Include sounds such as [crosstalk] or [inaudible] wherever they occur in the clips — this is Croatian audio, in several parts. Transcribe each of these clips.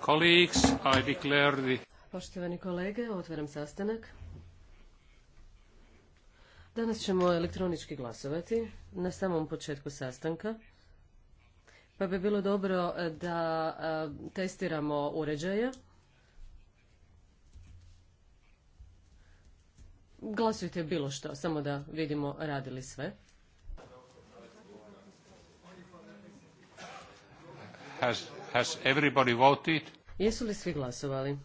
Colleagues, I declare Poštovani kolege, otvaram sastanak. Danas ćemo elektronički glasovati na samom početku sastanka. Pa bi bilo dobro e, da e, testiramo uređaje. Glasujte bilo što, samo da vidimo radili sve. Has, Jesu li svi glasovali?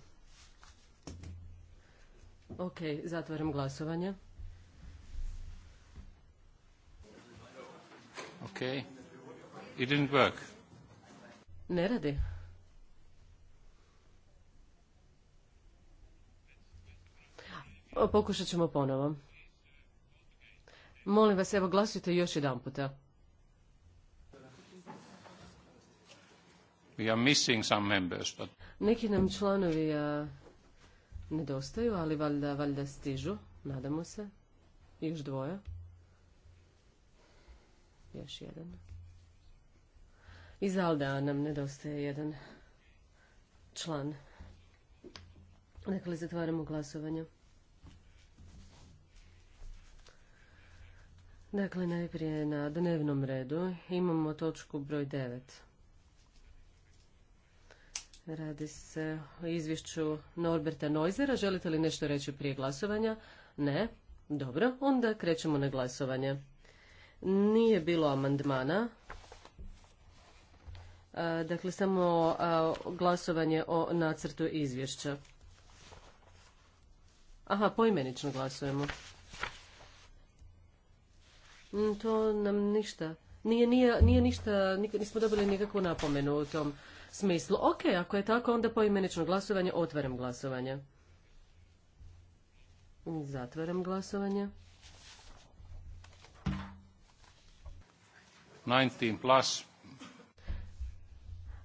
Ok, zatvaram glasovanje. Ok. It didn't work. Ne radi. Pokušat ćemo ponovo. Molim vas, evo glasujte još jedan puta. Neki nam članovi nedostaju, ali valjda, valjda stižu, nadamo se. Još dvoje. Još jedan. Iz Alda nam nedostaje jedan član. Dakle, zatvaramo glasovanje. Dakle, najprije na dnevnom redu imamo točku broj devet. Radi se o izvješću Norberta Noizera. Želite li nešto reći prije glasovanja? Ne. Dobro, onda krećemo na glasovanje. Nije bilo amandmana. Dakle, samo glasovanje o nacrtu izvješća. Aha, poimenično glasujemo. Mm, to nam ništa. Nije, ništa, nismo dobili nikakvu napomenu o tom smislu. Ok, ako je tako, onda poimenično glasovanje, otvaram glasovanje. Zatvaram glasovanje. 19 plus.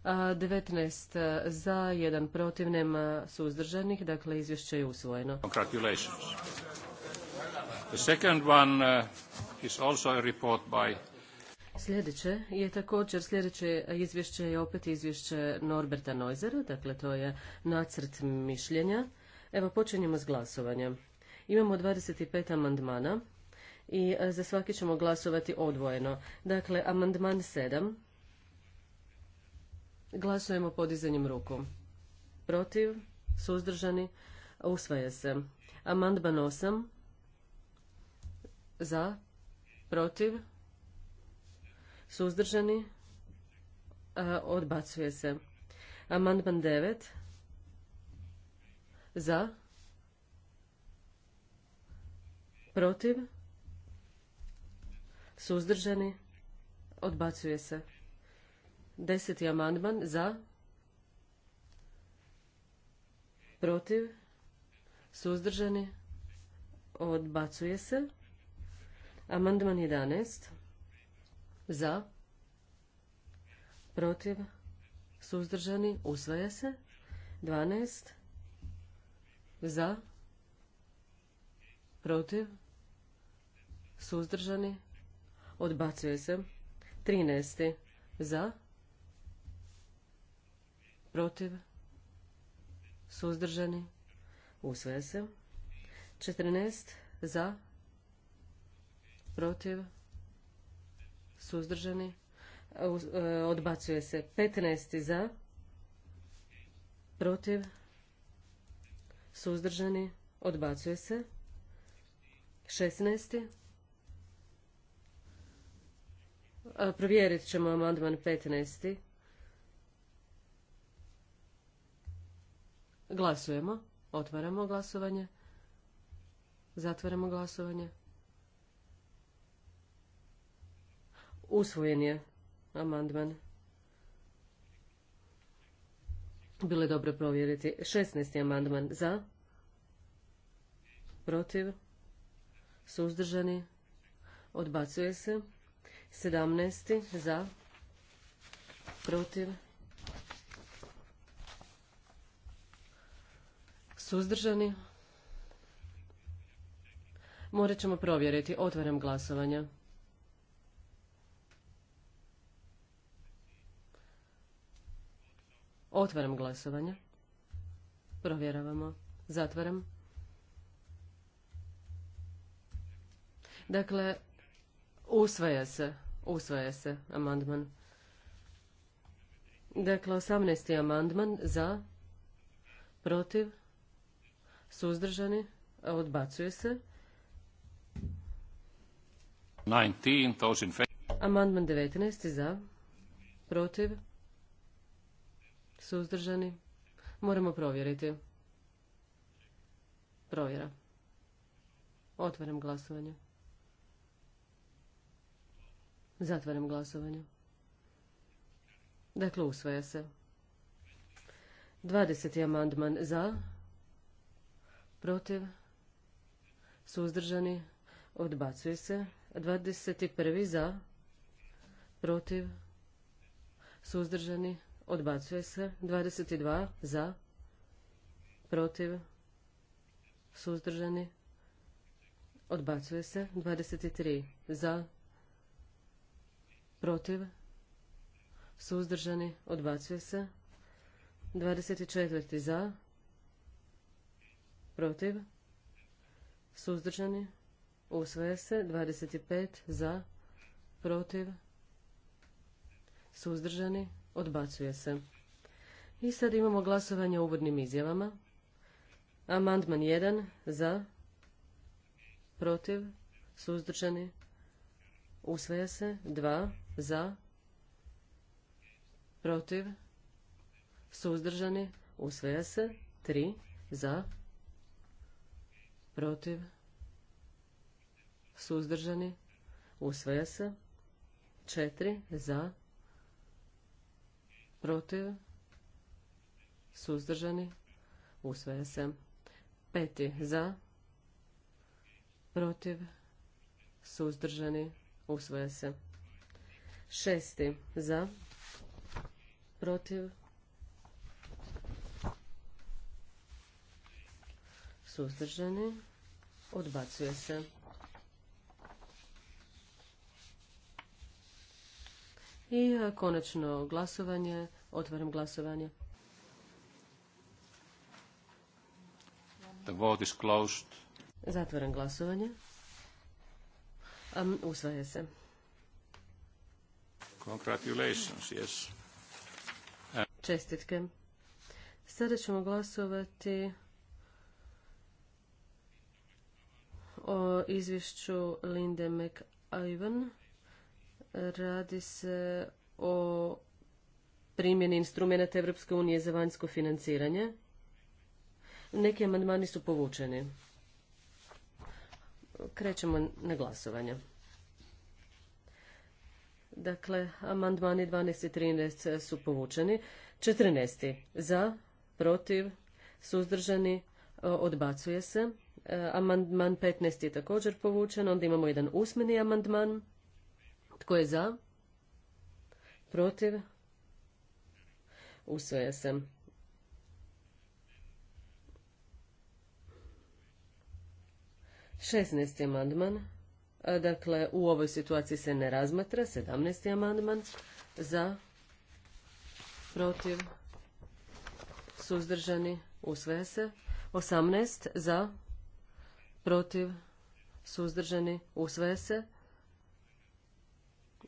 19 e, za, jedan protiv, nema suzdržanih, dakle izvješće je usvojeno. Congratulations. The second one e, is also a report by Sljedeće je također, sljedeće izvješće je opet izvješće Norberta Noizera, dakle to je nacrt mišljenja. Evo počinjemo s glasovanjem. Imamo 25 amandmana i e, za svaki ćemo glasovati odvojeno. Dakle, amandman 7. Glasujemo podizanjem ruku. Protiv, suzdržani, usvaja se. Amandman 8. Za, protiv, Suzdržani? E, odbacuje se. Amandman 9. Za? Protiv? Suzdržani? Odbacuje se. Deseti amandman za? Protiv? Suzdržani? Odbacuje se. Amandman 11 za, protiv, suzdržani, usvaja se. 12 za, protiv, suzdržani, odbacuje se. 13 za, protiv, suzdržani, usvaja se. 14 za, protiv, suzdržani, e, odbacuje se. 15. za, protiv, suzdržani, odbacuje se. 16. E, provjerit ćemo amandman 15. Glasujemo. Otvaramo glasovanje. Zatvaramo glasovanje. Usvojen je amandman. Bilo je dobro provjeriti. 16. amandman za. Protiv. Suzdržani. Odbacuje se. 17. za. Protiv. Suzdržani. Morat ćemo provjeriti. Otvaram glasovanja. Otvaram glasovanje. Provjeravamo. Zatvaram. Dakle, usvaja se. Usvaja se amandman. Dakle, 18. amandman za, protiv, suzdržani, odbacuje se. 19. Amandman 19. za, protiv, Suzdržani? Moramo provjeriti. Provjera. Otvaram glasovanje. Zatvaram glasovanje. Dakle, usvaja se. 20. amandman za, protiv, suzdržani, odbacuje se. 21. za, protiv, suzdržani, Odbacuje se. 22 za. Protiv. Suzdržani. Odbacuje se. 23 za. Protiv. Suzdržani. Odbacuje se. 24 za. Protiv. Suzdržani. Usvaja se. 25 za. Protiv. Suzdržani. Odbacuje se. I sad imamo glasovanje o uvodnim izjavama. Amandman 1 za, protiv, suzdržani, usvaja se. 2 za, protiv, suzdržani, usvaja se. 3 za, protiv, suzdržani, usvaja se. 4 za, protiv, suzdržani, usvaja se. Peti za, protiv, suzdržani, usvaja se. Šesti za, protiv, suzdržani, odbacuje se. I e, konačno glasovanje. Otvaram glasovanje. The vote is closed. Zatvaram glasovanje. Um, usvaja se. Congratulations, yes. Čestitke. Sada ćemo glasovati o izvješću Linde McIvan. Radi se o primjeni instrumenta Evropske unije za vanjsko financiranje. Neki amandmani su povučeni. Krećemo na glasovanje. Dakle, amandmani 12 i 13 su povučeni. 14. Za, protiv, suzdržani, e, odbacuje se. E, amandman 15 je također povučen. Onda imamo jedan usmeni amandman. Tko je za? Protiv? Usvaja se. Šestnesti amandman. Dakle, u ovoj situaciji se ne razmatra. Sedamnesti amandman. Za? Protiv? Suzdržani? Usvaja se. Osamnest. Za? Protiv? Suzdržani? Usvaja se.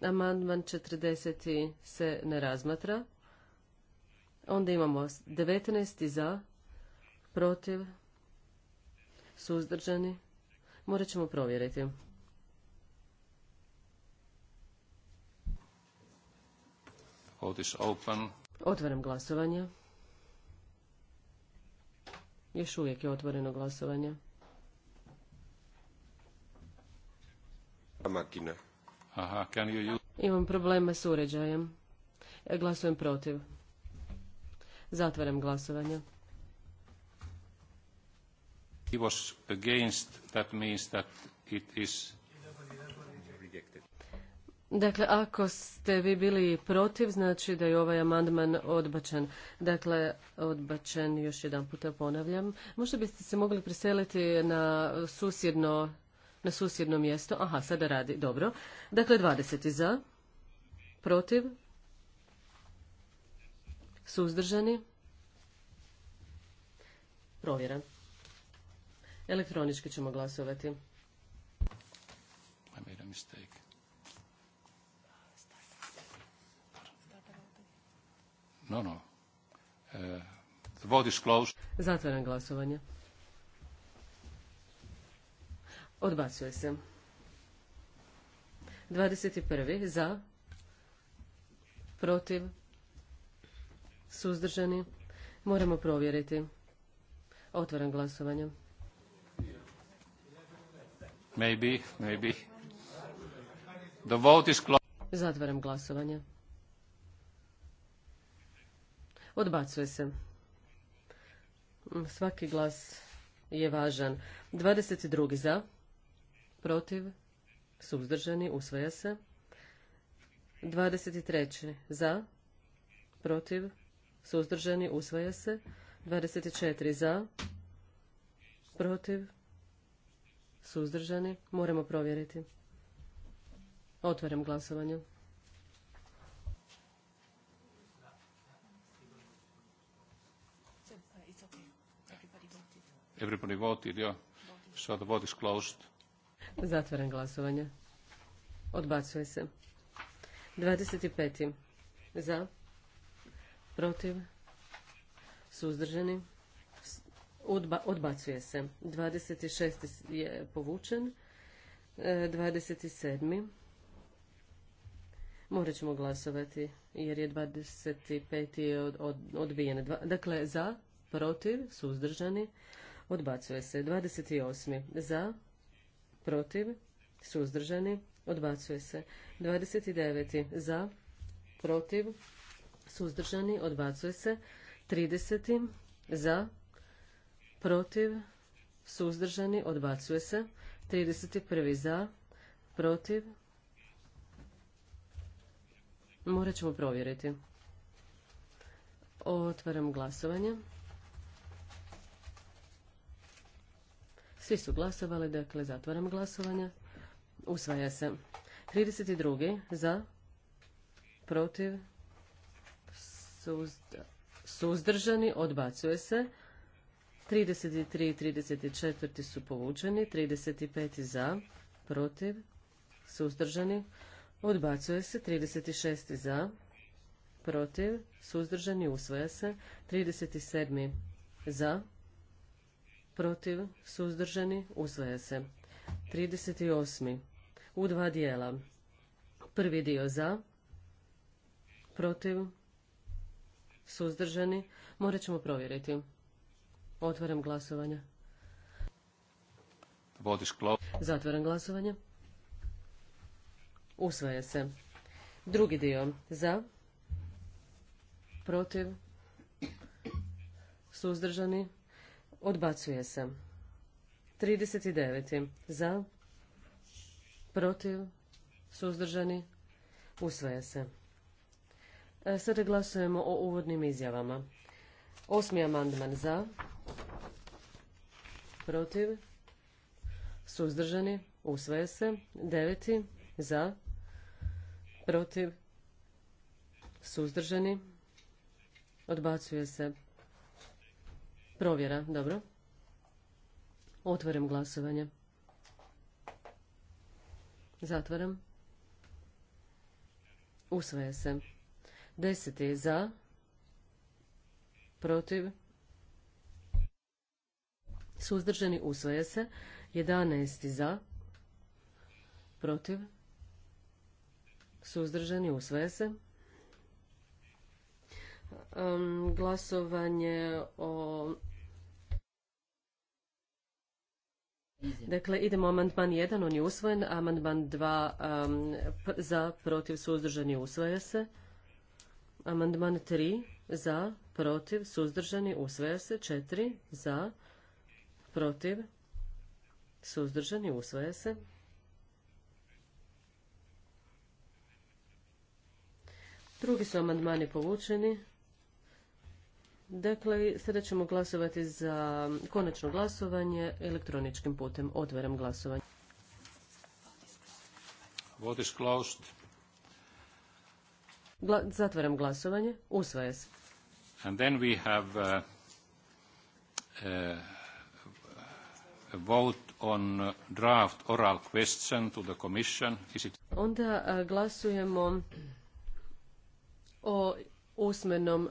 Amandman 40. se ne razmatra. Onda imamo 19. za, protiv, suzdržani. Morat ćemo provjeriti. Otvaram glasovanje. Još uvijek je otvoreno glasovanje. Aha, Imam problema s uređajem. E, glasujem protiv. Zatvaram glasovanje. Dakle, ako ste vi bili protiv, znači da je ovaj amandman odbačen. Dakle, odbačen još jedan puta ponavljam. Možda biste se mogli preseliti na susjedno na susjedno mjesto. Aha, sada radi, dobro. Dakle, 20 za, protiv, suzdržani, provjera. Elektronički ćemo glasovati. I No, eh, Zatvaram glasovanje. Odbacuje se. 21. Za. Protiv. Suzdržani. Moramo provjeriti. Otvaram glasovanje. Maybe, maybe. The vote is Zatvaram glasovanje. Odbacuje se. Svaki glas je važan. 22. za protiv, suzdržani, usvaja se. 23. za, protiv, suzdržani, usvaja se. 24. za, protiv, suzdržani, moramo provjeriti. Otvaram glasovanje. Everybody voted, yeah. So the vote is Zatvaram glasovanje. Odbacuje se. 25. Za. Protiv. Suzdržani. odbacuje se. 26. je povučen. 27. E, Morat ćemo glasovati jer je 25. Je od, odbijen. Dakle, za, protiv, suzdržani, odbacuje se. 28. Za, protiv, suzdržani, odbacuje se. 29. za, protiv, suzdržani, odbacuje se. 30. za, protiv, suzdržani, odbacuje se. 31. za, protiv, morat ćemo provjeriti. Otvaram glasovanje. Svi su glasovali, dakle zatvaram glasovanje. Usvaja se. 32. za, protiv, suzdržani, odbacuje se. 33 i 34 su povučeni, 35 za, protiv, suzdržani, odbacuje se, 36 za, protiv, suzdržani, usvaja se, 37 za, protiv, suzdržani, usvaja se. 38. U dva dijela. Prvi dio za, protiv, suzdržani, morat ćemo provjeriti. Otvaram glasovanje. Zatvaram glasovanje. Usvaja se. Drugi dio za, protiv, suzdržani, Odbacuje se. 39. Za. Protiv. Suzdržani. Usvaja se. E, sada glasujemo o uvodnim izjavama. Osmi amandman za. Protiv. Suzdržani. Usvaja se. Deveti. Za. Protiv. Suzdržani. Odbacuje se. Provjera, dobro. Otvaram glasovanje. Zatvaram. Usvaja se. Deset je za. Protiv. Suzdržani usvaja se. Jedanaest za. Protiv. Suzdržani usvaja se. glasovanje o Dakle, idemo amandman 1, on je usvojen, amandman 2 za, protiv, suzdržani, usvaja se. Amandman 3 za, protiv, suzdržani, usvaja se. 4 za, protiv, suzdržani, usvaja se. Drugi su amandmani povučeni. Dakle, sada ćemo glasovati za konačno glasovanje elektroničkim putem. Otvaram glasovanje. zatvaram glasovanje. Usvaja se. And then we have uh, uh, vote on draft oral question to the commission. Onda uh, glasujemo o usmenom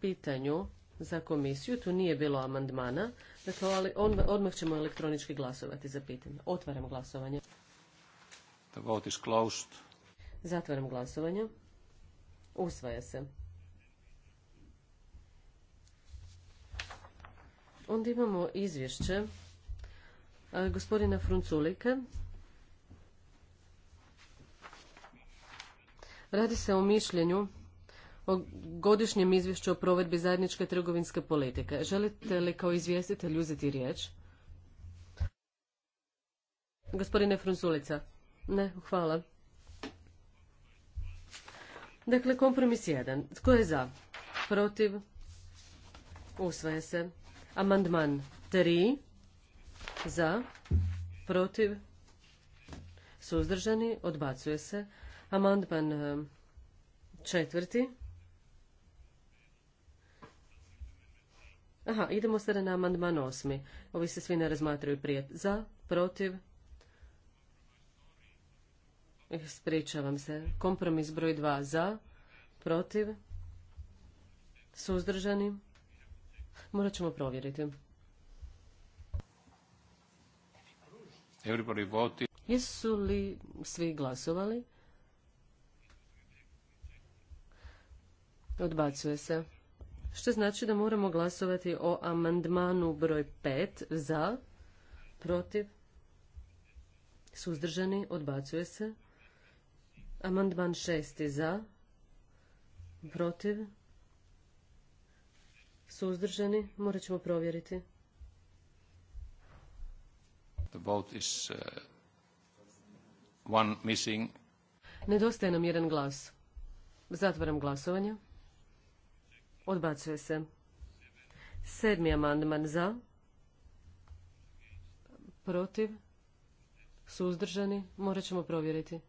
pitanju za komisiju. Tu nije bilo amandmana. Dakle, ali odmah ćemo elektronički glasovati za pitanje. Otvaram glasovanje. The vote is closed. Zatvaram glasovanje. Usvaja se. Onda imamo izvješće e, gospodina Frunculika. Radi se o mišljenju o godišnjem izvješću o provedbi zajedničke trgovinske politike. Želite li kao izvjestitelj uzeti riječ? Gospodine Frunzulica. Ne, hvala. Dakle, kompromis jedan. Tko je za? Protiv? Usvaje se. Amandman tri. Za? Protiv? Suzdržani? Odbacuje se. Amandman eh, četvrti. Aha, idemo sada na amandman osmi. Ovi se svi ne razmatraju prije. Za, protiv. Ispričavam se. Kompromis broj dva. Za, protiv. Suzdržani. Morat ćemo provjeriti. Jesu li svi glasovali? Odbacuje se što znači da moramo glasovati o amandmanu broj 5 za, protiv, suzdržani, odbacuje se. Amandman 6 za, protiv, suzdržani, morat ćemo provjeriti. The vote is uh, one missing. Nedostaje nam jedan glas. Zatvaram glasovanje. Odbacuje se. Sedmi amandman za. Protiv. Suzdržani. Morat ćemo provjeriti.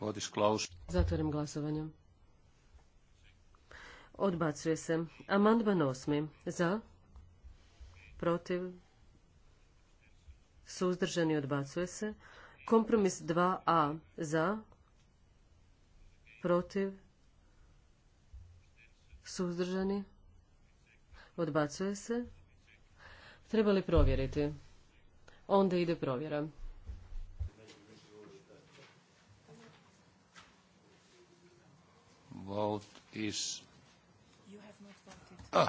Vodiš Klaus. Zatvorim glasovanje. Odbacuje se. Amandman osmi. Za. Protiv. Suzdržani odbacuje se. Kompromis 2a za, protiv, suzdržani, odbacuje se. Treba li provjeriti? Onda ide provjera. Vote is... You have Ah.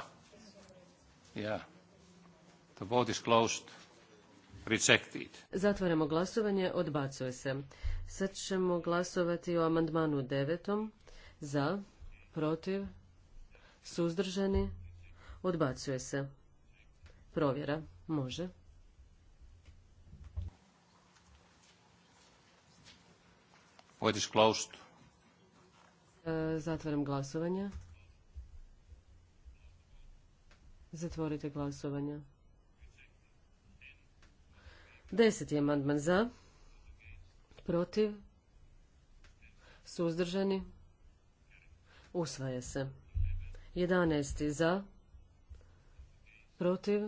Yeah. The is closed. Rejected. Zatvaramo glasovanje, odbacuje se. Sad ćemo glasovati o amandmanu devetom. Za, protiv, suzdržani, odbacuje se. Provjera, može. Vote is e, Zatvaram glasovanje. Zatvorite glasovanje. Deseti amandman za, protiv, suzdržani, usvaja se. Jedanesti za, protiv,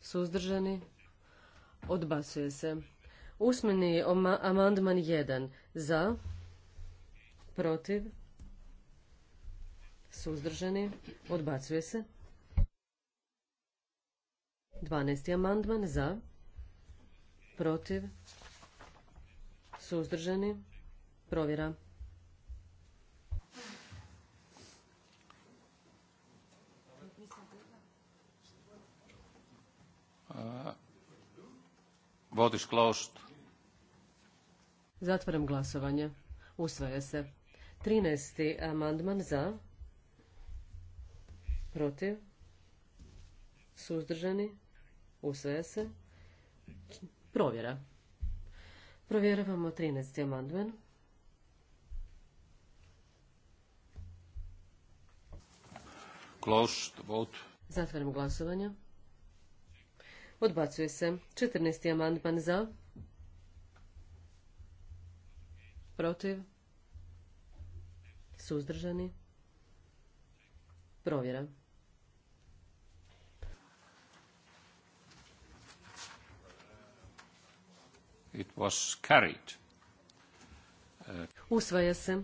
suzdržani, odbacuje se. Usmeni amandman 1 za, protiv, suzdržani, odbacuje se. 12. amandman za, protiv, suzdržani, provjera. Vodiš klošt? Zatvorem Zatvaram glasovanje. Usvaja se. 13. amandman za. Protiv. Suzdržani. Usvaja se. Provjera. Provjeravamo 13. amandman. Closed vote. Zatvaram glasovanje. Odbacuje se. 14. amandman za. Protiv. Suzdržani. Provjera. It was carried. Uh... Usvaja se.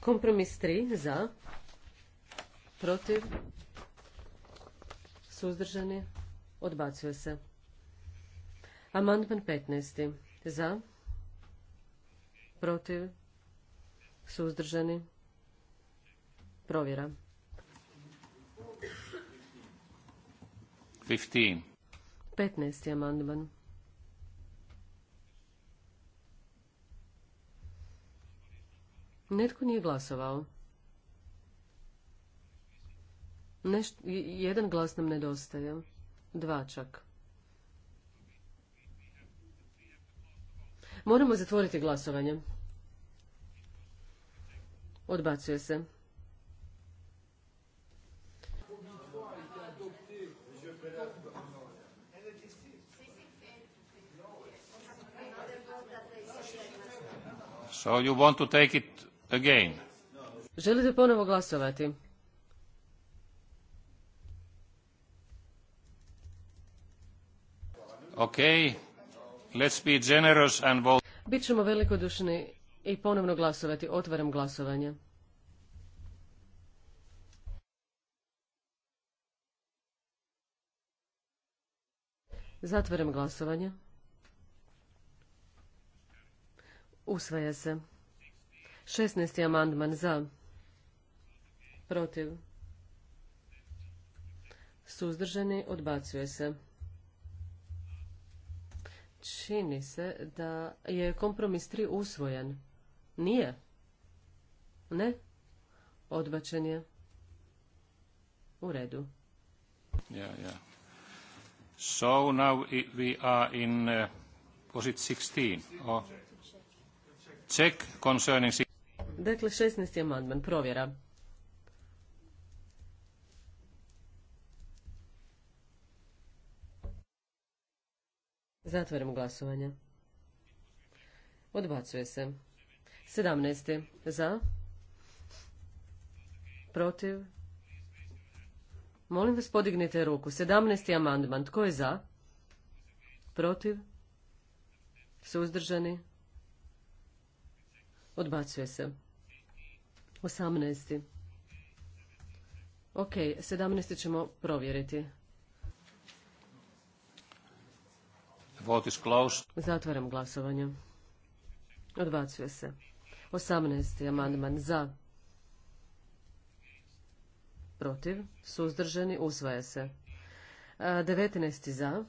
Kompromis 3 za, protiv, suzdržani, odbacuje se. Amandman 15. Za, protiv, suzdržani, provjera. 15. 15. amandman. Netko nije glasovao. jedan glas nam nedostaje. Dva čak. Moramo zatvoriti glasovanje. Odbacuje se. So you want to take it Again. Želite ponovo glasovati? Okay. Let's be generous and vote. Bićemo velikodušni i ponovno glasovati. Otvaram glasovanje. Zatvaram glasovanje. Usvaja se. 16. amandman za, protiv, suzdržani, odbacuje se. Čini se da je kompromis 3 usvojen. Nije? Ne? Odbačen je. U redu. Yeah, yeah. So now we are in, uh, was it 16? Oh. Check concerning Dakle, 16. amandman, provjera. Zatvorimo glasovanje. Odbacuje se. 17. Za. Protiv. Molim vas podignite ruku. 17. amandman. Tko je za? Protiv? Suzdržani? Odbacuje se. 18. Ok, 17. ćemo provjeriti. Zatvaram glasovanje. Odbacuje se. 18. amandman za. Protiv. Suzdržani. Usvaja se. 19. za.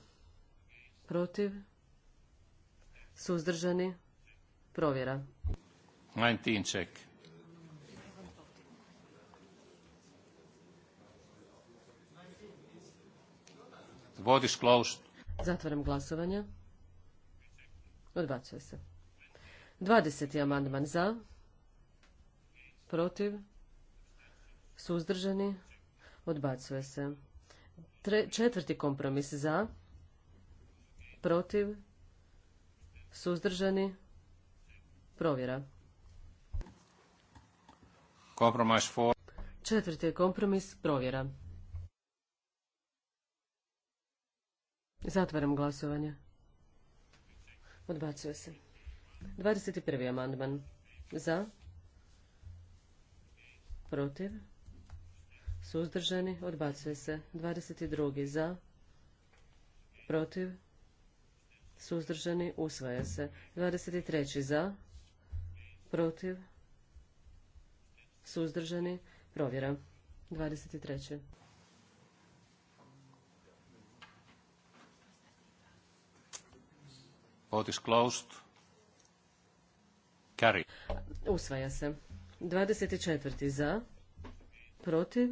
Protiv. Suzdržani. Provjera. 19. check. Vote is closed. Zatvaram glasovanje. Odbacuje se. 20. amandman za. Protiv. Suzdržani. Odbacuje se. četvrti kompromis za. Protiv. Suzdržani. Provjera. Kompromis for. Četvrti kompromis provjera. Zatvaram glasovanje. Odbacuje se. 21. amandman. Za. Protiv. Suzdržani. Odbacuje se. 22. Za. Protiv. Suzdržani. Usvaja se. 23. Za. Protiv. Suzdržani. Provjera. 23. Usvaja se. 24. za, protiv,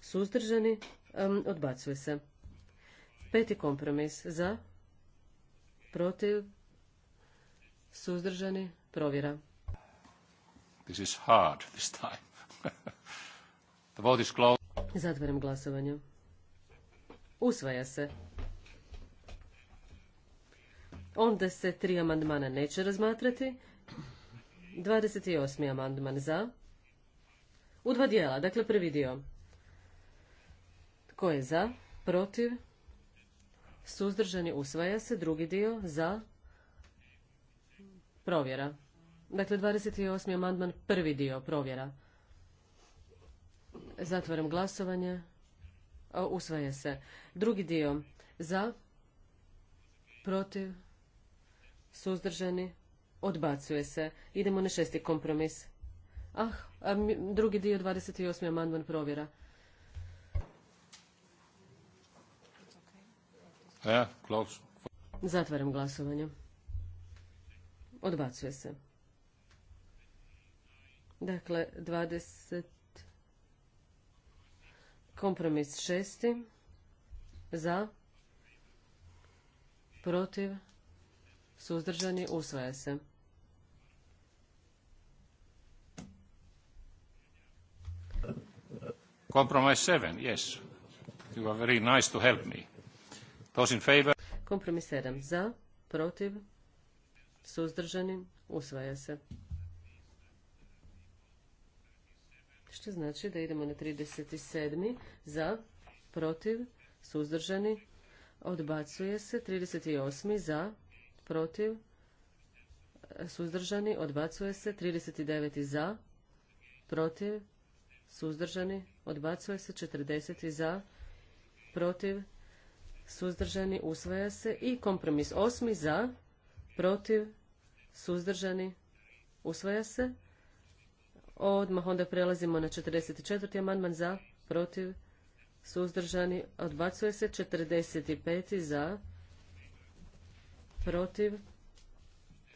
suzdržani, odbacuje se. Peti kompromis za, protiv, suzdržani, provjera. This is hard this time. [laughs] The vote closed. Zatvaram glasovanje. Usvaja se. Onda se tri amandmana neće razmatrati. 28. amandman za. U dva dijela, dakle prvi dio. Tko je za? Protiv? Suzdržani usvaja se. Drugi dio za? Provjera. Dakle, 28. amandman, prvi dio, provjera. Zatvaram glasovanje. Usvaja se. Drugi dio, za, protiv, suzdržani, odbacuje se. Idemo na šesti kompromis. Ah, drugi dio 28. amandman provjera. Zatvaram glasovanje. Odbacuje se. Dakle, 20... Kompromis šesti. Za. Protiv suzdržani, usvaja se. Compromise 7, yes. You are very nice to help me. Those in favor? Kompromis 7, za, protiv, suzdržani, usvaja se. Što znači da idemo na 37. za, protiv, suzdržani, odbacuje se. 38. za, protiv, suzdržani, odbacuje se. 39. za, protiv, suzdržani, odbacuje se. 40. za, protiv, suzdržani, usvaja se. I kompromis 8. za, protiv, suzdržani, usvaja se. Odmah onda prelazimo na 44. amandman za, protiv, suzdržani, odbacuje se. 45. za, protiv,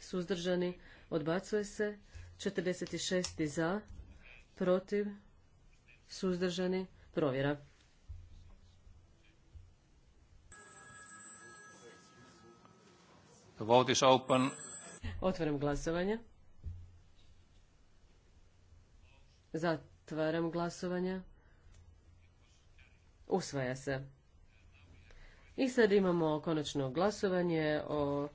suzdržani, odbacuje se. 46. za, protiv, suzdržani, provjera. The is Otvaram glasovanje. Zatvaram glasovanje. Usvaja se. I sad imamo konačno glasovanje o,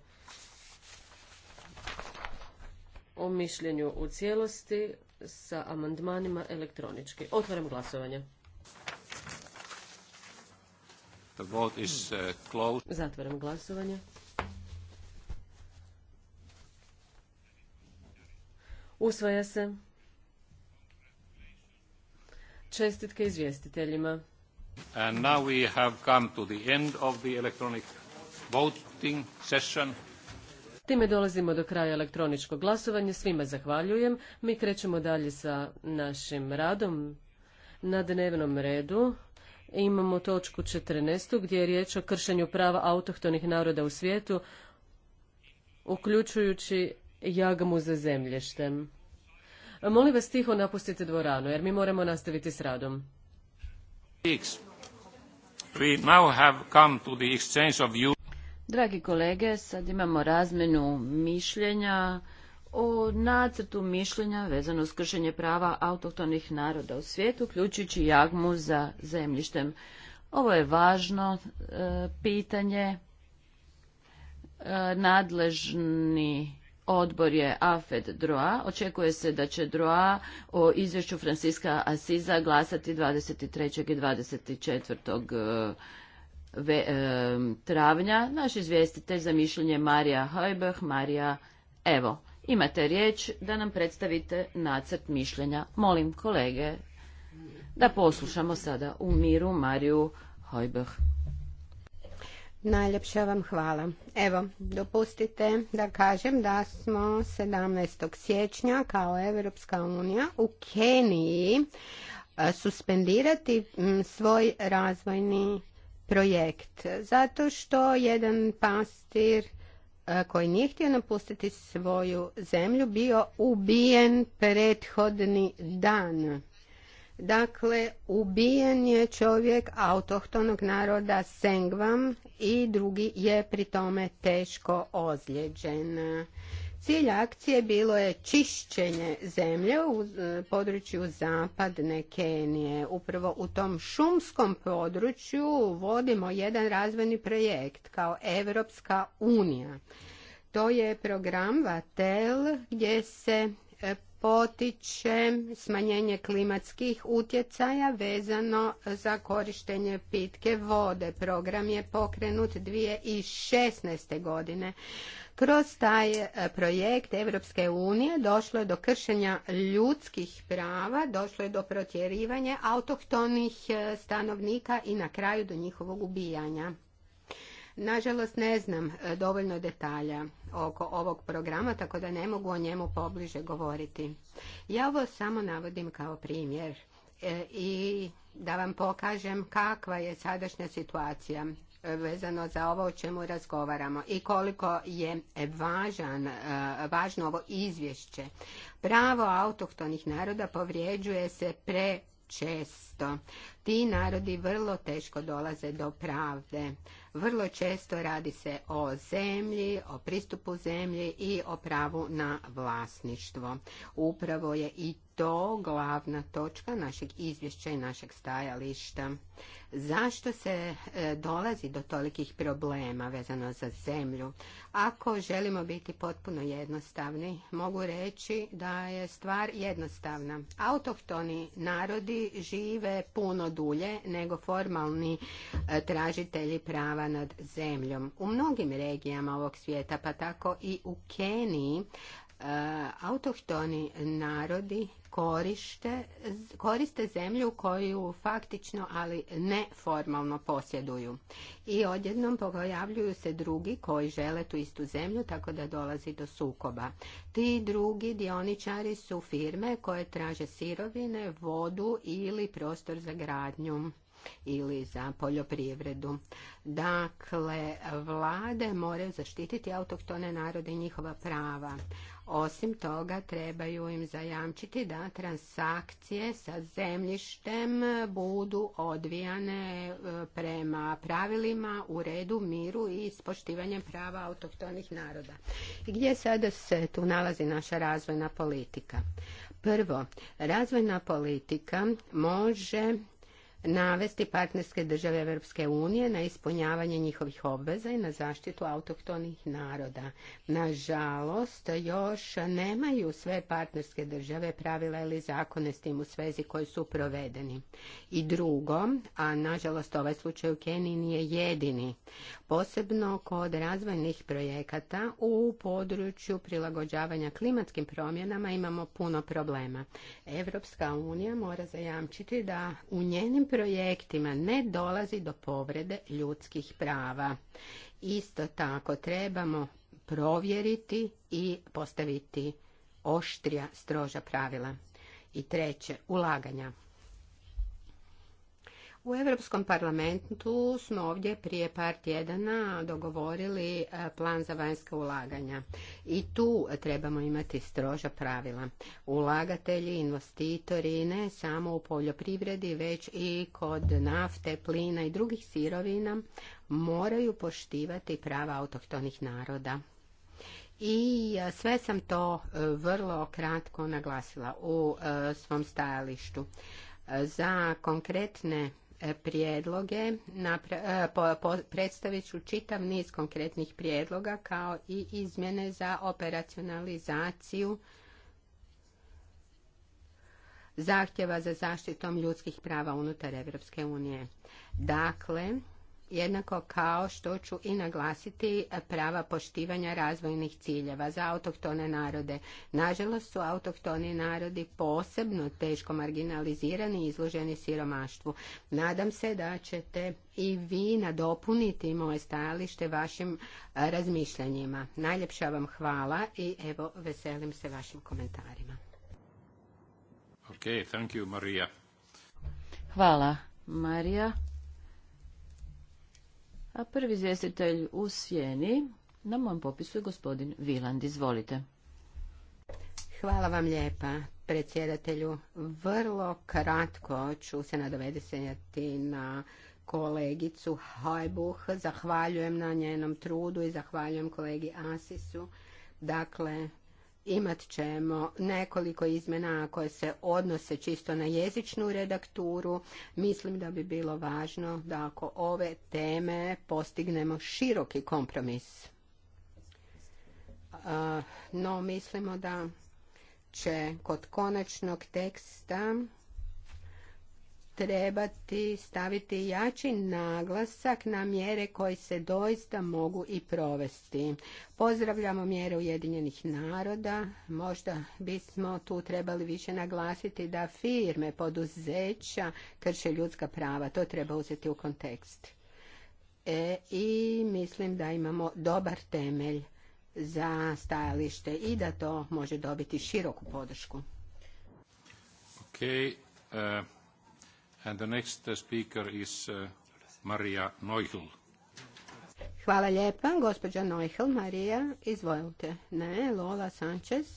o mišljenju u cijelosti sa amandmanima elektronički. Otvaram glasovanje. The uh, Zatvaram glasovanje. Usvaja se. Čestitke izvjestiteljima. And now we have come to the end of the electronic voting session. Time dolazimo do kraja elektroničkog glasovanja. Svima zahvaljujem. Mi krećemo dalje sa našim radom. Na dnevnom redu imamo točku 14. gdje je riječ o kršenju prava autohtonih naroda u svijetu, uključujući jagmu za zemlještem. Molim vas tiho napustite dvoranu jer mi moramo nastaviti s radom. Dragi kolege, sad imamo razmenu mišljenja o nacrtu mišljenja vezano s kršenje prava autohtonih naroda u svijetu, uključujući jagmu za zemljištem. Ovo je važno e, pitanje. E, nadležni odbor je AFED DROA. Očekuje se da će DROA o izvješću Franciska Asiza glasati 23. i 24. E, e, travnja. Naš izvjestitelj za mišljenje Marija Hojbeh. Marija, evo, imate riječ da nam predstavite nacrt mišljenja. Molim kolege da poslušamo sada u miru Mariju Hojbeh. Najljepša vam hvala. Evo, dopustite da kažem da smo 17. siječnja kao Evropska unija u Keniji e, suspendirati svoj razvojni projekt. Zato što jedan pastir e, koji nije htio napustiti svoju zemlju bio ubijen prethodni dan. Dakle, ubijen je čovjek autohtonog naroda Sengvam i drugi je pri tome teško ozlijeđen. Cilj akcije bilo je čišćenje zemlje u e, području zapadne Kenije. Upravo u tom šumskom području vodimo jedan razvojni projekt kao Evropska unija. To je program Vatel gdje se potiče smanjenje klimatskih utjecaja vezano za korištenje pitke vode. Program je pokrenut 2016. godine. Kroz taj e, projekt Europske unije došlo je do kršenja ljudskih prava, došlo je do protjerivanja autohtonih e, stanovnika i na kraju do njihovog ubijanja. Nažalost ne znam e, dovoljno detalja oko ovog programa, tako da ne mogu o njemu pobliže govoriti. Ja ovo samo navodim kao primjer e, i da vam pokažem kakva je sadašnja situacija e, vezano za ovo o čemu razgovaramo i koliko je važan, važno ovo izvješće. Pravo autohtonih naroda povrijeđuje se prečesto. Ti narodi vrlo teško dolaze do pravde. Vrlo često radi se o zemlji, o pristupu zemlji i o pravu na vlasništvo. Upravo je i to glavna točka našeg izvješća i našeg stajališta. Zašto se e, dolazi do tolikih problema vezano za zemlju? Ako želimo biti potpuno jednostavni, mogu reći da je stvar jednostavna. Autohtoni narodi žive puno dulje nego formalni e, tražitelji prava nad zemljom. U mnogim regijama ovog svijeta, pa tako i u Keniji, Eh, autohtoni narodi korište, koriste zemlju koju faktično, ali ne formalno posjeduju. I odjednom pojavljuju se drugi koji žele tu istu zemlju, tako da dolazi do sukoba. Ti drugi dioničari su firme koje traže sirovine, vodu ili prostor za gradnju ili za poljoprivredu. Dakle, vlade moraju zaštititi autohtone narode i njihova prava. Osim toga, trebaju im zajamčiti da transakcije sa zemljištem budu odvijane e, prema pravilima u redu, miru i s poštivanjem prava autohtonih naroda. I gdje sada se tu nalazi naša razvojna politika? Prvo, razvojna politika može navesti partnerske države Europske unije na ispunjavanje njihovih obveza i na zaštitu autohtonih naroda. Nažalost, još nemaju sve partnerske države pravila ili zakone s tim u svezi koji su provedeni. I drugo, a nažalost ovaj slučaj u Keniji nije jedini, posebno kod razvojnih projekata u području prilagođavanja klimatskim promjenama imamo puno problema. Europska unija mora zajamčiti da u njenim projektima ne dolazi do povrede ljudskih prava. Isto tako trebamo provjeriti i postaviti oštrija, stroža pravila. I treće, ulaganja. U Europskom parlamentu smo ovdje prije par tjedana dogovorili e, plan za vanjska ulaganja i tu trebamo imati stroža pravila. Ulagatelji, investitori ne samo u poljoprivredi već i kod nafte, plina i drugih sirovina moraju poštivati prava autohtonih naroda. I e, sve sam to e, vrlo kratko naglasila u svom stajalištu. Za konkretne prijedloge. E, predstavit ću čitav niz konkretnih prijedloga kao i izmjene za operacionalizaciju zahtjeva za zaštitom ljudskih prava unutar Europske unije. Dakle, jednako kao što ću i naglasiti prava poštivanja razvojnih ciljeva za autohtone narode. Nažalost su autohtoni narodi posebno teško marginalizirani i izloženi siromaštvu. Nadam se da ćete i vi nadopuniti moje stajalište vašim e, razmišljanjima. Najljepša vam hvala i evo veselim se vašim komentarima. Okay, thank you, Maria. Hvala, Marija. A prvi izvjestitelj u sjeni na mom popisu je gospodin Viland. Izvolite. Hvala vam lijepa predsjedatelju. Vrlo kratko ću se nadovedesenjati na kolegicu Hajbuh. Zahvaljujem na njenom trudu i zahvaljujem kolegi Asisu. Dakle, imat ćemo nekoliko izmjena koje se odnose čisto na jezičnu redakturu. Mislim da bi bilo važno da ako ove teme postignemo široki kompromis. No, mislimo da će kod konačnog teksta trebati staviti jači naglasak na mjere koje se doista mogu i provesti. Pozdravljamo mjere Ujedinjenih naroda. Možda bismo tu trebali više naglasiti da firme, poduzeća krše ljudska prava. To treba uzeti u kontekst. E, I mislim da imamo dobar temelj za stajalište i da to može dobiti široku podršku. Eh, And the next uh, speaker is uh, Hvala lijepa. Gospođa Neuhl, Marija, izvolite. Ne, Lola Sanchez,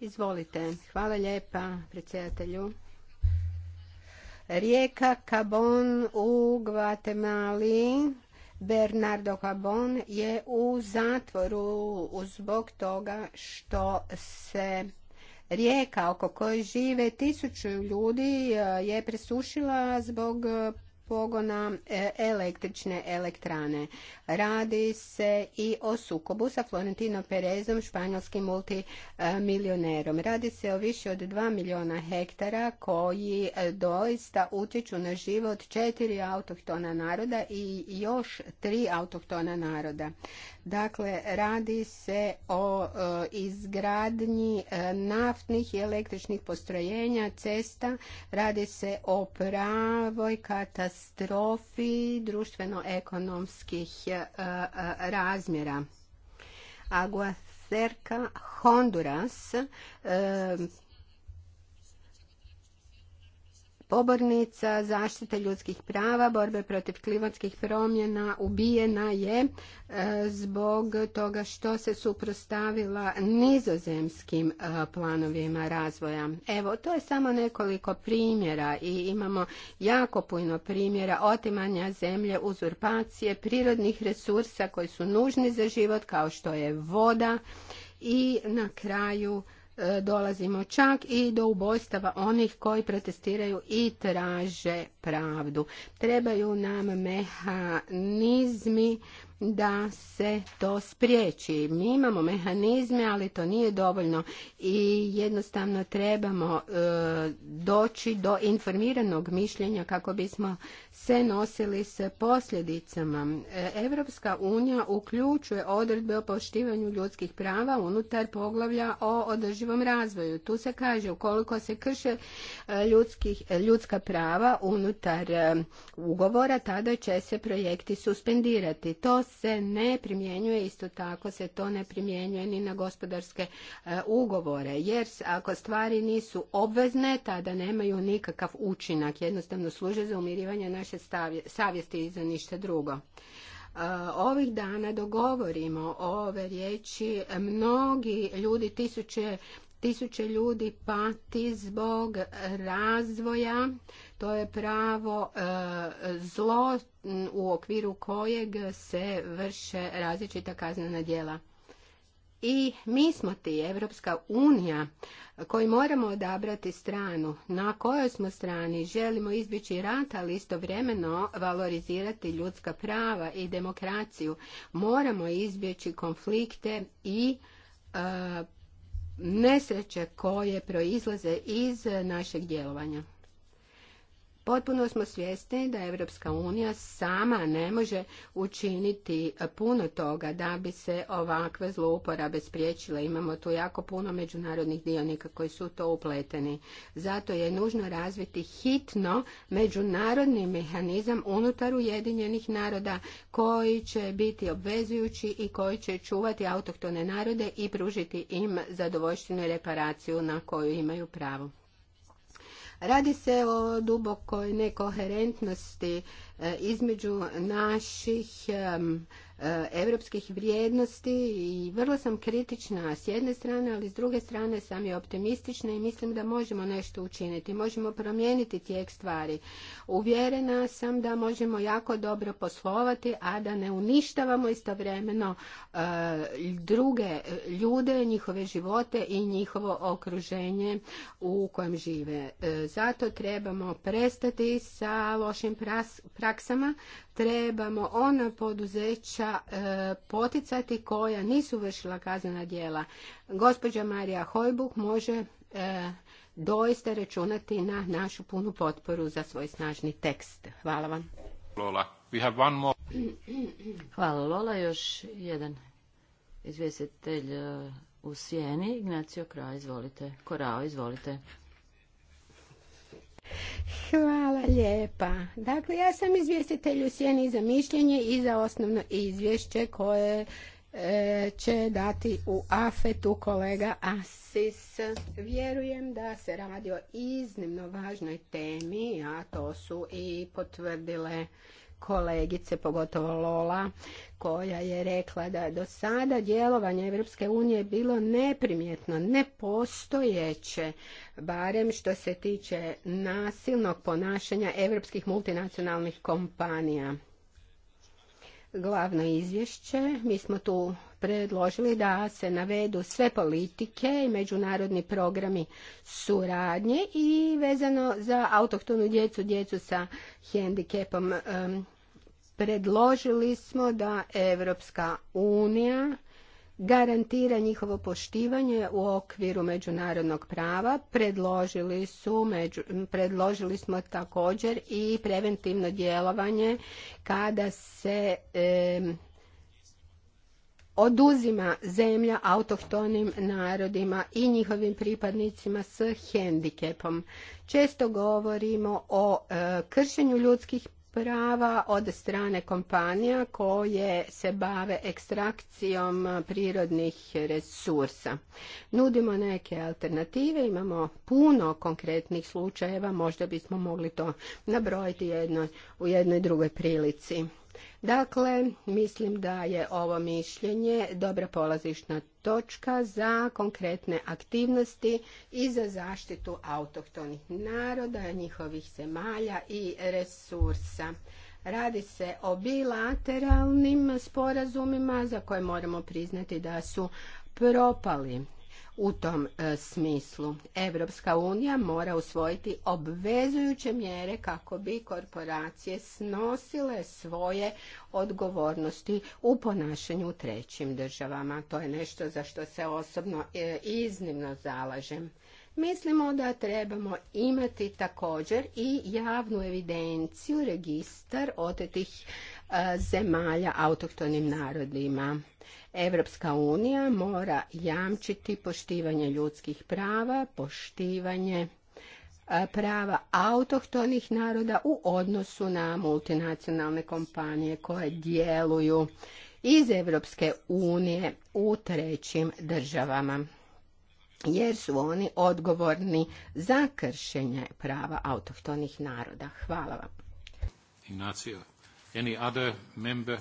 izvolite. Hvala lijepa, predsjedatelju. Rijeka Cabon u Gvatemali, Bernardo Cabon je u zatvoru zbog toga što se Rijeka oko koje žive tisuću ljudi e, je presušila zbog e, pogona e, električne elektrane. Radi se i o sukobu sa Florentino Perezom, španjolskim multimilionerom. Radi se o više od 2 miliona hektara koji doista utječu na život četiri autohtona naroda i još tri autohtona naroda. Dakle, radi se o e, izgradnji e, naftnih i električnih postrojenja, cesta, radi se o pravoj katastrofi društveno-ekonomskih e, razmjera. Aguacerca Honduras pobornica zaštite ljudskih prava, borbe protiv klimatskih promjena ubijena je e, zbog toga što se suprostavila nizozemskim e, planovima razvoja. Evo, to je samo nekoliko primjera i imamo jako puno primjera otimanja zemlje, uzurpacije, prirodnih resursa koji su nužni za život kao što je voda i na kraju E, dolazimo čak i do ubojstava onih koji protestiraju i traže pravdu. Trebaju nam mehanizmi da se to spriječi. Mi imamo mehanizme, ali to nije dovoljno i jednostavno trebamo e, doći do informiranog mišljenja kako bismo se nosili s posljedicama. Europska unija uključuje odredbe o poštivanju ljudskih prava unutar poglavlja o održivom razvoju. Tu se kaže ukoliko se krše e, ljudskih, e, ljudska prava unutar e, ugovora, tada će se projekti suspendirati. To se ne primjenjuje, isto tako se to ne primjenjuje ni na gospodarske ugovore, jer ako stvari nisu obvezne, tada nemaju nikakav učinak. Jednostavno služe za umirivanje naših naše savjesti i za ništa drugo e, ovih dana dogovorimo ove riječi mnogi ljudi tisuće tisuće ljudi pati zbog razvoja to je pravo e, zlo u okviru kojeg se vrše različita kaznena djela i mi smo ti, Evropska unija, koji moramo odabrati stranu, na kojoj smo strani, želimo izbjeći rat, ali istovremeno valorizirati ljudska prava i demokraciju. Moramo izbjeći konflikte i e, nesreće koje proizlaze iz našeg djelovanja. Potpuno smo svjesni da Europska unija sama ne može učiniti puno toga da bi se ovakve zlouporabe spriječile. Imamo tu jako puno međunarodnih dionika koji su to upleteni. Zato je nužno razviti hitno međunarodni mehanizam unutar Ujedinjenih naroda koji će biti obvezujući i koji će čuvati autohtone narode i pružiti im zadovoljštinu i reparaciju na koju imaju pravo. Radi se o dubokoj nekoherentnosti e, između naših europskih eh, vrijednosti i vrlo sam kritična s jedne strane, ali s druge strane sam i optimistična i mislim da možemo nešto učiniti. Možemo promijeniti tijek stvari. Uvjerena sam da možemo jako dobro poslovati, a da ne uništavamo istovremeno eh, druge ljude, njihove živote i njihovo okruženje u kojem žive. Eh, zato trebamo prestati sa lošim praksama, trebamo ona poduzeća E, poticati koja nisu vršila kaznena djela. Gospođa Marija Hojbuk može e, doista računati na našu punu potporu za svoj snažni tekst. Hvala vam. Lola, we have one more. Hvala Lola, još jedan izvjestitelj e, u Sijeni. Ignacio kraj izvolite. Korao, izvolite. Hvala lijepa. Dakle, ja sam izvjestitelj u sjeni za mišljenje i za osnovno izvješće koje e, će dati u afetu kolega Asis. Vjerujem da se radi o iznimno važnoj temi, a to su i potvrdile kolegice, pogotovo Lola, koja je rekla da je do sada djelovanje Europske unije bilo neprimjetno, nepostojeće, barem što se tiče nasilnog ponašanja europskih multinacionalnih kompanija glavno izvješće. Mi smo tu predložili da se navedu sve politike i međunarodni programi suradnje i vezano za autohtonu djecu, djecu sa hendikepom. Predložili smo da Evropska unija garantira njihovo poštivanje u okviru međunarodnog prava. Predložili, predložili smo također i preventivno djelovanje kada se oduzima zemlja autohtonim narodima i njihovim pripadnicima s hendikepom. Često govorimo o e, kršenju ljudskih prava od strane kompanija koje se bave ekstrakcijom prirodnih resursa. Nudimo neke alternative, imamo puno konkretnih slučajeva, možda bismo mogli to nabrojiti u jednoj drugoj prilici. Dakle, mislim da je ovo mišljenje dobra polazišna točka za konkretne aktivnosti i za zaštitu autohtonih naroda, njihovih zemalja i resursa. Radi se o bilateralnim sporazumima za koje moramo priznati da su propali u tom e, smislu. Evropska unija mora usvojiti obvezujuće mjere kako bi korporacije snosile svoje odgovornosti u ponašanju u trećim državama. To je nešto za što se osobno e, iznimno zalažem. Mislimo da trebamo imati također i javnu evidenciju, registar otetih zemalja autohtonim narodima. Evropska unija mora jamčiti poštivanje ljudskih prava, poštivanje e, prava autohtonih naroda u odnosu na multinacionalne kompanije koje djeluju iz Evropske unije u trećim državama jer su oni odgovorni za kršenje prava autohtonih naroda. Hvala vam. Any other member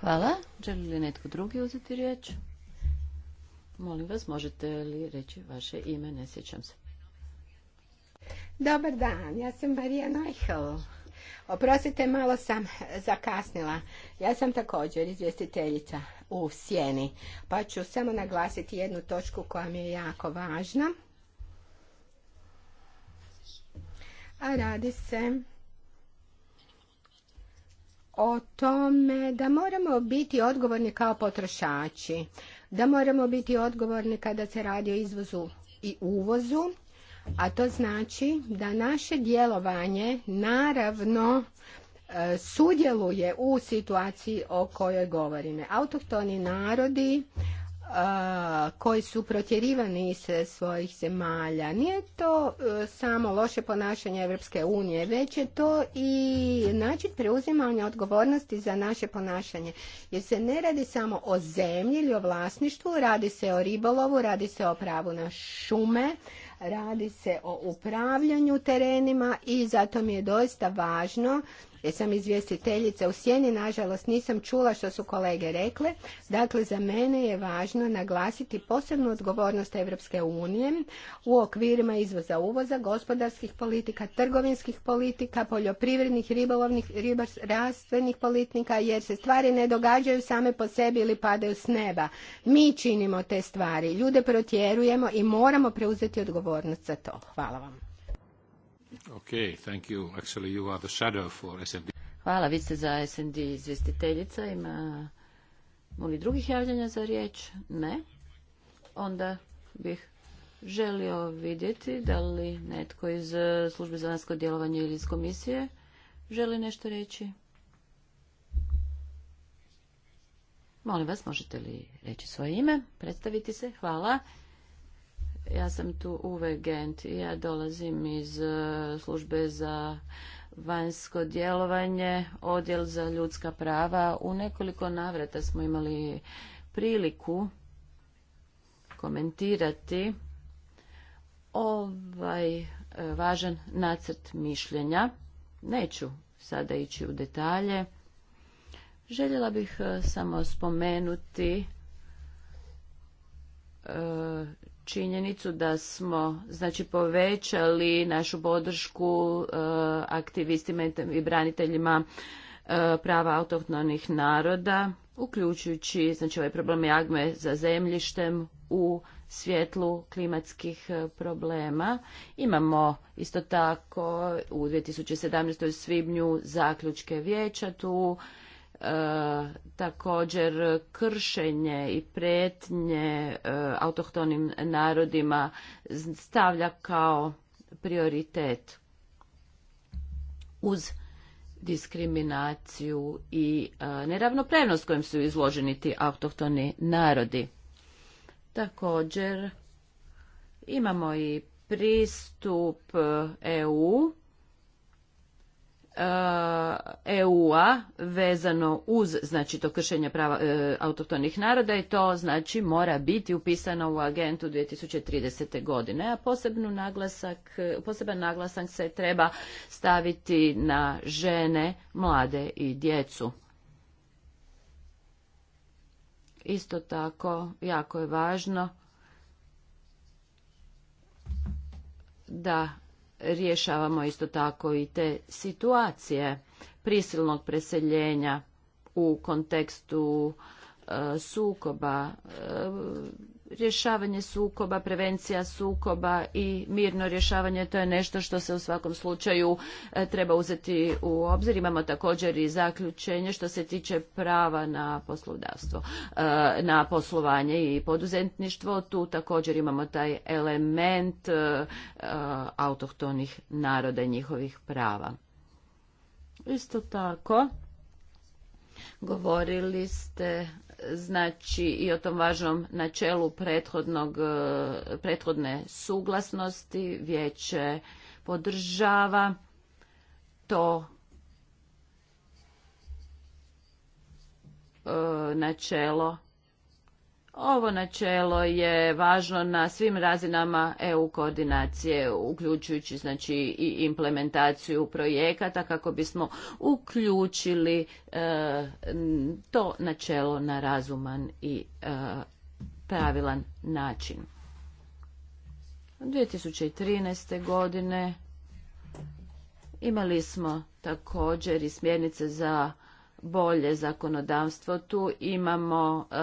Hvala. Želi li netko drugi uzeti riječ? Molim vas, možete li reći vaše ime? Ne sjećam se. Dobar dan, ja sam Marija Neuchel. Oprostite, malo sam zakasnila. Ja sam također izvjestiteljica u Sjeni, pa ću samo naglasiti jednu točku koja mi je jako važna. A radi se o tome da moramo biti odgovorni kao potrošači, da moramo biti odgovorni kada se radi o izvozu i uvozu, a to znači da naše djelovanje naravno e, sudjeluje u situaciji o kojoj govorimo. Autohtoni narodi koji su protjerivani iz svojih zemalja. Nije to e, samo loše ponašanje Europske unije, već je to i način preuzimanja odgovornosti za naše ponašanje. Jer se ne radi samo o zemlji ili o vlasništvu, radi se o ribolovu, radi se o pravu na šume, radi se o upravljanju terenima i zato mi je doista važno jer sam izvjestiteljica u sjeni, nažalost nisam čula što su kolege rekle. Dakle, za mene je važno naglasiti posebnu odgovornost Europske unije u okvirima izvoza uvoza, gospodarskih politika, trgovinskih politika, poljoprivrednih, ribolovnih, ribarstvenih politika, jer se stvari ne događaju same po sebi ili padaju s neba. Mi činimo te stvari, ljude protjerujemo i moramo preuzeti odgovornost za to. Hvala vam. Hvala, vi ste za SND izvjestiteljica. Ima li drugih javljanja za riječ? Ne. Onda bih želio vidjeti da li netko iz službe za vanjsko djelovanje ili iz komisije želi nešto reći. Molim vas, možete li reći svoje ime, predstaviti se? Hvala. Ja sam tu uvegent i ja dolazim iz e, službe za vanjsko djelovanje, odjel za ljudska prava. U nekoliko navrata smo imali priliku komentirati ovaj e, važan nacrt mišljenja. Neću sada ići u detalje. Željela bih e, samo spomenuti činjenicu da smo znači povećali našu podršku e, aktivistima i braniteljima e, prava autohtonih naroda uključujući znači ovaj problem jagme za zemljištem u svjetlu klimatskih e, problema. Imamo isto tako u 2017. svibnju zaključke vijeća tu također kršenje i prijetnje e, autohtonim narodima stavlja kao prioritet uz diskriminaciju i e, neravnopravnost kojim su izloženi ti autohtoni narodi. Također imamo i pristup e, EU E, EU-a vezano uz znači to kršenje prava e, autohtonih naroda i to znači mora biti upisano u agentu 2030. godine, a posebnu naglasak, e, poseban naglasak se treba staviti na žene, mlade i djecu. Isto tako, jako je važno da rješavamo isto tako i te situacije prisilnog preseljenja u kontekstu e, sukoba e, rješavanje sukoba, prevencija sukoba i mirno rješavanje, to je nešto što se u svakom slučaju e, treba uzeti u obzir. Imamo također i zaključenje što se tiče prava na poslodavstvo, e, na poslovanje i poduzetništvo. Tu također imamo taj element e, autohtonih naroda i njihovih prava. Isto tako, govorili ste znači i o tom važnom načelu e, prethodne suglasnosti vijeće podržava to e, načelo ovo načelo je važno na svim razinama EU koordinacije, uključujući znači i implementaciju projekata kako bismo uključili e, to načelo na razuman i e, pravilan način. 2013. godine imali smo također i smjernice za bolje zakonodavstvo. Tu imamo e,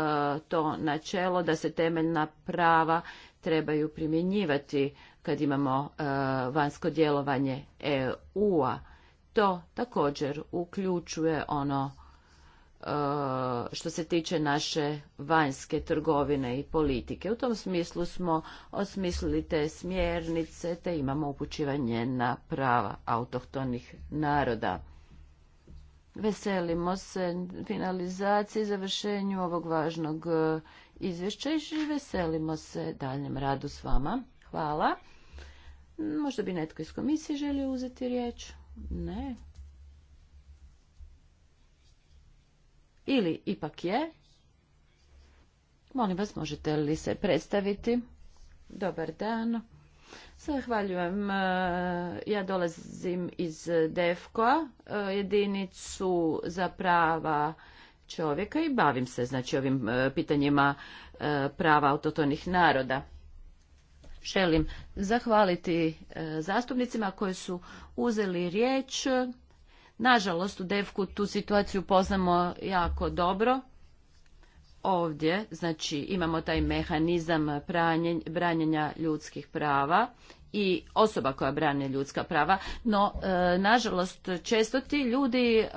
to načelo da se temeljna prava trebaju primjenjivati kad imamo e, vanjsko djelovanje EU-a. To također uključuje ono e, što se tiče naše vanjske trgovine i politike. U tom smislu smo osmislili te smjernice te imamo upućivanje na prava autohtonih naroda. Veselimo se finalizaciji i završenju ovog važnog e, izvješća i veselimo se daljem radu s vama. Hvala. Možda bi netko iz komisije želio uzeti riječ? Ne. Ili ipak je? Molim vas, možete li se predstaviti? Dobar dan. Zahvaljujem. E, ja dolazim iz DEFKO, jedinicu za prava čovjeka i bavim se znači ovim e, pitanjima e, prava autotonih naroda. Želim zahvaliti zastupnicima koji su uzeli riječ. Nažalost u DEFKU tu situaciju poznamo jako dobro ovdje znači imamo taj mehanizam branjenja ljudskih prava i osoba koja brane ljudska prava no e, nažalost često ti ljudi e,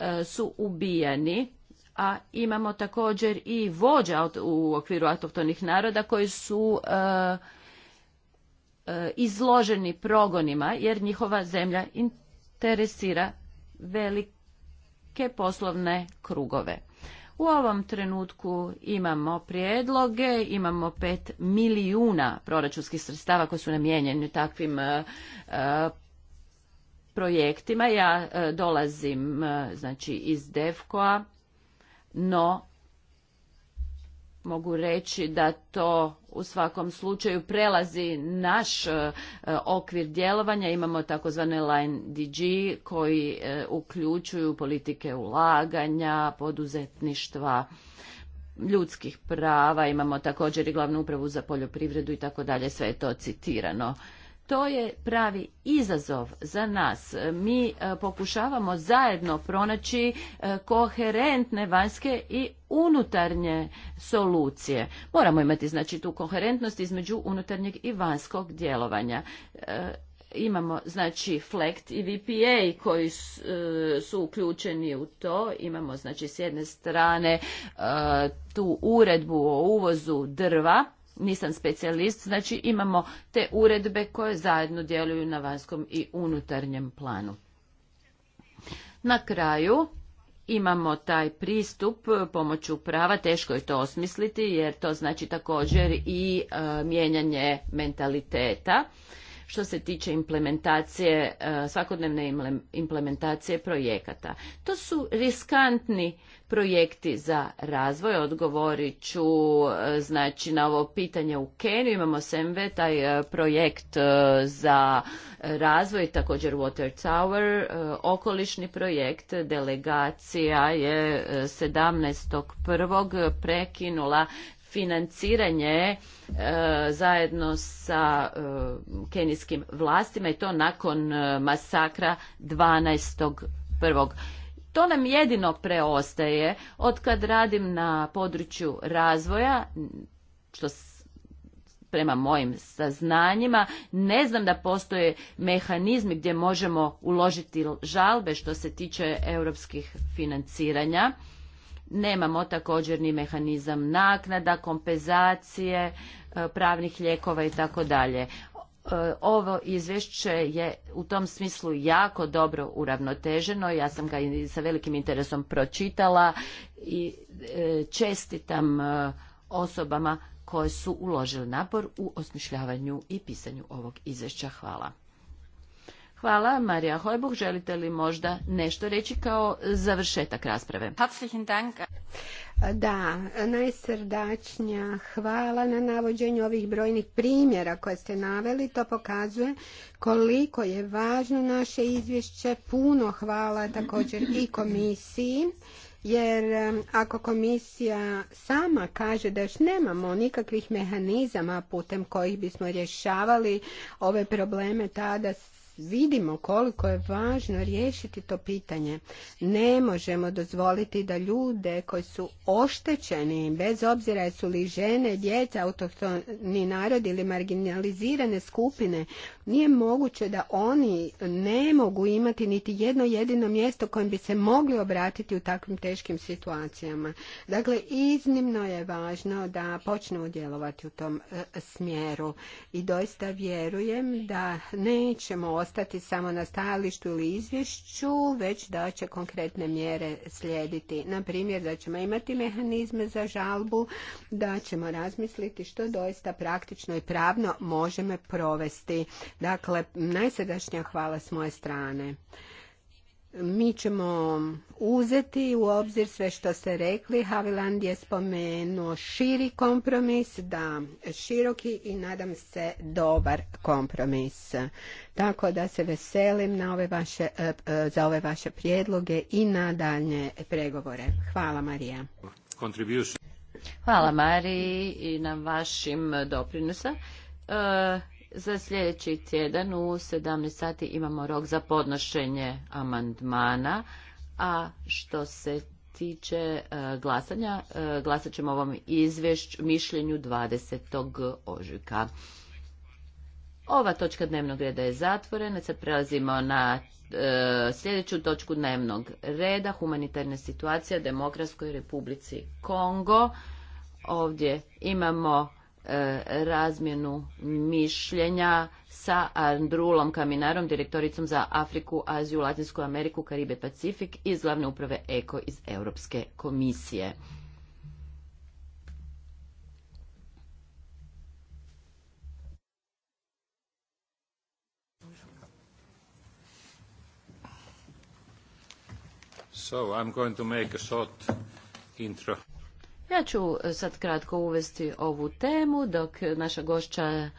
e, su ubijeni a imamo također i vođa u okviru autohtonih naroda koji su izloženi progonima jer njihova zemlja interesira velike poslovne krugove u ovom trenutku imamo prijedloge, imamo pet milijuna proračunskih sredstava koji su namijenjeni takvim e, e, projektima. Ja e, dolazim znači iz Devkoa, no mogu reći da to u svakom slučaju prelazi naš e, okvir djelovanja. Imamo takozvane line DG koji e, uključuju politike ulaganja, poduzetništva, ljudskih prava, imamo također i glavnu upravu za poljoprivredu i tako dalje, sve je to citirano to je pravi izazov za nas. Mi e, pokušavamo zajedno pronaći e, koherentne vanjske i unutarnje solucije. Moramo imati znači tu koherentnost između unutarnjeg i vanjskog djelovanja. E, imamo znači FLECT i VPA koji su, su uključeni u to. Imamo znači s jedne strane tu uredbu o uvozu drva nisam specijalist, znači imamo te uredbe koje zajedno djeluju na vanjskom i unutarnjem planu. Na kraju imamo taj pristup pomoću prava, teško je to osmisliti jer to znači također i e, mijenjanje mentaliteta što se tiče implementacije, e, svakodnevne implementacije projekata. To su riskantni projekti za razvoj. Odgovorit ću e, znači, na ovo pitanje u Keniju. Imamo SMV, taj e, projekt za razvoj, također Water Tower, okolišni projekt. Delegacija je 17.1. prekinula financiranje e, zajedno sa e, kenijskim vlastima i to nakon e, masakra 12.1. To nam jedino preostaje od kad radim na području razvoja, što prema mojim saznanjima, ne znam da postoje mehanizmi gdje možemo uložiti žalbe što se tiče europskih financiranja. Nemamo također ni mehanizam naknada, kompenzacije, e, pravnih lijekova i tako dalje. E, ovo izvješće je u tom smislu jako dobro uravnoteženo. Ja sam ga i sa velikim interesom pročitala i e, čestitam osobama koje su uložile napor u osmišljavanju i pisanju ovog izvješća. Hvala. Hvala, Marija Hojbuh. Želite li možda nešto reći kao završetak rasprave? Da, najsrdačnija hvala na navođenju ovih brojnih primjera koje ste naveli. To pokazuje koliko je važno naše izvješće. Puno hvala također i komisiji jer ako komisija sama kaže da još nemamo nikakvih mehanizama putem kojih bismo rješavali ove probleme, tada vidimo koliko je važno riješiti to pitanje. Ne možemo dozvoliti da ljude koji su oštećeni, bez obzira jesu li žene, djeca, autohtoni narod ili marginalizirane skupine, nije moguće da oni ne mogu imati niti jedno jedino mjesto kojem bi se mogli obratiti u takvim teškim situacijama. Dakle, iznimno je važno da počnemo djelovati u tom e, smjeru i doista vjerujem da nećemo ostati samo na stajalištu ili izvješću, već da će konkretne mjere slijediti. Na primjer, da ćemo imati mehanizme za žalbu, da ćemo razmisliti što doista praktično i pravno možemo provesti. Dakle, najsadašnja hvala s moje strane. Mi ćemo uzeti u obzir sve što ste rekli. Haviland je spomenuo širi kompromis, da široki i nadam se dobar kompromis. Tako da se veselim na ove vaše, e, e, za ove vaše prijedloge i na daljnje pregovore. Hvala Marija. Hvala Mariji i na vašim doprinosa. E, za sljedeći tjedan u 17 sati imamo rok za podnošenje amandmana, a što se tiče e, glasanja, e, glasat ćemo ovom izvješću mišljenju 20. ožujka. Ova točka dnevnog reda je zatvorena, sad prelazimo na e, sljedeću točku dnevnog reda, humanitarna situacija Demokratskoj republici Kongo. Ovdje imamo E, razmjenu mišljenja sa Andrulom Kaminarom, direktoricom za Afriku, Aziju, Latinsku Ameriku, Karibe, Pacifik iz glavne uprave EKO iz Europske komisije. So I'm going to make a short intro. Ja ću sad kratko uvesti ovu temu dok naša gošća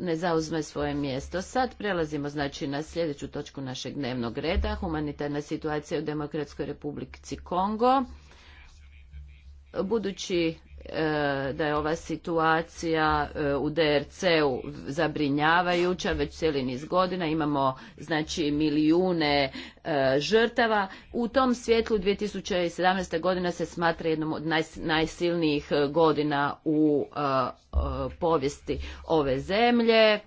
ne zauzme svoje mjesto. Sad prelazimo znači na sljedeću točku našeg dnevnog reda, humanitarna situacija u Demokratskoj Republici Kongo. Budući E, da je ova situacija e, u DRC-u zabrinjavajuća već cijeli niz godina. Imamo znači milijune e, žrtava. U tom svjetlu 2017. godina se smatra jednom od najsilnijih godina u povijesti ove zemlje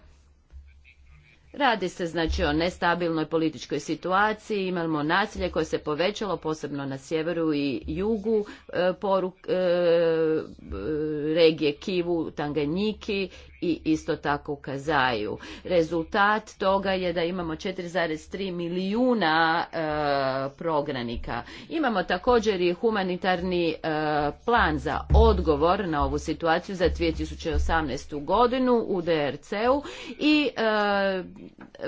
Radi se znači o nestabilnoj političkoj situaciji, imamo nasilje koje se povećalo posebno na sjeveru i jugu e, poruk, e, e, regije Kivu, Tanganjiki i isto tako ukazaju. Kazaju. Rezultat toga je da imamo 4,3 milijuna e, prognanika. Imamo također i humanitarni e, plan za odgovor na ovu situaciju za 2018. godinu u DRC-u i e,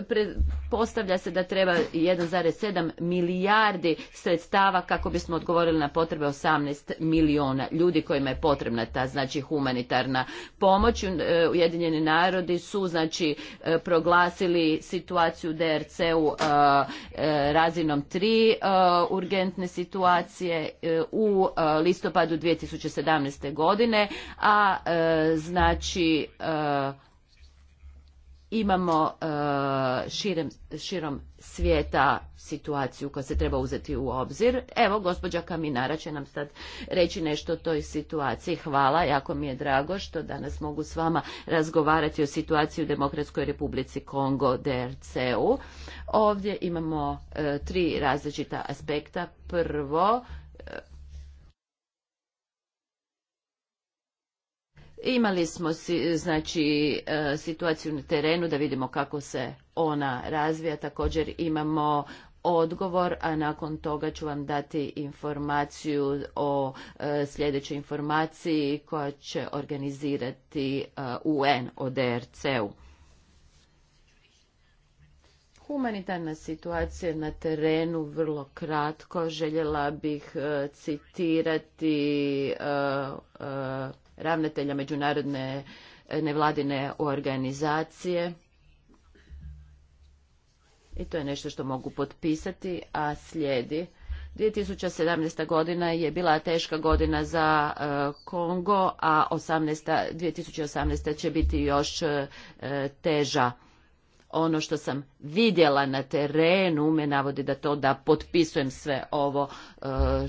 postavlja se da treba 1,7 milijardi sredstava kako bismo odgovorili na potrebe 18 milijuna ljudi kojima je potrebna ta znači humanitarna pomoć. E, u Ujedinjeni narodi su znači e, proglasili situaciju DRC-u e, e, razinom 3 urgentne situacije u listopadu 2017. godine, a znači imamo e, širom svijeta situaciju koja se treba uzeti u obzir. Evo, gospođa Kaminara će nam sad reći nešto o toj situaciji. Hvala, jako mi je drago što danas mogu s vama razgovarati o situaciji u Demokratskoj republici Kongo, DRCU. Ovdje imamo e, tri različita aspekta. Prvo, Imali smo znači e, situaciju na terenu da vidimo kako se ona razvija. Također imamo odgovor, a nakon toga ću vam dati informaciju o e, sljedećoj informaciji koja će organizirati e, UN o DRC-u. Humanitarna situacija na terenu vrlo kratko. Željela bih citirati ravnatelja međunarodne e, nevladine organizacije. I to je nešto što mogu potpisati, a slijedi. 2017. godina je bila teška godina za e, Kongo, a 18, 2018. će biti još e, teža. Ono što sam vidjela na terenu me navodi da to da potpisujem sve ovo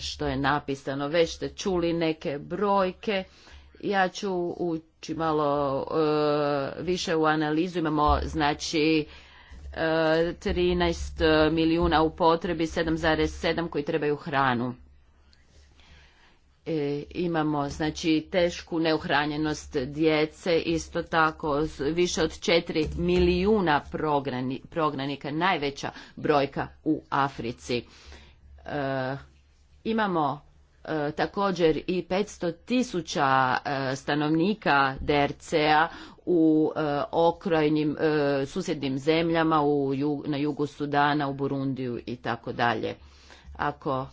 što je napisano. Već ste čuli neke brojke. Ja ću ući malo e, više u analizu. Imamo znači 13 e, milijuna u potrebi, 7,7 koji trebaju hranu. E, imamo znači tešku neuhranjenost djece, isto tako više od 4 milijuna progranika, prognanika, najveća brojka u Africi. Imamo E, također i 500 tisuća e, stanovnika DRC-a u e, okrajnim susjednim zemljama na jugu Sudana, u Burundiju i tako dalje. Ako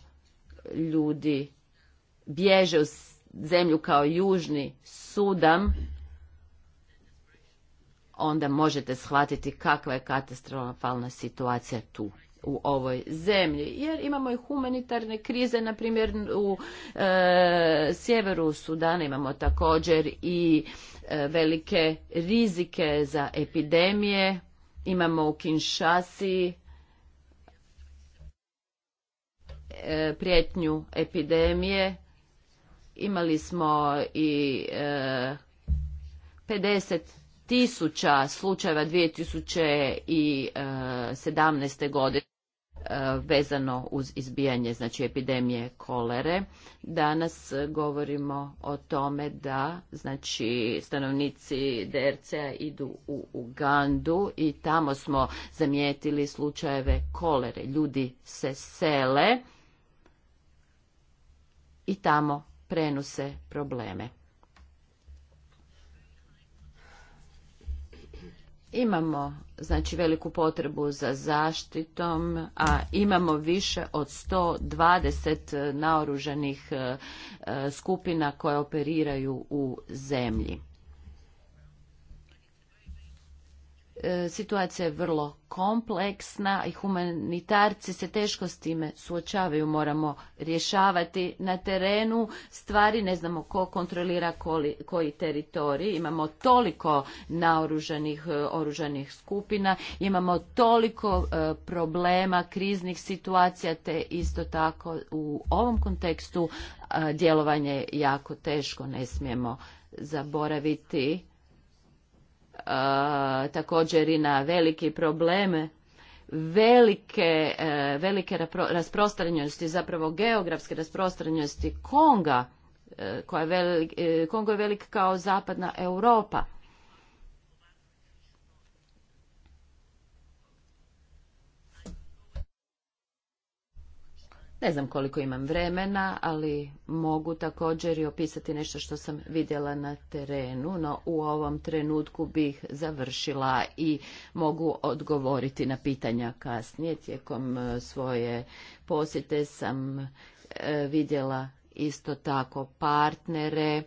ljudi bježe u zemlju kao Južni Sudan, onda možete shvatiti kakva je katastrofalna situacija tu u ovoj zemlji jer imamo i humanitarne krize na primjer u e, sjeveru Sudana imamo također i e, velike rizike za epidemije imamo u Kinshasi e, prijetnju epidemije imali smo i 50 e, tisuća slučajeva 2017. godine e, vezano uz izbijanje znači epidemije kolere. Danas govorimo o tome da znači stanovnici DRC-a idu u Ugandu i tamo smo zamijetili slučajeve kolere. Ljudi se sele i tamo prenose probleme. Imamo znači veliku potrebu za zaštitom, a imamo više od 120 naoružanih e, skupina koje operiraju u zemlji. E, situacija je vrlo kompleksna i humanitarci se teško s time suočavaju, moramo rješavati na terenu stvari, ne znamo ko kontrolira koji teritorij, imamo toliko naoružanih e, oružanih skupina, imamo toliko e, problema, kriznih situacija, te isto tako u ovom kontekstu djelovanje je jako teško, ne smijemo zaboraviti također i na velike probleme velike, e, velike rasprostranjenosti, zapravo geografske rasprostranjenosti Konga, e, koja e, Kongo je velik kao zapadna Europa. Ne znam koliko imam vremena, ali mogu također i opisati nešto što sam vidjela na terenu, no u ovom trenutku bih završila i mogu odgovoriti na pitanja kasnije. Tijekom e, svoje posjete sam e, vidjela isto tako partnere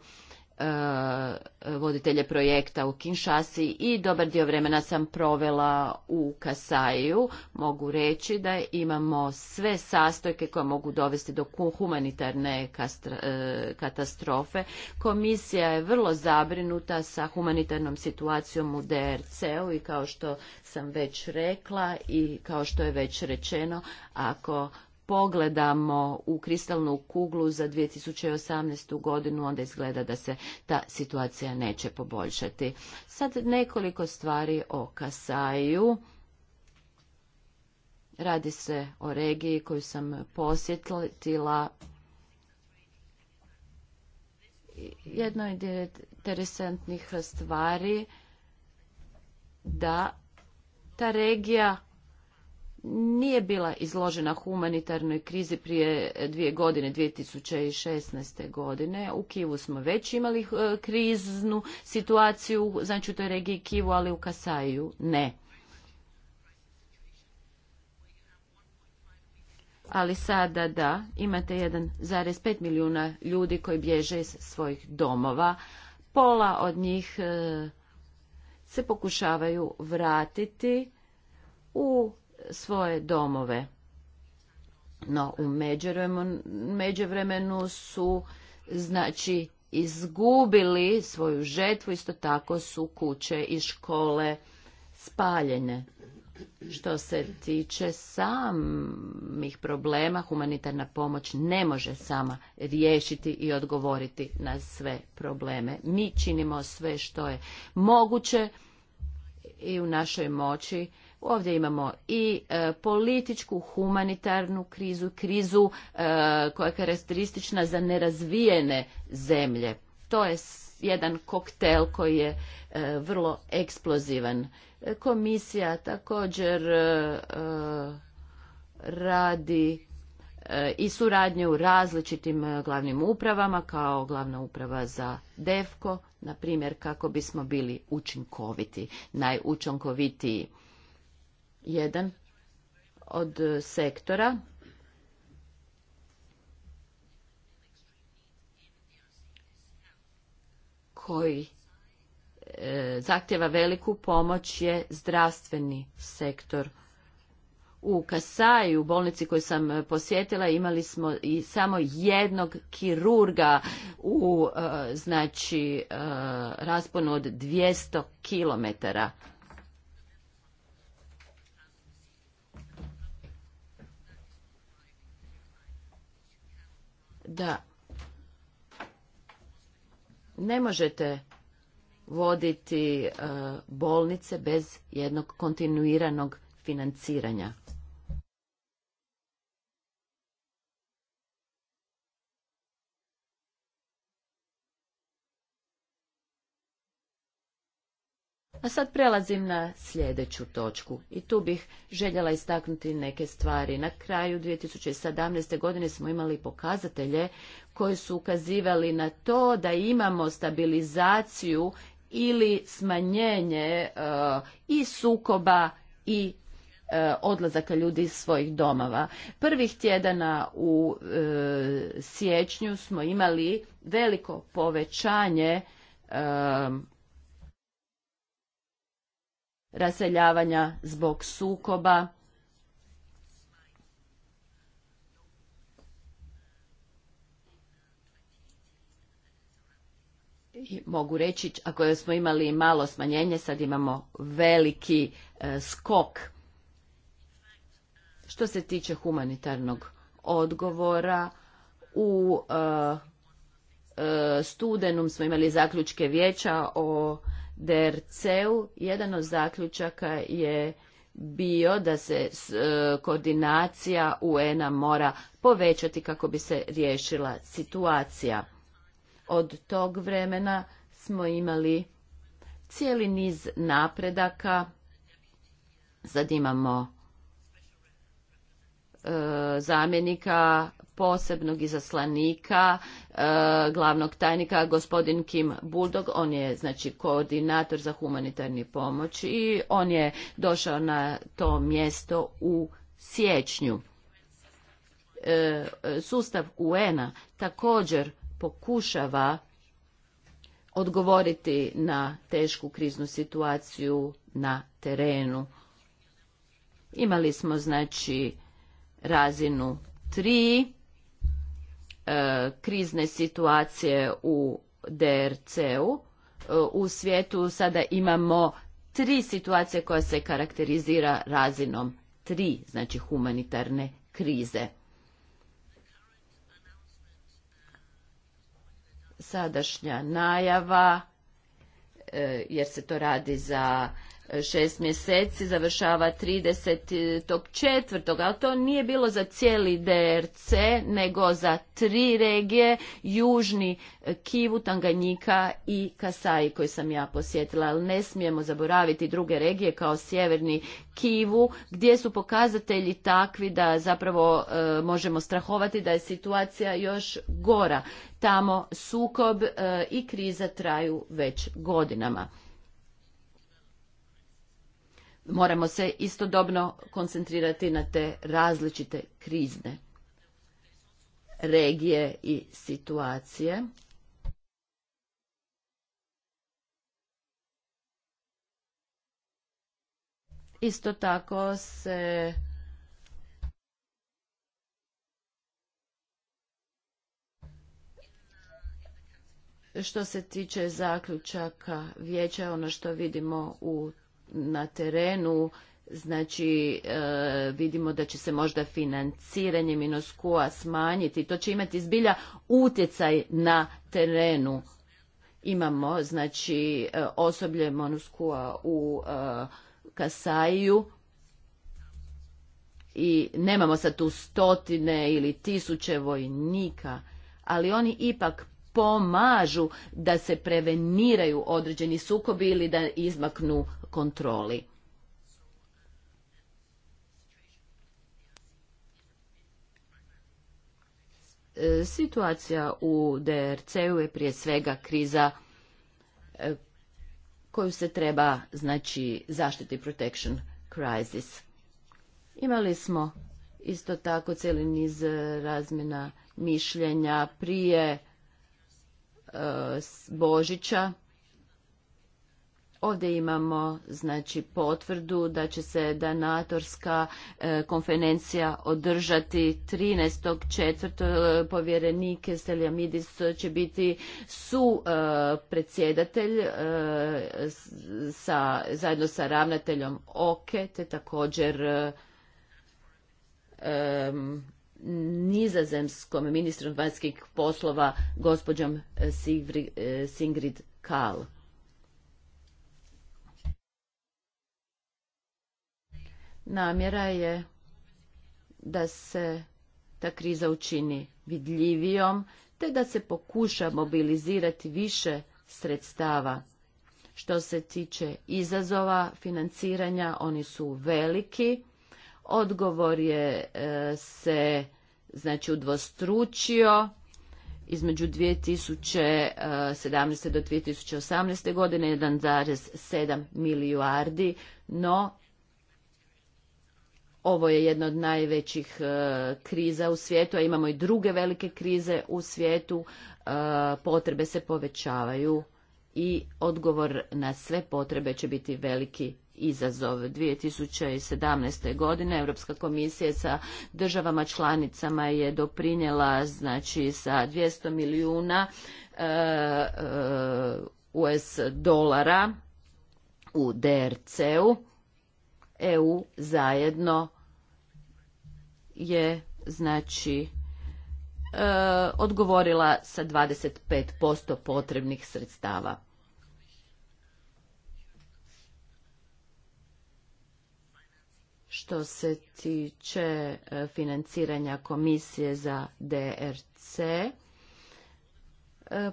E, voditelje projekta u Kinshasi i dobar dio vremena sam provela u Kasaju. Mogu reći da imamo sve sastojke koje mogu dovesti do humanitarne e, katastrofe. Komisija je vrlo zabrinuta sa humanitarnom situacijom u DRC-u i kao što sam već rekla i kao što je već rečeno, ako pogledamo u kristalnu kuglu za 2018. godinu, onda izgleda da se ta situacija neće poboljšati. Sad nekoliko stvari o Kasaju. Radi se o regiji koju sam posjetila. Jedno od interesantnih stvari da ta regija nije bila izložena humanitarnoj krizi prije dvije godine, 2016. godine. U Kivu smo već imali eh, kriznu situaciju, znači u toj regiji Kivu, ali u Kasaju ne. Ali sada da, imate 1,5 milijuna ljudi koji bježe iz svojih domova. Pola od njih eh, se pokušavaju vratiti u svoje domove. No, u međuvremenu su znači izgubili svoju žetvu, isto tako su kuće i škole spaljene. Što se tiče samih problema, humanitarna pomoć ne može sama riješiti i odgovoriti na sve probleme. Mi činimo sve što je moguće i u našoj moći Ovdje imamo i e, političku, humanitarnu krizu, krizu e, koja je karakteristična za nerazvijene zemlje. To je jedan koktel koji je e, vrlo eksplozivan. Komisija također radi i suradnje u različitim glavnim upravama kao glavna uprava za DEFKO, na primjer kako bismo bili učinkoviti, najučinkovitiji jedan od sektora koji e, zahtjeva veliku pomoć je zdravstveni sektor. U Kasaju, u bolnici koju sam e, posjetila, imali smo i samo jednog kirurga u e, znači rasponu od 200 kilometara. da ne možete voditi e, bolnice bez jednog kontinuiranog financiranja A sad prelazim na sljedeću točku i tu bih željela istaknuti neke stvari. Na kraju 2017. godine smo imali pokazatelje koji su ukazivali na to da imamo stabilizaciju ili smanjenje e, i sukoba i e, odlazaka ljudi iz svojih domova. Prvih tjedana u e, siječnju smo imali veliko povećanje raseljavanja zbog sukoba. I mogu reći, ako smo imali malo smanjenje, sad imamo veliki e, skok. Što se tiče humanitarnog odgovora, u e, e, studenom smo imali zaključke vijeća o DRC-u. Jedan od zaključaka je bio da se e, koordinacija UN-a mora povećati kako bi se riješila situacija. Od tog vremena smo imali cijeli niz napredaka. Sad imamo e, zamjenika posebnog izaslanika e, glavnog tajnika gospodin Kim Buldog on je znači koordinator za humanitarni pomoć i on je došao na to mjesto u siječnju e, sustav un također pokušava odgovoriti na tešku kriznu situaciju na terenu imali smo znači razinu 3 E, krizne situacije u DRC-u. E, u svijetu sada imamo tri situacije koja se karakterizira razinom tri, znači humanitarne krize. Sadašnja najava, e, jer se to radi za šest mjeseci, završava 30. E, četvrtog, ali to nije bilo za cijeli DRC, nego za tri regije, Južni e, Kivu, Tanganjika i Kasai koji sam ja posjetila, ali ne smijemo zaboraviti druge regije kao Sjeverni Kivu, gdje su pokazatelji takvi da zapravo e, možemo strahovati da je situacija još gora. Tamo sukob i kriza traju već godinama moramo se istodobno koncentrirati na te različite krizne regije i situacije. Isto tako se što se tiče zaključaka vijeća ono što vidimo u na terenu znači e, vidimo da će se možda financiranje Minoskua smanjiti. To će imati zbilja utjecaj na terenu. Imamo znači e, osoblje Minoskua u e, Kasaju i nemamo sad tu stotine ili tisuće vojnika, ali oni ipak pomažu da se preveniraju određeni sukobi ili da izmaknu kontroli. E, situacija u DRC-u je prije svega kriza e, koju se treba znači zaštiti protection crisis. Imali smo isto tako cijeli niz razmjena mišljenja prije Božića. Ovdje imamo znači potvrdu da će se danatorska e, konferencija održati 13.4. povjerenike. Steljamidis će biti su e, predsjedatelj e, sa, zajedno sa ravnateljom OKE te također nizozemskom ministrom vanjskih poslova gospođom eh, eh, Singrid Kall. Namjera je da se ta kriza učini vidljivijom, te da se pokuša mobilizirati više sredstava. Što se tiče izazova financiranja, oni su veliki Odgovor je e, se znači udvostručio između 2017. do 2018. godine 1,7 milijardi, no ovo je jedna od najvećih e, kriza u svijetu, a imamo i druge velike krize u svijetu, e, potrebe se povećavaju i odgovor na sve potrebe će biti veliki izazov. 2017. godine Europska komisija sa državama članicama je doprinjela znači sa 200 milijuna e, e, US dolara u DRC-u. EU zajedno je znači e, odgovorila sa 25% potrebnih sredstava. što se tiče e, financiranja komisije za DRC. E,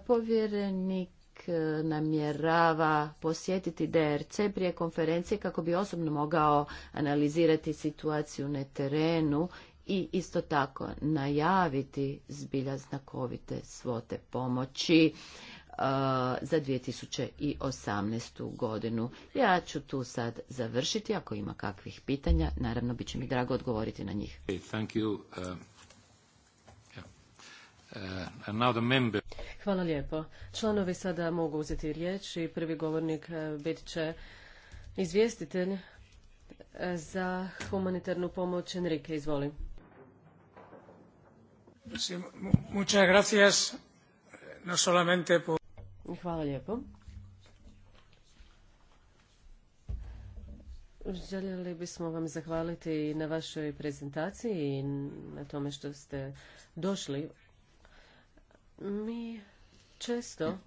povjerenik e, namjerava posjetiti DRC prije konferencije kako bi osobno mogao analizirati situaciju na terenu i isto tako najaviti zbilja znakovite svote pomoći za 2018. godinu. Ja ću tu sad završiti, ako ima kakvih pitanja, naravno bit će mi drago odgovoriti na njih. Uh, uh, Hvala lijepo. Članovi sada mogu uzeti riječ i prvi govornik uh, bit će izvjestitelj za humanitarnu pomoć Enrique. Izvoli. Muchas gracias, no solamente por... Hvala lijepo. Željeli bismo vam zahvaliti na vašoj prezentaciji i na tome što ste došli. Mi često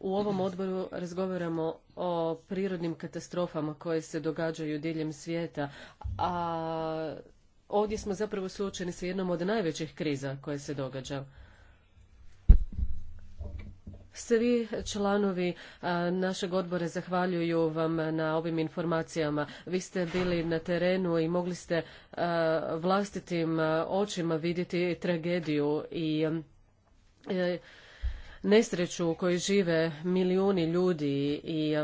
u ovom odboru razgovaramo o prirodnim katastrofama koje se događaju diljem svijeta, a ovdje smo zapravo suočeni sa jednom od najvećih kriza koje se događa. Svi članovi našeg odbora zahvaljuju vam na ovim informacijama. Vi ste bili na terenu i mogli ste vlastitim očima vidjeti tragediju i e, nesreću u kojoj žive milijuni ljudi i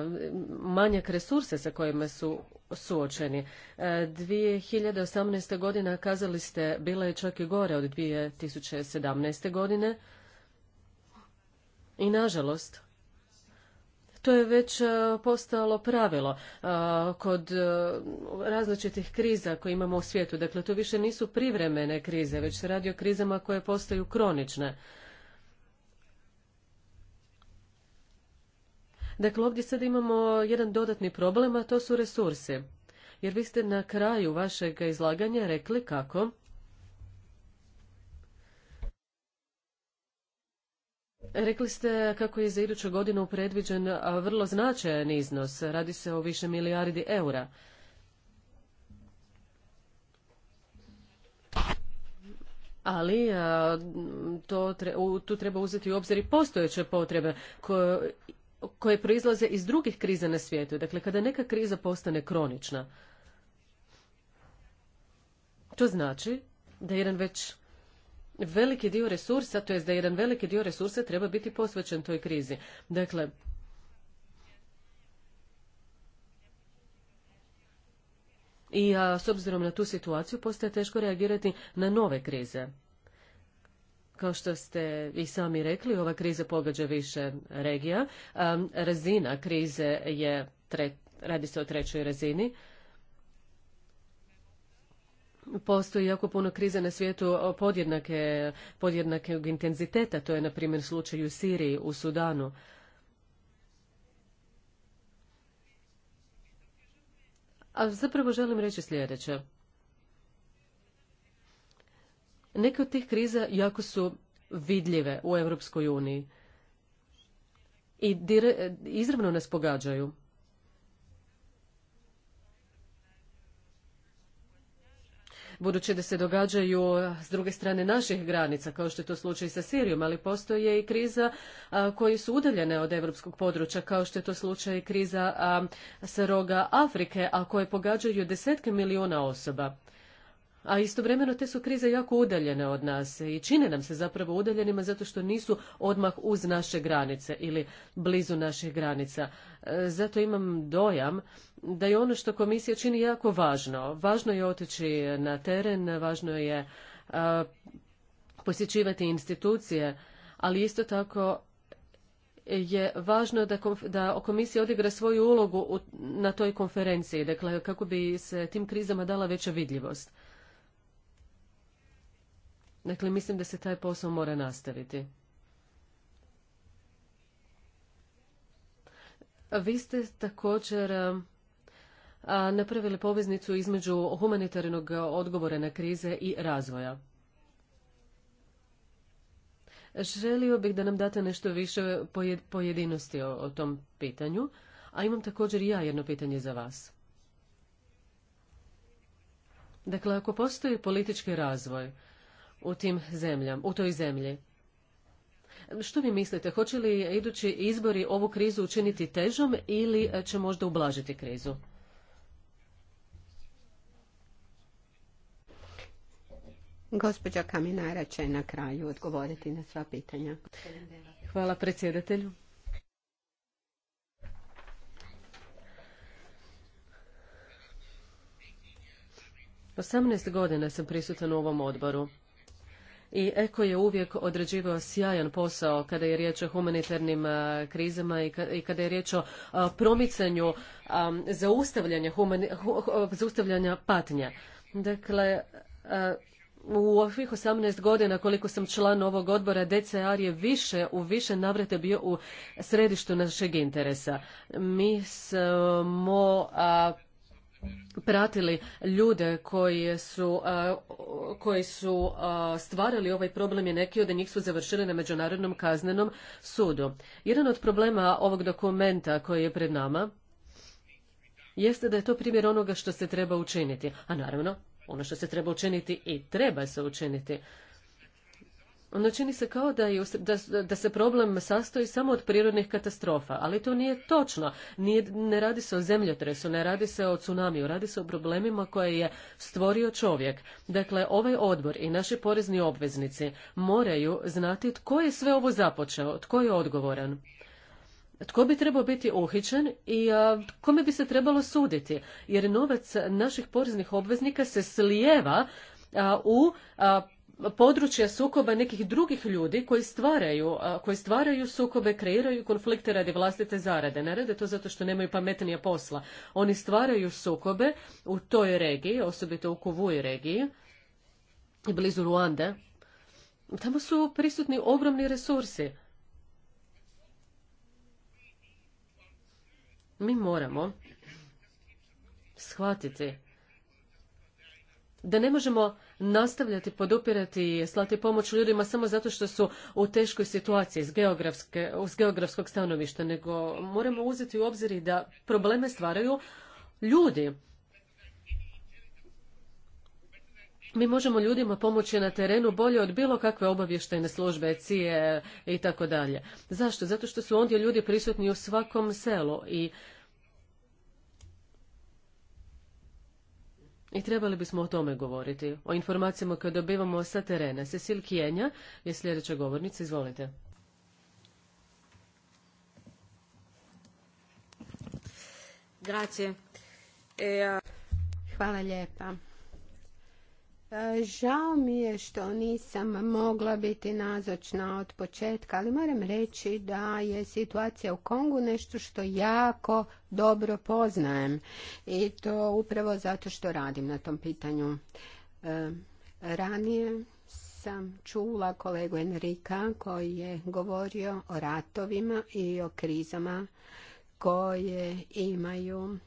manjak resursa sa kojima su suočeni. 2018. E, godina kazali ste bila je čak i gore od 2017. godine i nažalost, to je već e, postalo pravilo e, kod e, različitih kriza koje imamo u svijetu. Dakle, to više nisu privremene krize, već se radi o krizama koje postaju kronične. Dakle, ovdje sad imamo jedan dodatni problem, a to su resursi. Jer vi ste na kraju vašeg izlaganja rekli kako Rekli ste kako je za iduću godinu predviđen vrlo značajan iznos. Radi se o više milijardi eura. ali tu treba uzeti u obzir i postojeće potrebe koje, koje proizlaze iz drugih kriza na svijetu. Dakle, kada neka kriza postane kronična, to znači da jedan već veliki dio resursa, to jest da jedan veliki dio resursa treba biti posvećen toj krizi. Dakle, i a, s obzirom na tu situaciju postaje teško reagirati na nove krize. Kao što ste i sami rekli, ova kriza pogađa više regija. razina krize je, radi se o trećoj razini postoji jako puno krize na svijetu podjednake, podjednakog intenziteta. To je, na primjer, slučaj u Siriji, u Sudanu. A zapravo želim reći sljedeće. Neke od tih kriza jako su vidljive u Europskoj uniji i izravno nas pogađaju. budući da se događaju s druge strane naših granica, kao što je to slučaj sa Sirijom, ali postoje i kriza koje koji su udaljene od europskog područja, kao što je to slučaj kriza a, sa roga Afrike, a koje pogađaju desetke milijuna osoba a istovremeno te su krize jako udaljene od nas i čine nam se zapravo udaljenima zato što nisu odmah uz naše granice ili blizu naših granica. E, zato imam dojam da je ono što komisija čini jako važno. Važno je otići na teren, važno je e, posjećivati institucije, ali isto tako je važno da, da komisija odigra svoju ulogu na toj konferenciji, dakle kako bi se tim krizama dala veća vidljivost. Dakle, mislim da se taj posao mora nastaviti. Vi ste također napravili poveznicu između humanitarnog odgovora na krize i razvoja. Želio bih da nam date nešto više pojedinosti o, o tom pitanju, a imam također i ja jedno pitanje za vas. Dakle, ako postoji politički razvoj, u tim u toj zemlji. Što vi mislite, hoće li idući izbori ovu krizu učiniti težom ili će možda ublažiti krizu? Gospođa Kaminara će na kraju odgovoriti na sva pitanja. Hvala predsjedatelju. Osamnaest godina sam prisutan u ovom odboru i Eko je uvijek određivao sjajan posao kada je riječ o humanitarnim krizama i, kada je riječ o promicanju zaustavljanja, zaustavljanja patnje. Dakle, u ovih 18 godina koliko sam član ovog odbora, DCR je više, u više navrata bio u središtu našeg interesa. Mi smo pratili ljude koji su, e, koji su e, stvarali ovaj problem i neki od njih su završili na Međunarodnom kaznenom sudu. Jedan od problema ovog dokumenta koji je pred nama jeste da je to primjer onoga što se treba učiniti. A naravno, ono što se treba učiniti i treba se učiniti onda čini se kao da, da, se problem sastoji samo od prirodnih katastrofa, ali to nije točno. ne radi se o zemljotresu, ne radi se o tsunamiju, radi se o problemima koje je stvorio čovjek. Dakle, ovaj odbor i naši porezni obveznici moraju znati tko je sve ovo započeo, tko je odgovoran. Tko bi trebao biti uhićen i kome bi se trebalo suditi? Jer novac naših poreznih obveznika se slijeva u područja sukoba nekih drugih ljudi koji stvaraju, koji sukobe, kreiraju konflikte radi vlastite zarade. Ne rade to zato što nemaju pametnija posla. Oni stvaraju sukobe u toj regiji, osobito u Kuvuji regiji i blizu Ruande. Tamo su prisutni ogromni resursi. Mi moramo shvatiti da ne možemo nastavljati podupirati i slati pomoć ljudima samo zato što su u teškoj situaciji s, geografskog stanovišta, nego moramo uzeti u obzir i da probleme stvaraju ljudi. Mi možemo ljudima pomoći na terenu bolje od bilo kakve obavještajne službe, cije i tako dalje. Zašto? Zato što su ondje ljudi prisutni u svakom selu i I trebali bismo o tome govoriti, o informacijama koje dobivamo sa terena. Cecil Kijenja je sljedeća govornica, izvolite. Grazie. E, Hvala lijepa. E, žao mi je što nisam mogla biti nazočna od početka, ali moram reći da je situacija u Kongu nešto što jako dobro poznajem i to upravo zato što radim na tom pitanju. E, ranije sam čula kolegu Enrika koji je govorio o ratovima i o krizama koje imaju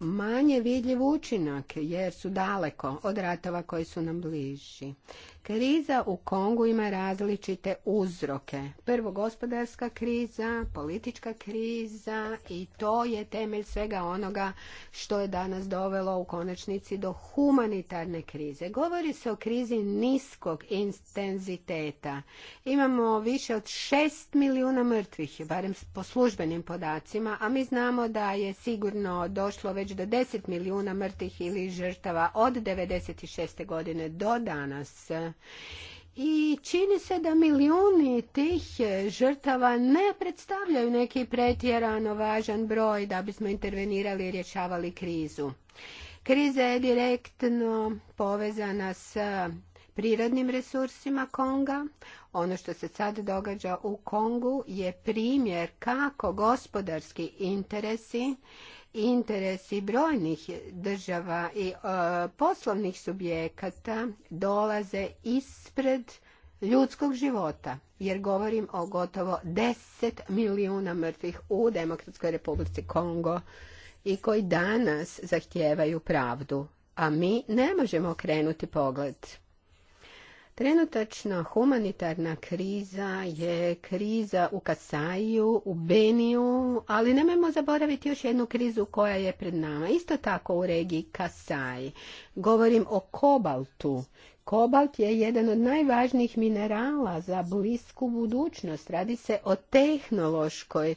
manje vidljiv učinak jer su daleko od ratova koji su nam bliži. Kriza u Kongu ima različite uzroke. Prvo gospodarska kriza, politička kriza i to je temelj svega onoga što je danas dovelo u konačnici do humanitarne krize. Govori se o krizi niskog intenziteta. Imamo više od 6 milijuna mrtvih, barem po službenim podacima, a mi znamo da je sigurno došlo već već do 10 milijuna mrtvih ili žrtava od 96. godine do danas. I čini se da milijuni tih žrtava ne predstavljaju neki pretjerano važan broj da bismo intervenirali i rješavali krizu. Kriza je direktno povezana sa prirodnim resursima Konga. Ono što se sad događa u Kongu je primjer kako gospodarski interesi interesi brojnih država i e, poslovnih subjekata dolaze ispred ljudskog života, jer govorim o gotovo 10 milijuna mrtvih u Demokratskoj republici Kongo i koji danas zahtijevaju pravdu, a mi ne možemo okrenuti pogled. Trenutačna humanitarna kriza je kriza u Kasaju, u Beniju, ali nemojmo zaboraviti još jednu krizu koja je pred nama. Isto tako u regiji Kasaj. Govorim o kobaltu. Kobalt je jedan od najvažnijih minerala za blisku budućnost. Radi se o tehnološkoj e,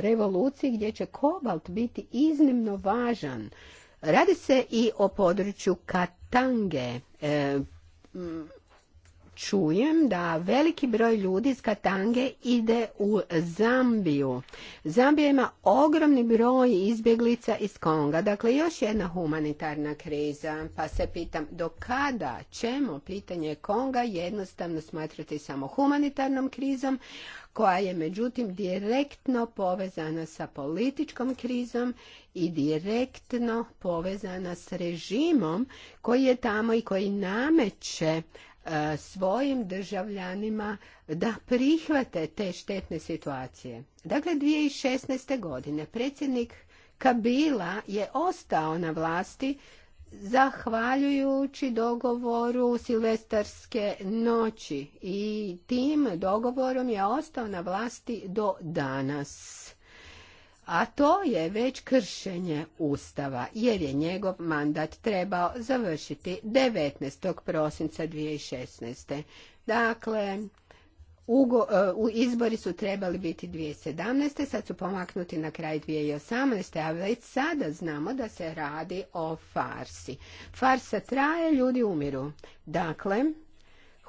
revoluciji gdje će kobalt biti iznimno važan. Radi se i o području Katange, e, čujem da veliki broj ljudi iz Katange ide u Zambiju. Zambija ima ogromni broj izbjeglica iz Konga. Dakle, još jedna humanitarna kriza. Pa se pitam, do kada ćemo pitanje Konga jednostavno smatrati samo humanitarnom krizom, koja je međutim direktno povezana sa političkom krizom i direktno povezana s režimom koji je tamo i koji nameće E, svojim državljanima da prihvate te štetne situacije. Dakle, 2016. godine predsjednik Kabila je ostao na vlasti zahvaljujući dogovoru silvestarske noći i tim dogovorom je ostao na vlasti do danas a to je već kršenje Ustava, jer je njegov mandat trebao završiti 19. prosinca 2016. Dakle, e, u izbori su trebali biti 2017. sad su pomaknuti na kraj 2018. a već sada znamo da se radi o farsi. Farsa traje, ljudi umiru. Dakle,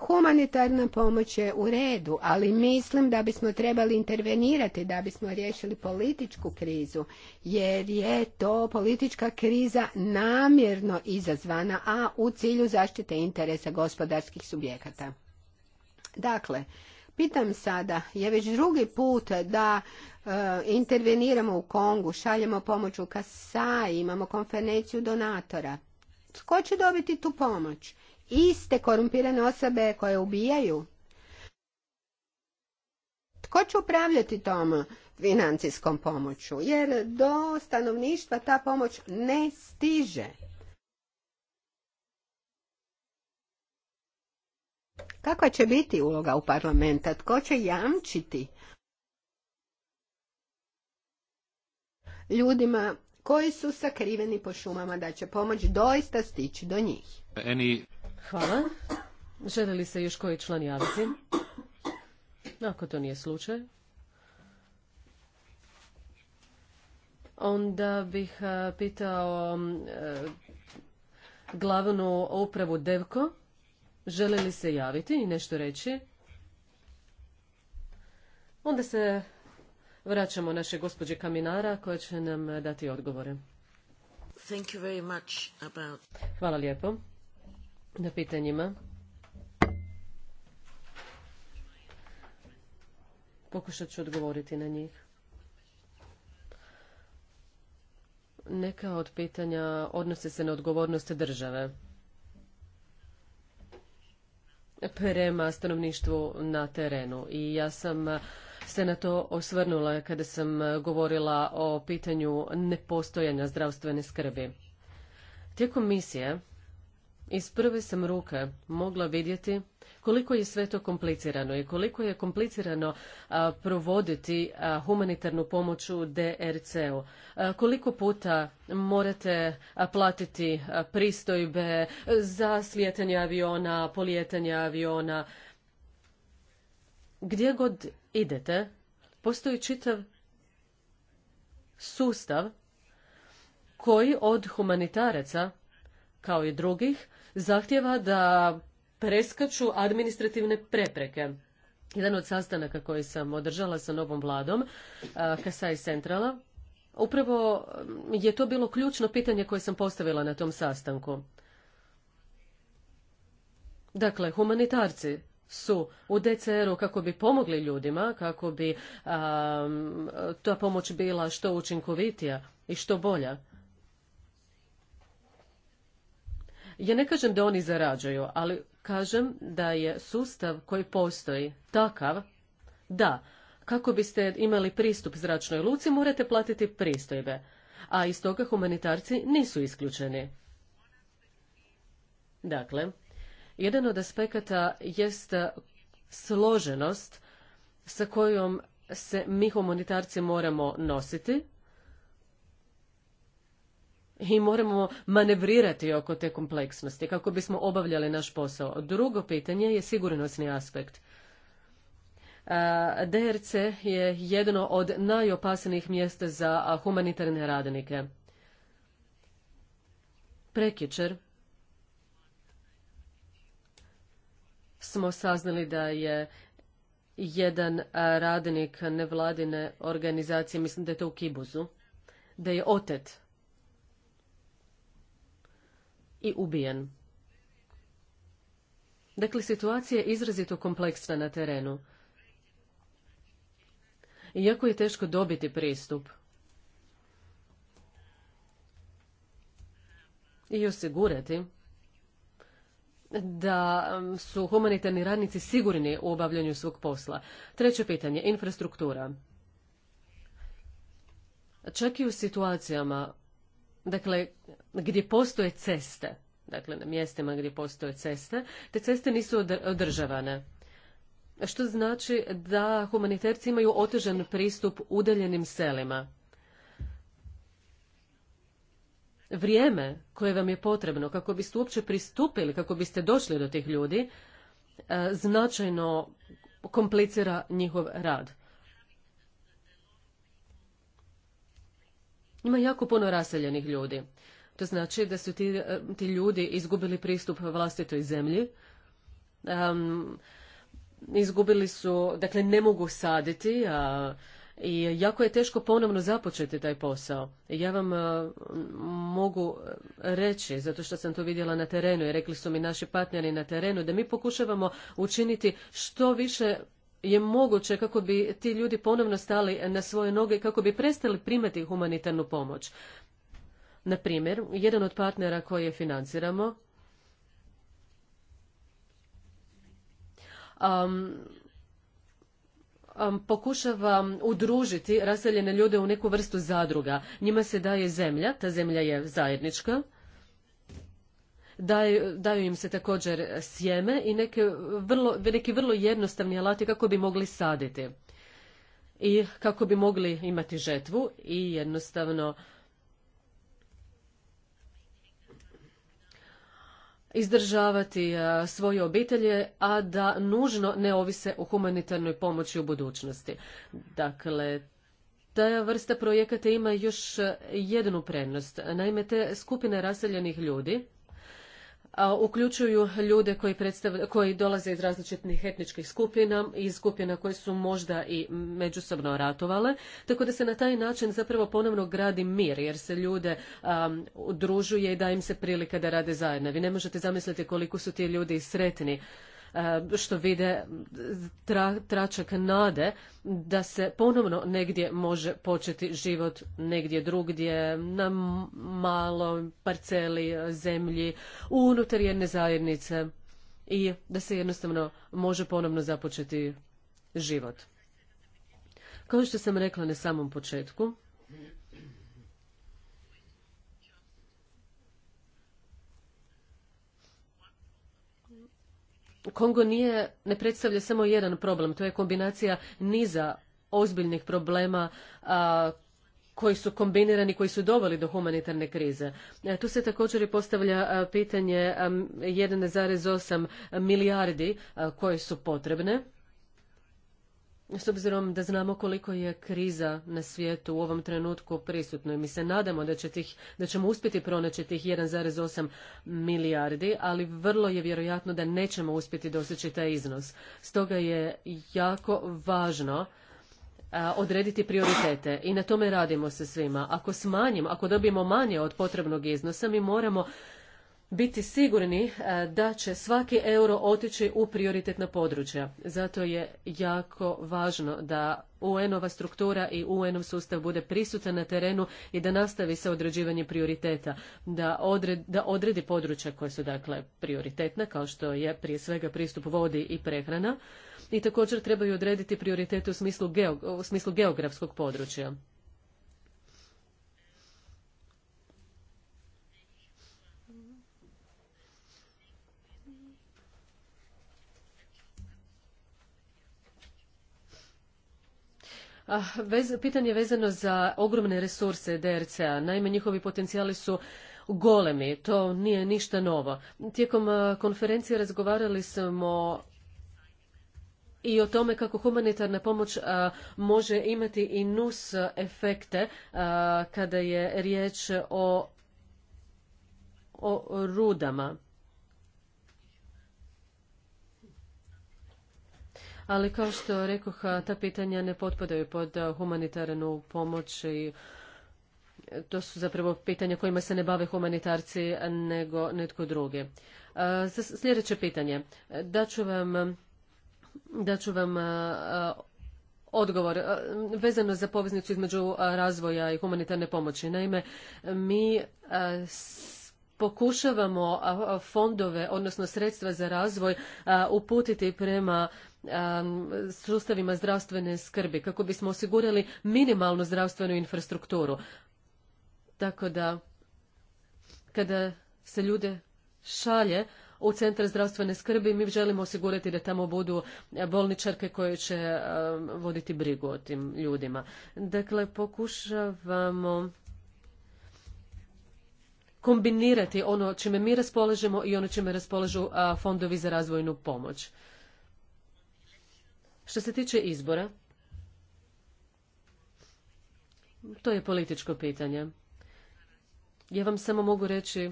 Humanitarna pomoć je u redu, ali mislim da bismo trebali intervenirati da bismo riješili političku krizu, jer je to politička kriza namjerno izazvana, a u cilju zaštite interesa gospodarskih subjekata. Dakle, pitam sada, je već drugi put da e, interveniramo u Kongu, šaljemo pomoć u Kasai, imamo konferenciju donatora. Tko će dobiti tu pomoć? iste korumpirane osobe koje ubijaju? Tko će upravljati tom financijskom pomoću? Jer do stanovništva ta pomoć ne stiže. Kakva će biti uloga u parlamenta? Tko će jamčiti ljudima koji su sakriveni po šumama da će pomoć doista stići do njih? Hvala. Žele li se još koji član javiti? Ako to nije slučaj. Onda bih e, pitao e, glavnu upravu Devko. Žele li se javiti i nešto reći? Onda se vraćamo naše gospođe Kaminara koja će nam dati odgovore. Hvala lijepo na pitanjima. Pokušat ću odgovoriti na njih. Neka od pitanja odnose se na odgovornost države prema stanovništvu na terenu i ja sam se na to osvrnula kada sam govorila o pitanju nepostojanja zdravstvene skrbi. Tijekom misije iz prve sam ruke mogla vidjeti koliko je sve to komplicirano i koliko je komplicirano provoditi humanitarnu pomoć u DRC-u. Koliko puta morate platiti pristojbe za slijetanje aviona, polijetanje aviona. Gdje god idete, postoji čitav sustav koji od humanitaraca, kao i drugih, zahtjeva da preskaču administrativne prepreke. Jedan od sastanaka koji sam održala sa novom vladom, KASAI Centrala, upravo je to bilo ključno pitanje koje sam postavila na tom sastanku. Dakle, humanitarci su u DCR-u kako bi pomogli ljudima, kako bi ta pomoć bila što učinkovitija i što bolja. Ja ne kažem da oni zarađuju, ali kažem da je sustav koji postoji takav da kako biste imali pristup zračnoj luci morate platiti pristojbe, a iz toga humanitarci nisu isključeni. Dakle, jedan od aspekata jest složenost sa kojom se mi humanitarci moramo nositi i moramo manevrirati oko te kompleksnosti kako bismo obavljali naš posao. Drugo pitanje je sigurnosni aspekt. E, DRC je jedno od najopasnijih mjesta za humanitarne radnike. Prekičer smo saznali da je jedan radnik nevladine organizacije, mislim da je to u Kibuzu, da je otet i ubijen. Dakle, situacija je izrazito kompleksna na terenu. Iako je teško dobiti pristup i osigurati da mm, su humanitarni radnici sigurni u obavljanju svog posla. Treće pitanje, infrastruktura. Čak i u situacijama dakle, gdje postoje ceste, dakle na mjestima gdje postoje ceste, te ceste nisu održavane. Što znači da humanitarci imaju otežan pristup udaljenim selima. Vrijeme koje vam je potrebno kako biste uopće pristupili, kako biste došli do tih ljudi, e, značajno komplicira njihov rad. Ima jako puno raseljenih ljudi. To znači da su ti, eh, ti ljudi izgubili pristup vlastitoj zemlji. Um, izgubili su, dakle ne mogu saditi i jako je teško ponovno započeti taj posao. Ja vam eh, mogu reći, zato što sam to vidjela na terenu i rekli su mi naši partneri na terenu, da mi pokušavamo učiniti što više je moguće kako bi ti ljudi ponovno stali na svoje noge i kako bi prestali primati humanitarnu pomoć. Na primjer, jedan od partnera koje financiramo um, um, pokušava udružiti raseljene ljude u neku vrstu zadruga. Njima se daje zemlja, ta zemlja je zajednička daju, im se također sjeme i neke vrlo, neki vrlo jednostavni alati kako bi mogli saditi i kako bi mogli imati žetvu i jednostavno izdržavati svoje obitelje, a da nužno ne ovise o humanitarnoj pomoći u budućnosti. Dakle, ta vrsta projekata ima još jednu prednost. Naime, te skupine raseljenih ljudi uključuju ljude koji, dolaze iz različitih etničkih skupina i skupina koje su možda i međusobno ratovale, tako da se na taj način zapravo ponovno gradi mir jer se ljude udružuje i da im se prilika da rade zajedno. Vi ne možete zamisliti koliko su ti ljudi sretni E, što vide tračak nade da se ponovno negdje može početi život negdje drugdje, na malo parceli e, zemlji, unutar jedne zajednice i da se jednostavno može ponovno započeti život. Kao što sam rekla na samom početku, Kongo nije, ne predstavlja samo jedan problem, to je kombinacija niza ozbiljnih problema koji su kombinirani, koji su doveli do humanitarne krize. E, tu se također i postavlja pitanje 1,8 milijardi koje su potrebne s obzirom da znamo koliko je kriza na svijetu u ovom trenutku prisutno i mi se nadamo da, ćemo uspjeti pronaći tih 1,8 milijardi, ali vrlo je vjerojatno da nećemo uspjeti doseći taj iznos. Stoga je jako važno odrediti prioritete i na tome radimo sa svima. Ako smanjimo, ako dobijemo manje od potrebnog iznosa, mi moramo biti sigurni eh, da će svaki euro otići u prioritetna područja. Zato je jako važno da UN-ova struktura i UN-ov sustav bude prisutan na terenu i da nastavi sa određivanjem prioriteta, da, odredi područja koja su dakle prioritetna, kao što je prije svega pristup vodi i prehrana, i također trebaju odrediti prioritete u smislu, u smislu geografskog područja. pitanje vezano za ogromne resurse DRC-a. Naime, njihovi potencijali su golemi, to nije ništa novo. Tijekom konferencije razgovarali smo i o tome kako humanitarna pomoć može imati i nus efekte kada je riječ o, o rudama. ali kao što rekoh, ta pitanja ne potpadaju pod humanitarnu pomoć i e, to su zapravo pitanja kojima se ne bave humanitarci nego netko drugi. Sljedeće pitanje. Daću vam, daću vam odgovor vezano za poveznicu između razvoja i humanitarne pomoći. Naime, mi pokušavamo fondove, odnosno sredstva za razvoj uputiti prema Um, sustavima zdravstvene skrbi, kako bismo osigurali minimalnu zdravstvenu infrastrukturu. Tako da, kada se ljude šalje u centar zdravstvene skrbi, mi želimo osigurati da tamo budu bolničarke koje će um, voditi brigu o tim ljudima. Dakle, pokušavamo kombinirati ono čime mi raspolažemo i ono čime raspolažu fondovi za razvojnu pomoć. Što se tiče izbora, to je političko pitanje. Ja vam samo mogu reći e,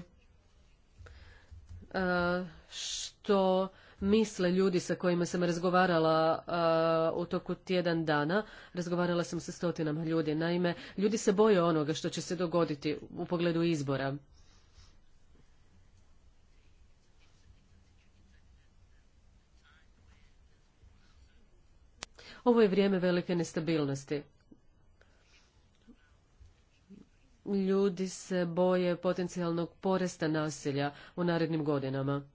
što misle ljudi sa kojima sam razgovarala e, u toku tjedan dana. Razgovarala sam sa stotinama ljudi. Naime, ljudi se boje onoga što će se dogoditi u pogledu izbora. Ovo je vrijeme velike nestabilnosti. Ljudi se boje potencijalnog poresta nasilja u narednim godinama.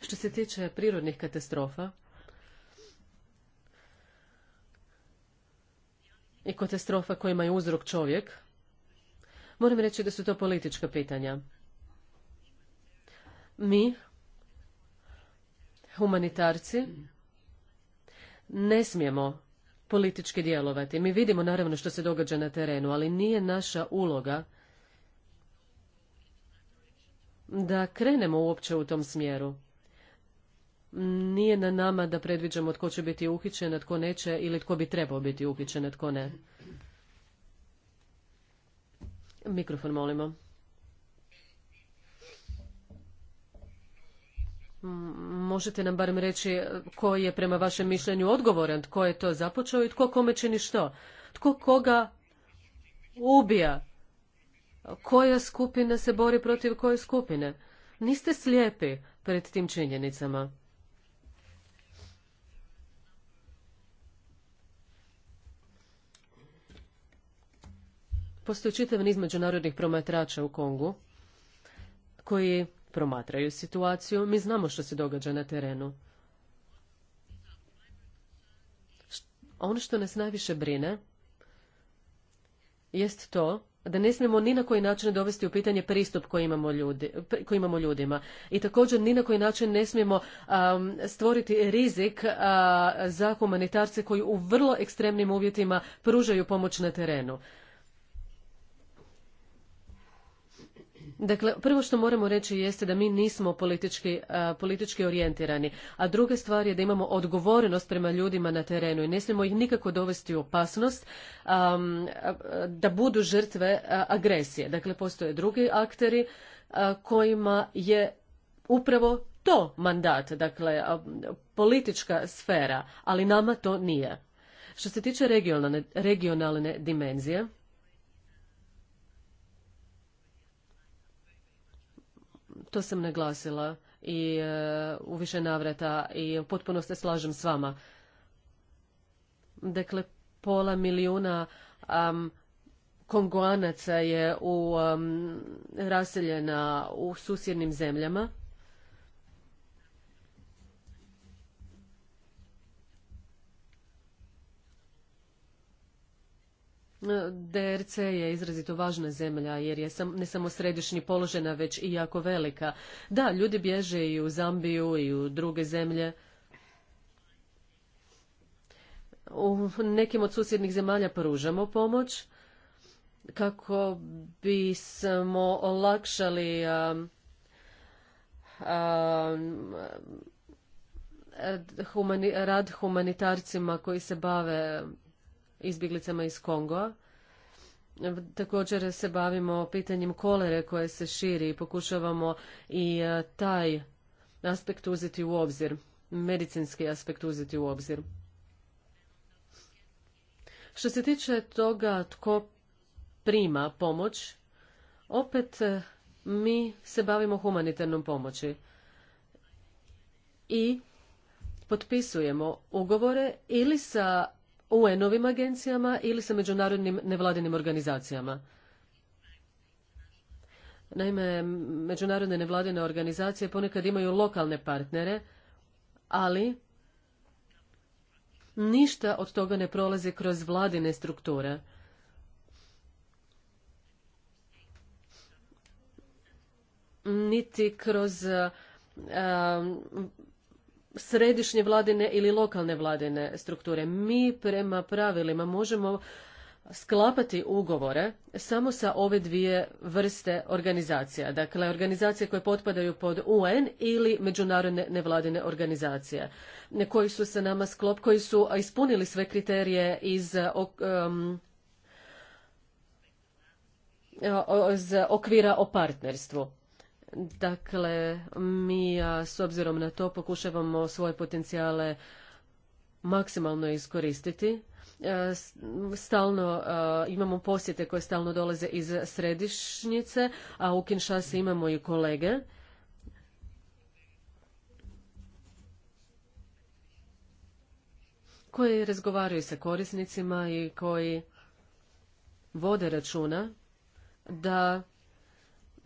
Što se tiče prirodnih katastrofa i katastrofa kojima je uzrok čovjek, moram reći da su to politička pitanja. Mi, humanitarci, ne smijemo politički djelovati. Mi vidimo naravno što se događa na terenu, ali nije naša uloga da krenemo uopće u tom smjeru. Nije na nama da predviđamo tko će biti uhićen, a tko neće ili tko bi trebao biti uhićen, a tko ne. Mikrofon molimo. možete nam barem reći e, koji je prema vašem mišljenju odgovoran, tko je to započeo i tko kome čini što, tko koga ubija, koja skupina se bori protiv koje skupine. Niste slijepi pred tim činjenicama. Postoji čitav niz međunarodnih promatrača u Kongu koji promatraju situaciju, mi znamo što se događa na terenu. Ono što nas najviše brine jest to da ne smijemo ni na koji način dovesti u pitanje pristup koji imamo, imamo ljudima i također ni na koji način ne smijemo stvoriti rizik za humanitarce koji u vrlo ekstremnim uvjetima pružaju pomoć na terenu Dakle, prvo što moramo reći jeste da mi nismo politički, politički orijentirani, a druga stvar je da imamo odgovornost prema ljudima na terenu i ne smijemo ih nikako dovesti u opasnost da budu žrtve agresije. Dakle, postoje drugi akteri kojima je upravo to mandat, dakle politička sfera, ali nama to nije. Što se tiče regionalne, regionalne dimenzije, to sam naglasila i e, u više navrata i potpuno se slažem s vama. Dakle, pola milijuna um, je u, raseljena u susjednim zemljama. DRC je izrazito važna zemlja jer je sam, ne samo središnji položena već i jako velika. Da, ljudi bježe i u Zambiju i u druge zemlje. U nekim od susjednih zemalja pružamo pomoć kako bismo olakšali um, um, rad humanitarcima koji se bave izbjeglicama iz Kongoa. Također se bavimo pitanjem kolere koje se širi i pokušavamo i e, taj aspekt uzeti u obzir, medicinski aspekt uzeti u obzir. Što se tiče toga tko prima pomoć, opet e, mi se bavimo humanitarnom pomoći i potpisujemo ugovore ili sa UN-ovim agencijama ili sa međunarodnim nevladinim organizacijama. Naime, međunarodne nevladine organizacije ponekad imaju lokalne partnere, ali ništa od toga ne prolazi kroz vladine strukture. Niti kroz središnje vladine ili lokalne vladine strukture. Mi prema pravilima možemo sklapati ugovore samo sa ove dvije vrste organizacija. Dakle, organizacije koje potpadaju pod UN ili međunarodne nevladine organizacije koji su se nama sklop, koji su ispunili sve kriterije iz iz okvira o partnerstvu. Dakle, mi s obzirom na to pokušavamo svoje potencijale maksimalno iskoristiti. E, stalno imamo posjete koje stalno dolaze iz središnjice, a u Kinshasa imamo i kolege. koji razgovaraju sa korisnicima i koji vode računa da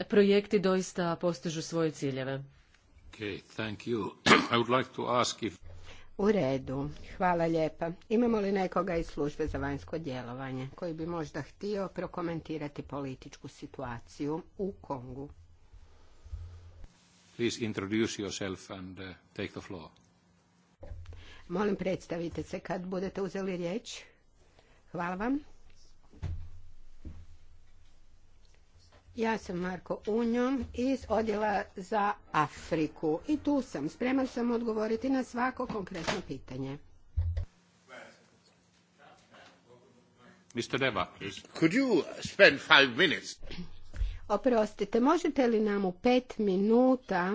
projekti doista postižu svoje ciljeve. Okay, [clears throat] U redu, hvala lijepa. Imamo li nekoga iz službe za vanjsko djelovanje koji bi možda htio prokomentirati političku situaciju u Kongu? Please introduce uh, Molim predstavite se kad budete uzeli riječ. Hvala vam. Ja sam Marko Unjom iz Odjela za Afriku i tu sam. Spreman sam odgovoriti na svako konkretno pitanje. Oprostite, možete li nam u pet minuta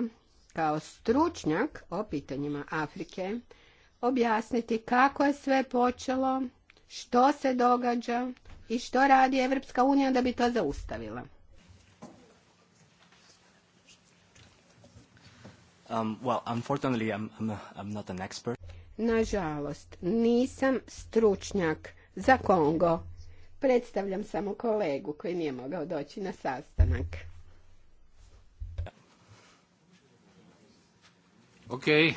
kao stručnjak o pitanjima Afrike objasniti kako je sve počelo, što se događa i što radi Evropska unija da bi to zaustavila? Um, well, Nažalost, nisam stručnjak za Kongo. Predstavljam samo kolegu koji nije mogao doći na sastanak. Okay,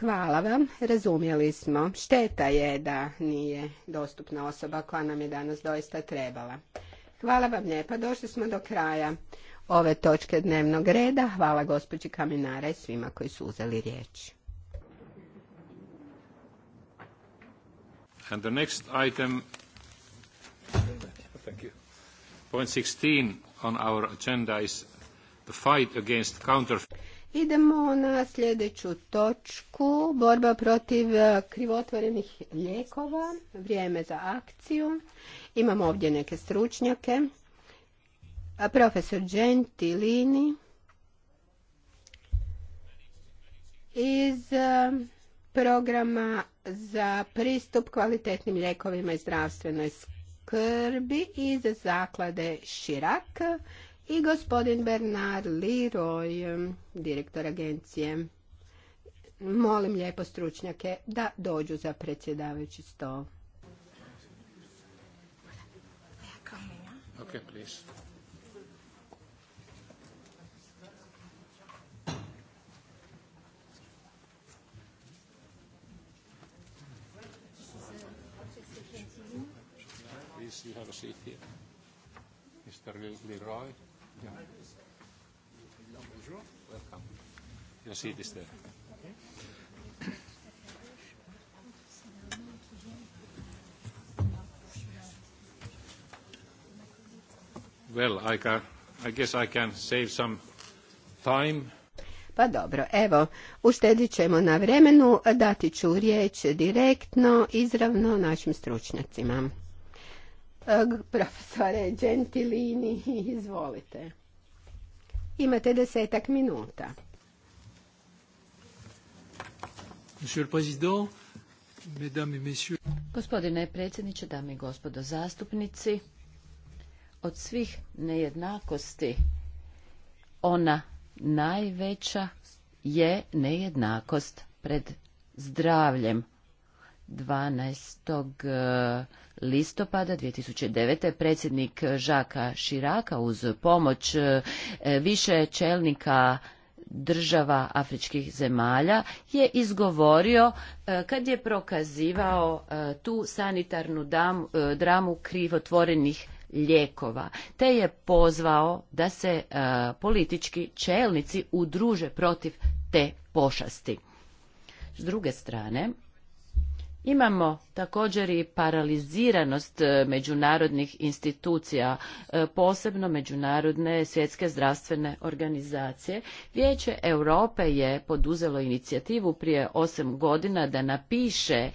Hvala vam, razumjeli smo. Šteta je da nije dostupna osoba koja nam je danas doista trebala. Hvala vam lijepa, došli smo do kraja ove točke dnevnog reda. Hvala gospođi Kaminara i svima koji su uzeli riječ. And the next item, thank you. Point 16 on our agenda is the fight against counterfeit. Idemo na sljedeću točku. Borba protiv eh, krivotvorenih lijekova. Vrijeme za akciju. Imamo ovdje neke stručnjake profesor Gentilini iz e, programa za pristup kvalitetnim ljekovima i zdravstvenoj skrbi iz zaklade Širak i gospodin Bernard Leroy, direktor agencije. Molim lijepo stručnjake da dođu za predsjedavajući stol. you have a seat here. Mr. Leroy. Yeah. Bonjour. Welcome. Your seat is there. Well, I, can, I guess I can save some time. Pa dobro, evo, uštedit ćemo na vremenu, dati ću riječ direktno, izravno našim stručnjacima. Eh, profesore Gentilini, izvolite. Imate desetak minuta. Monsieur le Président, Mesdames et Messieurs. Gospodine predsjedniče, dame i gospodo zastupnici, od svih nejednakosti ona najveća je nejednakost pred zdravljem 12. Eh, listopada 2009. predsjednik eh, Žaka Širaka uz pomoć eh, više čelnika država afričkih zemalja je izgovorio kad je prokazivao tu sanitarnu dramu krivotvorenih lijekova te je pozvao da se politički čelnici udruže protiv te pošasti. S druge strane Imamo također i paraliziranost e, međunarodnih institucija, e, posebno međunarodne svjetske zdravstvene organizacije. Vijeće Europe je poduzelo inicijativu prije osam godina da napiše e,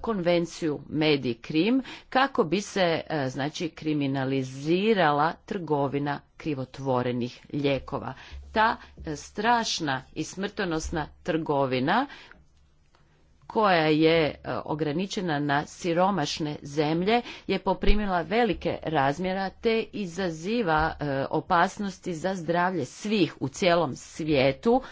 konvenciju Medikrim kako bi se znači kriminalizirala trgovina krivotvorenih lijekova. Ta strašna i smrtonosna trgovina koja je e, ograničena na siromašne zemlje je poprimila velike razmjera te izaziva e, opasnosti za zdravlje svih u cijelom svijetu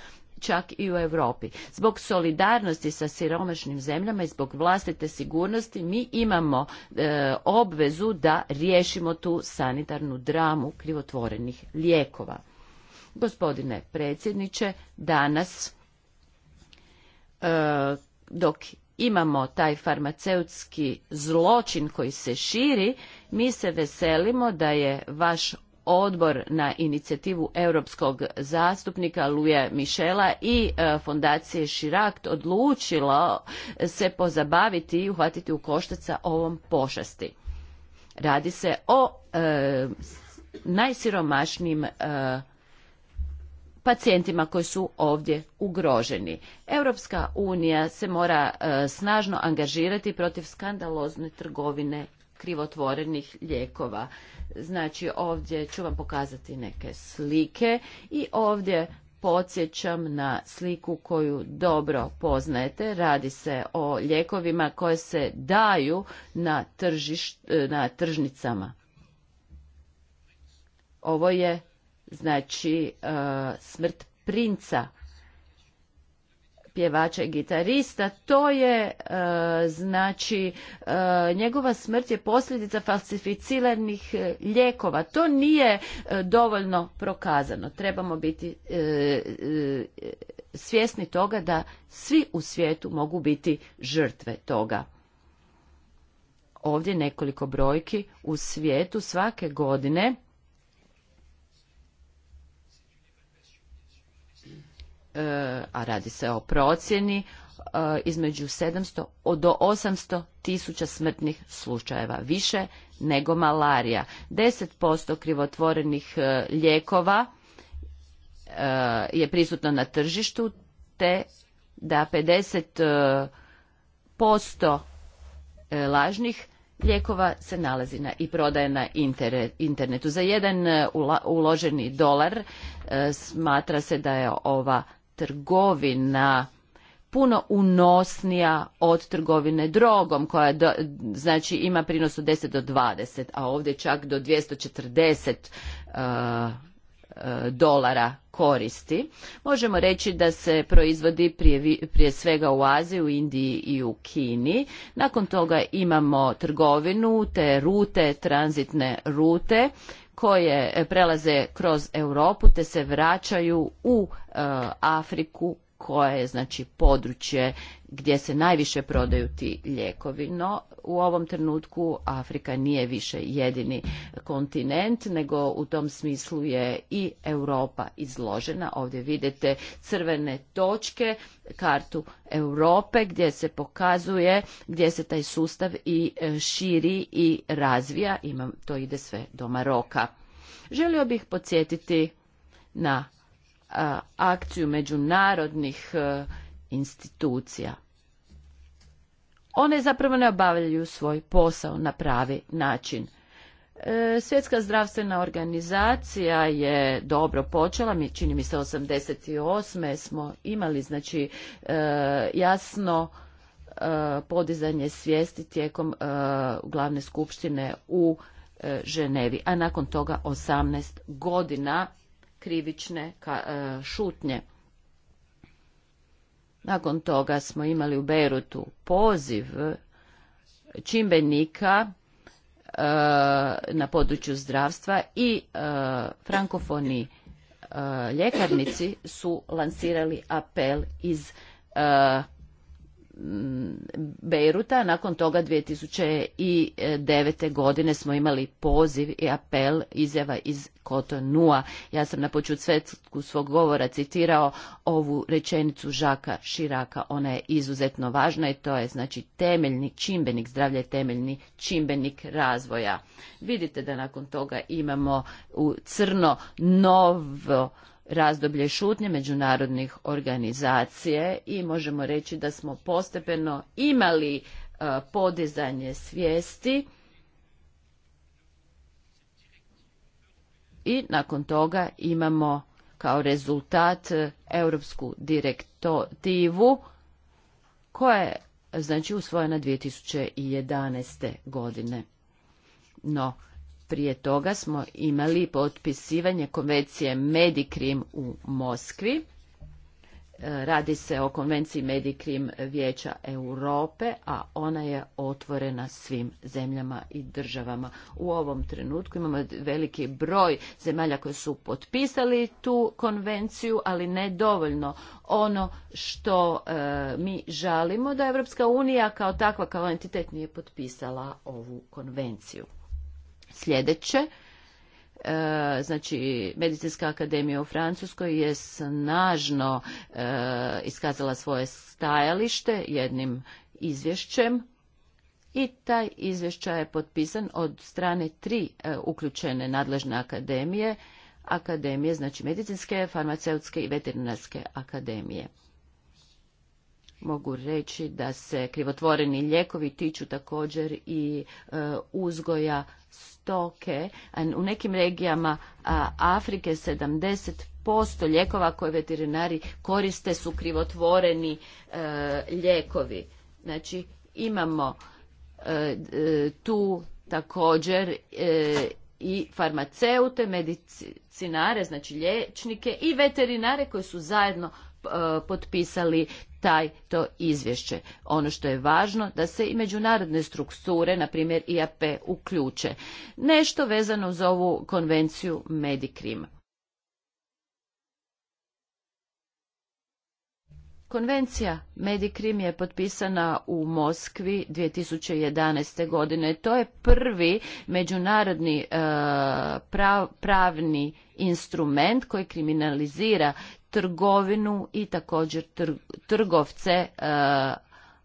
čak i u Europi. Zbog solidarnosti sa siromašnim zemljama i zbog vlastite sigurnosti mi imamo e, obvezu da riješimo tu sanitarnu dramu krivotvorenih lijekova. Gospodine predsjedniče, danas dok imamo taj farmaceutski zločin koji se širi, mi se veselimo da je vaš odbor na inicijativu europskog zastupnika Luja Mišela i e, fondacije Širakt odlučilo se pozabaviti i uhvatiti u koštaca ovom pošasti. Radi se o e, najsiromašnijim e, pacijentima koji su ovdje ugroženi. Europska unija se mora e, snažno angažirati protiv skandalozne trgovine krivotvorenih lijekova. Znači ovdje ću vam pokazati neke slike i ovdje podsjećam na sliku koju dobro poznajete. Radi se o lijekovima koje se daju na, e, na tržnicama. Ovo je znači e, smrt princa pjevača i gitarista to je e, znači e, njegova smrt je posljedica falsificiranih lijekova to nije dovoljno prokazano trebamo biti svjesni toga da svi u svijetu mogu biti žrtve toga ovdje nekoliko brojki u svijetu svake godine a radi se o procjeni, e, između 700 do 800 tisuća smrtnih slučajeva, više nego malarija. 10% krivotvorenih e, lijekova e, je prisutno na tržištu, te da 50% lažnih lijekova se nalazi na i prodaje na internetu. Za jedan uloženi dolar smatra se da je ova trgovina puno unosnija od trgovine drogom koja znači ima prinos od 10 do 20 a ovdje čak do 240 uh, e, e, dolara koristi. Možemo reći da se proizvodi prije, prije svega u Aziji, u Indiji i u Kini. Nakon toga imamo trgovinu, te rute, tranzitne rute koje prelaze kroz Europu te se vraćaju u e, Afriku koje je znači područje gdje se najviše prodaju ti lijekovi. No u ovom trenutku Afrika nije više jedini kontinent, nego u tom smislu je i Europa izložena. Ovdje vidite crvene točke, kartu Europe gdje se pokazuje gdje se taj sustav i e, širi i razvija. Imam, to ide sve do Maroka. Želio bih podsjetiti na akciju međunarodnih e, institucija. One zapravo ne obavljaju svoj posao na pravi način. E, Svjetska zdravstvena organizacija je dobro počela, mi čini mi se 88. smo imali znači e, jasno podizanje svijesti tijekom glavne skupštine u Ženevi, a nakon toga 18 godina krivične e, šutnje. Nakon toga smo imali u Beirutu poziv čimbenika e, na području zdravstva i e, frankofoni ljekarnici su lansirali apel iz Mm, Beiruta. Nakon toga 2009. godine smo imali poziv i apel izjava iz Kotonua. Ja sam na početku svog govora citirao ovu rečenicu Žaka Širaka. Ona je izuzetno važna i to je znači temeljni čimbenik zdravlja temeljni čimbenik razvoja. Vidite da nakon toga imamo u crno novo razdoblje šutnje međunarodnih organizacije i možemo reći da smo postepeno imali e, podizanje svijesti i nakon toga imamo kao rezultat e, europsku direktivu koja je znači usvojena 2011. godine. No, prije toga smo imali potpisivanje konvencije Medikrim u Moskvi. E, radi se o konvenciji Medikrim Vijeća Europe, a ona je otvorena svim zemljama i državama. U ovom trenutku imamo veliki broj zemalja koje su potpisali tu konvenciju, ali ne dovoljno. Ono što e, mi žalimo da Europska unija kao takva, kao entitet nije potpisala ovu konvenciju sljedeće. E, znači Medicinska akademija u Francuskoj je snažno e, iskazala svoje stajalište jednim izvješćem i taj izvješća je potpisan od strane tri e, uključene nadležne akademije, akademije znači medicinske, farmaceutske i veterinarske akademije mogu reći da se krivotvoreni lijekovi tiču također i e, uzgoja stoke. U nekim regijama a, Afrike 70% lijekova koje veterinari koriste su krivotvoreni ljekovi. lijekovi. Znači imamo e, tu također e, i farmaceute, medicinare, znači liječnike i veterinare koji su zajedno E, potpisali taj to izvješće. Ono što je važno da se i međunarodne strukture, na primjer IAP, uključe. Nešto vezano uz ovu konvenciju Medikrim. Konvencija Medikrim je potpisana u Moskvi 2011. godine. To je prvi međunarodni e, pravni instrument koji kriminalizira trgovinu i također trgovce e,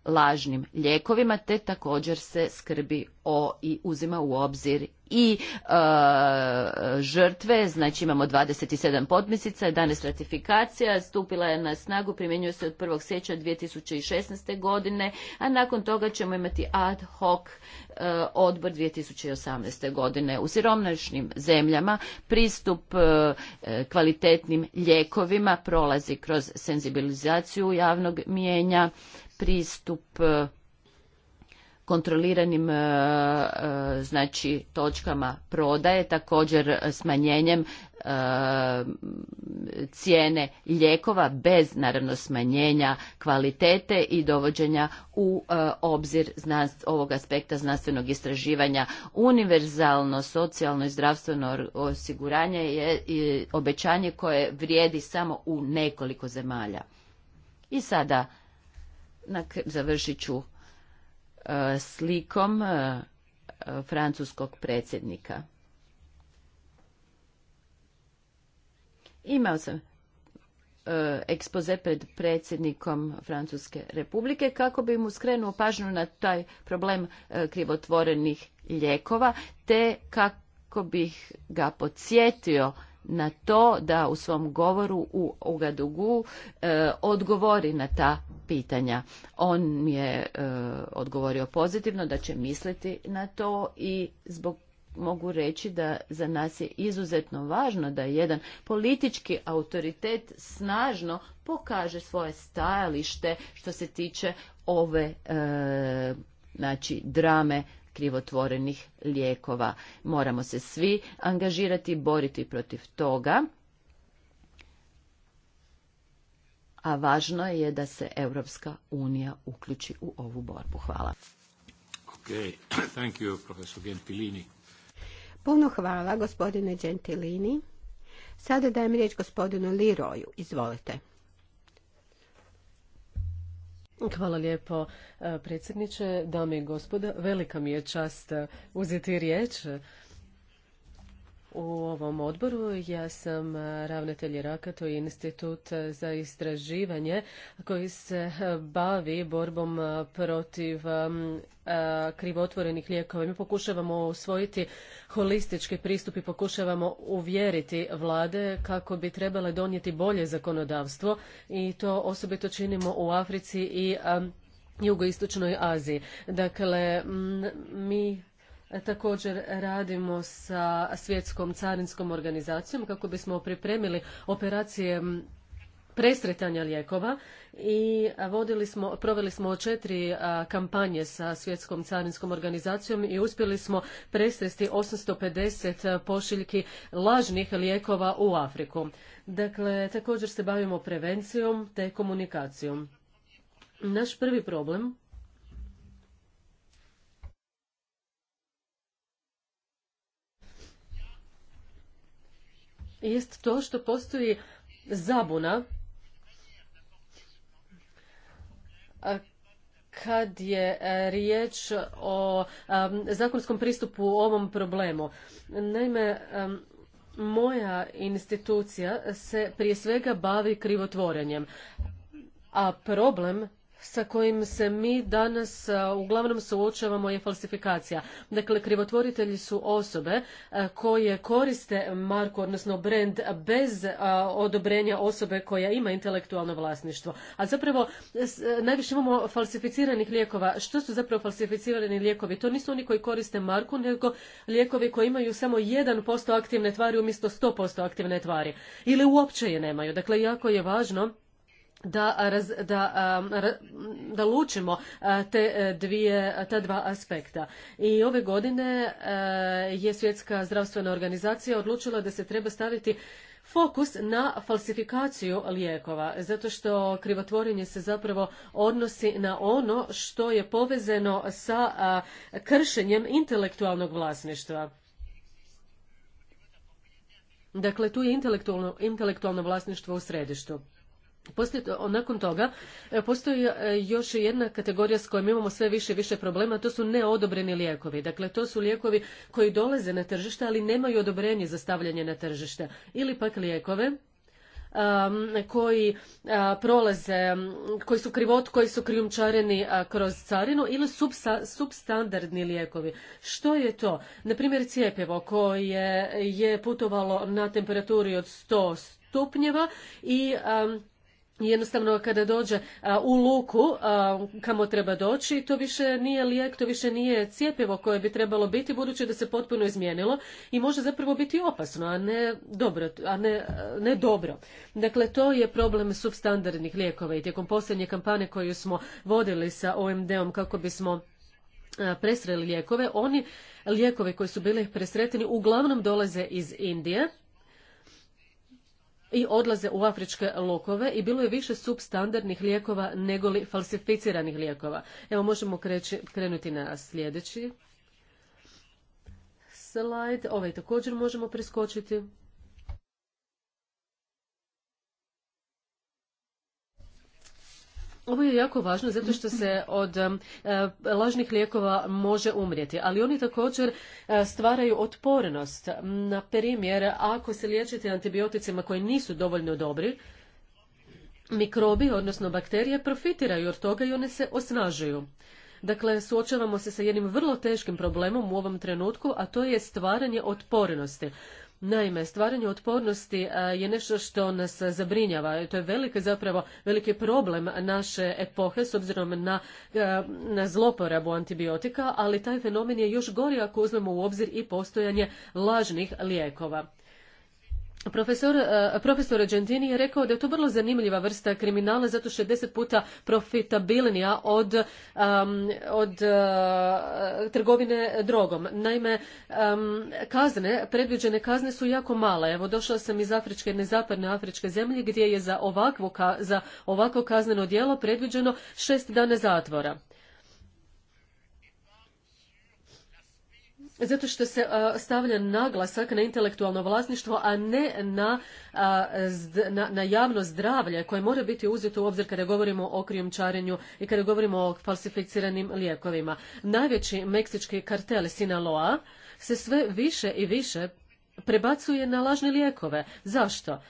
lažnim lijekovima te također se skrbi o i uzima u obzir i e, žrtve, znači imamo 27 podmisica, 11 ratifikacija, stupila je na snagu, primjenjuje se od 1. sjeća 2016. godine, a nakon toga ćemo imati ad hoc e, odbor 2018. godine. U siromašnim zemljama pristup e, e, kvalitetnim lijekovima prolazi kroz senzibilizaciju javnog mijenja, pristup e, kontroliranim e, e, znači točkama prodaje također smanjenjem cijene lijekova bez naravno smanjenja kvalitete i dovođenja u obzir ovog aspekta znanstvenog istraživanja univerzalno socijalno i zdravstveno osiguranje je obećanje koje vrijedi samo u nekoliko zemalja i sada završit ću e, slikom e, francuskog predsjednika. Imao sam e, ekspoze pred predsjednikom Francuske republike kako bi mu skrenuo pažnju na taj problem krivotvorenih lijekova te kako bih ga podsjetio na to da u svom govoru u Ugadugu e, odgovori na ta pitanja. On mi je e, odgovorio pozitivno da će misliti na to i zbog mogu reći da za nas je izuzetno važno da jedan politički autoritet snažno pokaže svoje stajalište što se tiče ove e, znači drame krivotvorenih lijekova. Moramo se svi angažirati i boriti protiv toga. A važno je da se Europska unija uključi u ovu borbu. Hvala. Okay. [clears throat] Thank you, Gentilini. Puno hvala, gospodine Gentilini. Sada dajem riječ gospodinu Liroju. Izvolite. Hvala lijepo e, predsjedniče, dame i gospoda. Velika mi je čast e, uzeti riječ u ovom odboru. Ja sam ravnatelj Iraka, to je institut za istraživanje koji se bavi borbom protiv um, krivotvorenih lijekova. Mi pokušavamo osvojiti holistički pristup i pokušavamo uvjeriti vlade kako bi trebale donijeti bolje zakonodavstvo i to osobito činimo u Africi i um, jugoistočnoj Aziji. Dakle, mi Također radimo sa svjetskom carinskom organizacijom kako bismo pripremili operacije presretanja lijekova i vodili smo, proveli smo četiri kampanje sa svjetskom carinskom organizacijom i uspjeli smo presresti 850 pošiljki lažnih lijekova u Afriku. Dakle, također se bavimo prevencijom te komunikacijom. Naš prvi problem jest to što postoji zabuna kad je e, riječ o zakonskom pristupu u ovom problemu. Naime, moja institucija se prije svega bavi krivotvorenjem, a problem sa kojim se mi danas uglavnom suočavamo je falsifikacija. Dakle, krivotvoritelji su osobe koje koriste marku, odnosno brand, bez odobrenja osobe koja ima intelektualno vlasništvo. A zapravo, najviše imamo falsificiranih lijekova. Što su zapravo falsificirani lijekovi? To nisu oni koji koriste marku, nego lijekovi koji imaju samo 1% aktivne tvari umjesto 100% aktivne tvari. Ili uopće je nemaju. Dakle, jako je važno da, um, da, lučimo uh, te uh, ta dva aspekta. I ove godine uh, je Svjetska zdravstvena organizacija odlučila da se treba staviti fokus na falsifikaciju lijekova, zato što krivotvorenje se zapravo odnosi na ono što je povezano sa kršenjem intelektualnog vlasništva. Dakle, tu je intelektualno, intelektualno vlasništvo u središtu nakon toga e, postoji e, još jedna kategorija s kojom imamo sve više i više problema, to su neodobreni lijekovi. Dakle, to su lijekovi koji dolaze na tržište, ali nemaju odobrenje za stavljanje na tržište. Ili pak lijekove koji prolaze, koji su krivot, koji su krijumčareni kroz carinu ili substandardni lijekovi. Što je to? Naprimjer, cijepivo koje je putovalo na temperaturi od 100 stupnjeva i jednostavno kada dođe u luku kamo treba doći to više nije lijek to više nije cjepivo koje bi trebalo biti budući da se potpuno izmijenilo i može zapravo biti opasno a ne dobro a ne, ne dobro dakle to je problem substandardnih lijekova i tijekom posljednje kampanje koju smo vodili sa OMD-om kako bismo presreli lijekove oni lijekovi koji su bili presretni uglavnom dolaze iz Indije i odlaze u afričke lokove i bilo je više substandardnih lijekova nego li falsificiranih lijekova. Evo možemo krenuti na sljedeći slajd. Ovaj također možemo preskočiti. Ovo je jako važno zato što se od e, lažnih lijekova može umrijeti, ali oni također e, stvaraju otpornost. Na primjer, ako se liječite antibioticima koji nisu dovoljno dobri, mikrobi, odnosno bakterije, profitiraju od toga i one se osnažuju. Dakle, suočavamo se sa jednim vrlo teškim problemom u ovom trenutku, a to je stvaranje otpornosti. Naime, stvaranje otpornosti e, je nešto što nas zabrinjava. To je veliki zapravo veliki problem naše epohe s obzirom e, na, zloporabu antibiotika, ali taj fenomen je još gori ako uzmemo u obzir i postojanje lažnih lijekova. Profesor, eh, profesor je rekao da je to vrlo zanimljiva vrsta kriminala zato što je deset puta profitabilnija od, od eh, trgovine drogom. Naime, kazne, predviđene kazne su jako male. Evo, došla sam iz Afričke, jedne zapadne Afričke zemlje gdje je za ovakvo, za ovakvo kazneno djelo predviđeno šest dana zatvora. zato što se stavlja naglasak na intelektualno vlasništvo, a ne na, javno zdravlje koje mora biti uzeto u obzir kada govorimo o krijumčarenju i kada govorimo o falsificiranim lijekovima. Najveći meksički kartel Sinaloa se sve više i više prebacuje na lažne lijekove. Zašto?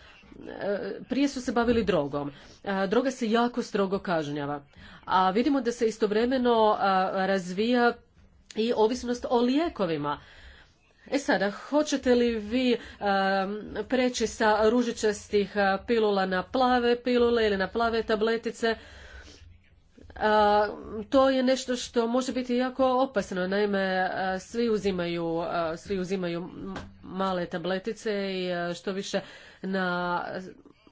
E, prije su se bavili drogom. E, droga se jako strogo kažnjava. A vidimo da se istovremeno razvija i ovisnost o lijekovima. E sada, hoćete li vi preći sa ružičastih eh, pilula na plave pilule ili na plave tabletice? Eh, to je nešto što može biti jako opasno. Naime, eh, svi uzimaju, svi uzimaju male tabletice i što više na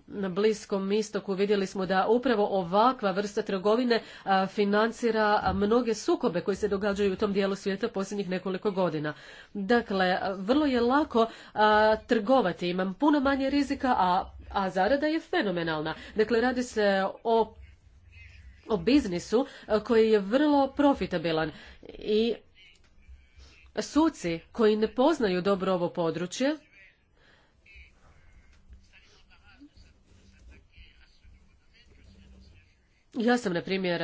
na Bliskom istoku vidjeli smo da upravo ovakva vrsta trgovine financira mnoge sukobe koji se događaju u tom dijelu svijeta posljednjih nekoliko godina. Dakle, vrlo je lako trgovati, imam puno manje rizika, a, a zarada je fenomenalna. Dakle, radi se o o biznisu koji je vrlo profitabilan i suci koji ne poznaju dobro ovo područje Ja sam, na primjer,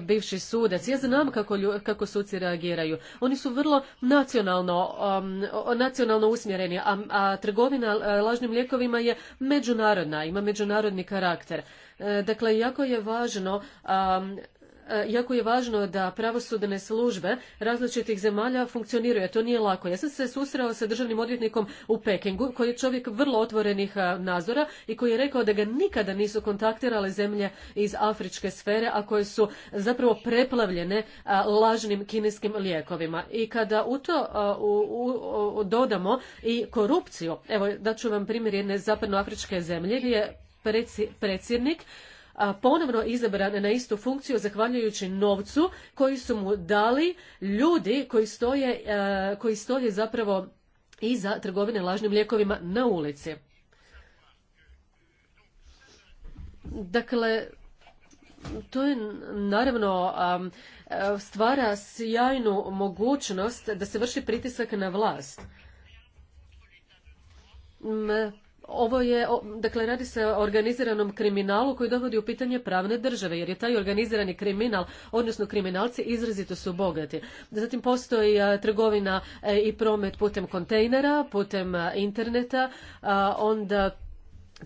bivši sudac. Ja znam kako, kako suci reagiraju. Oni su vrlo nacionalno, um, nacionalno usmjereni, a, trgovina lažnim lijekovima je međunarodna, ima međunarodni karakter. E, dakle, jako je važno E, jako je važno da pravosudne službe različitih zemalja funkcioniraju. To nije lako. Ja sam se susreo sa državnim odvjetnikom u Pekingu, koji je čovjek vrlo otvorenih e, nazora i koji je rekao da ga nikada nisu kontaktirale zemlje iz afričke sfere, a koje su zapravo preplavljene e, lažnim kineskim lijekovima. I kada u to dodamo i korupciju, evo ću vam primjer jedne zapadnoafričke zemlje gdje je predsjednik ponovno izabran na istu funkciju zahvaljujući novcu koji su mu dali ljudi koji stoje, koji stoje zapravo iza trgovine lažnim lijekovima na ulici. Dakle, to je naravno stvara sjajnu mogućnost da se vrši pritisak na vlast ovo je, dakle radi se o organiziranom kriminalu koji dovodi u pitanje pravne države, jer je taj organizirani kriminal, odnosno kriminalci izrazito su bogati. Zatim postoji trgovina e, i promet putem kontejnera, putem interneta, onda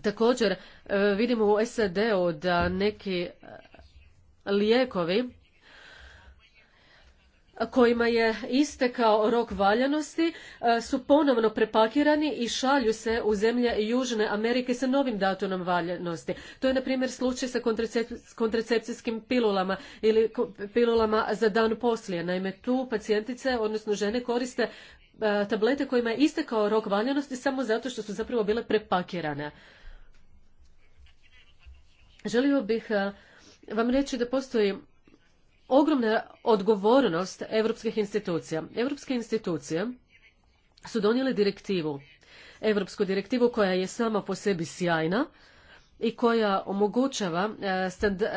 također e, vidimo u SAD-u da neki e, lijekovi kojima je istekao rok valjanosti e, su ponovno prepakirani i šalju se u zemlje Južne Amerike sa novim datumom valjanosti. To je na primjer slučaj sa kontracepcijskim pilulama ili pilulama za dan poslije. Naime, tu pacijentice, odnosno žene koriste e, tablete kojima je istekao rok valjanosti samo zato što su zapravo bile prepakirane. Želio bih e, vam reći da postoji ogromna odgovornost europskih institucija. Europske institucije su donijele direktivu, europsku direktivu koja je sama po sebi sjajna i koja omogućava e,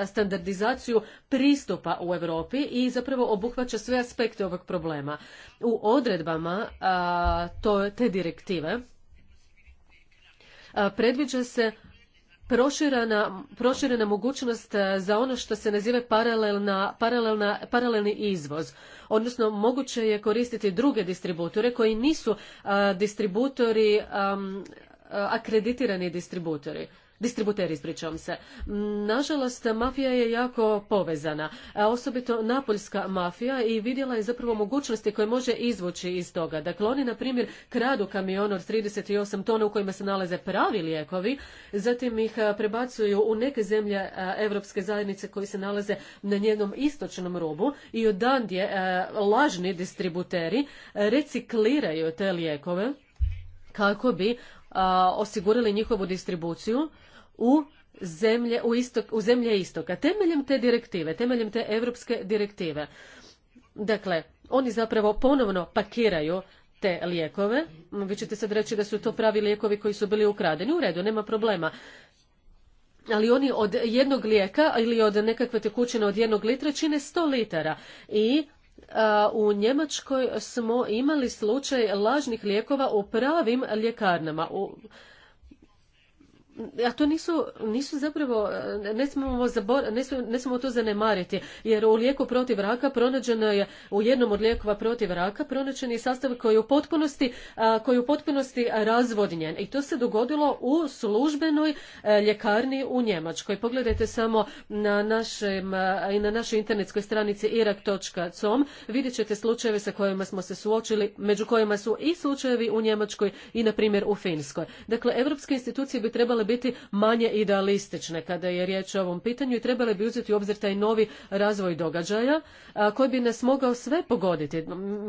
standardizaciju pristupa u Europi i zapravo obuhvaća sve aspekte ovog problema. U odredbama e, te direktive e, predviđa se proširena, mogućnost e, za ono što se naziva paralelni izvoz. Odnosno, moguće je koristiti druge distributore koji nisu e, distributori, e, akreditirani distributori distributeri, ispričavam se. Mm, nažalost, mafija je jako povezana, osobito napoljska mafija i vidjela je zapravo mogućnosti koje može izvući iz toga. Dakle, oni, na primjer, kradu kamion od 38 tona u kojima se nalaze pravi lijekovi, zatim ih prebacuju u neke zemlje Europske zajednice koji se nalaze na njenom istočnom rubu i odandje lažni distributeri recikliraju te lijekove kako bi osigurali njihovu distribuciju u zemlje, u, istok, u zemlje istoka. Temeljem te direktive, temeljem te europske direktive. Dakle, oni zapravo ponovno pakiraju te lijekove. Vi ćete sad reći da su to pravi lijekovi koji su bili ukradeni. U redu, nema problema. Ali oni od jednog lijeka ili od nekakve tekućine od jednog litra čine sto litara. I u Njemačkoj smo imali slučaj lažnih lijekova u pravim ljekarnama. U, a to nisu, nisu zapravo, e, ne smemo, zabor, ne, smemo, ne to zanemariti, jer u lijeku protiv raka pronađeno je, u jednom od lijekova protiv raka pronađen je sastav koji je u potpunosti, koji je u potpunosti razvodnjen. I to se dogodilo u službenoj e, ljekarni u Njemačkoj. Pogledajte samo na našem, e, i na našoj internetskoj stranici irak.com, vidjet ćete slučajeve sa kojima smo se suočili, među kojima su i slučajevi u Njemačkoj i, na primjer, u Finskoj. Dakle, evropske institucije bi trebale biti manje idealistične kada je riječ o ovom pitanju i trebale bi uzeti u obzir taj novi razvoj događaja koji bi nas mogao sve pogoditi,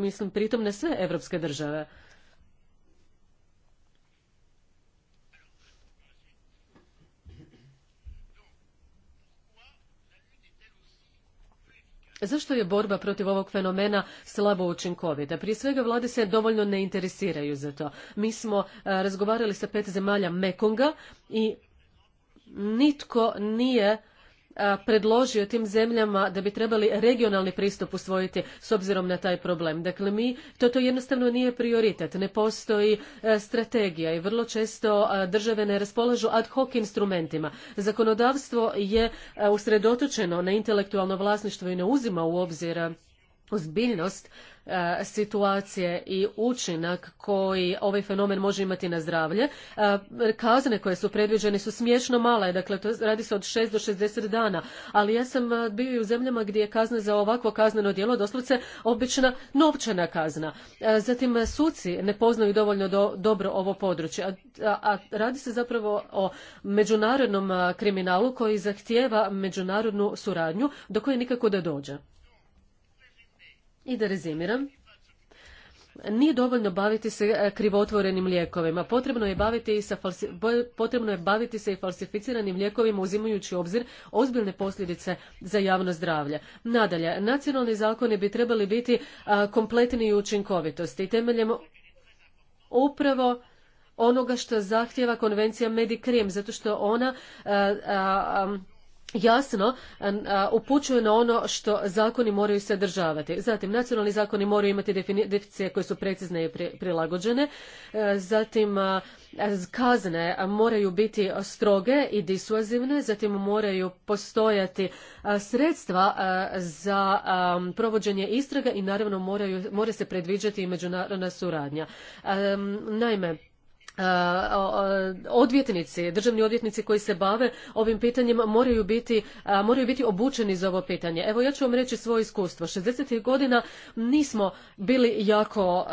mislim pritom na sve europske države. Zašto je borba protiv ovog fenomena slabo učinkovita? Prije svega vlade se dovoljno ne interesiraju za to. Mi smo e, razgovarali sa pet zemalja Mekonga i nitko nije predložio tim zemljama da bi trebali regionalni pristup usvojiti s obzirom na taj problem. Dakle, mi, to, to jednostavno nije prioritet, ne postoji e, strategija i vrlo često države ne raspolažu ad hoc instrumentima. Zakonodavstvo je e, usredotočeno na intelektualno vlasništvo i ne uzima u obzir ozbiljnost E, situacije i učinak koji ovaj fenomen može imati na zdravlje. E, kazne koje su predviđene su smiješno male, dakle to radi se od 6 do 60 dana, ali ja sam e, bio i u zemljama gdje je kazna za ovakvo kazneno djelo doslovce obična novčana kazna. Zatim suci ne poznaju dovoljno dobro ovo područje, a, a radi se zapravo o međunarodnom kriminalu koji zahtijeva međunarodnu suradnju do koje nikako da dođe. I da rezimiram, nije dovoljno baviti se e, krivotvorenim lijekovima. Potrebno je baviti, i sa falsi... potrebno je baviti se i falsificiranim lijekovima uzimajući obzir ozbiljne posljedice za javno zdravlje. Nadalje, nacionalni zakoni bi trebali biti kompletni i učinkovitosti i temeljem upravo onoga što zahtjeva konvencija Medicrim, zato što ona jasno upućuju na ono što zakoni moraju sadržavati. Zatim, nacionalni zakoni moraju imati definicije koje su precizne i prilagođene. E, zatim, kazne moraju biti stroge i disuazivne. Zatim, moraju postojati sredstva za provođenje istraga i naravno moraju, mora se predviđati i međunarodna suradnja. Naime, odvjetnici, državni odvjetnici koji se bave ovim pitanjima moraju biti, obučeni za ovo pitanje. Evo ja ću vam reći svoje iskustvo. 60. godina nismo bili jako,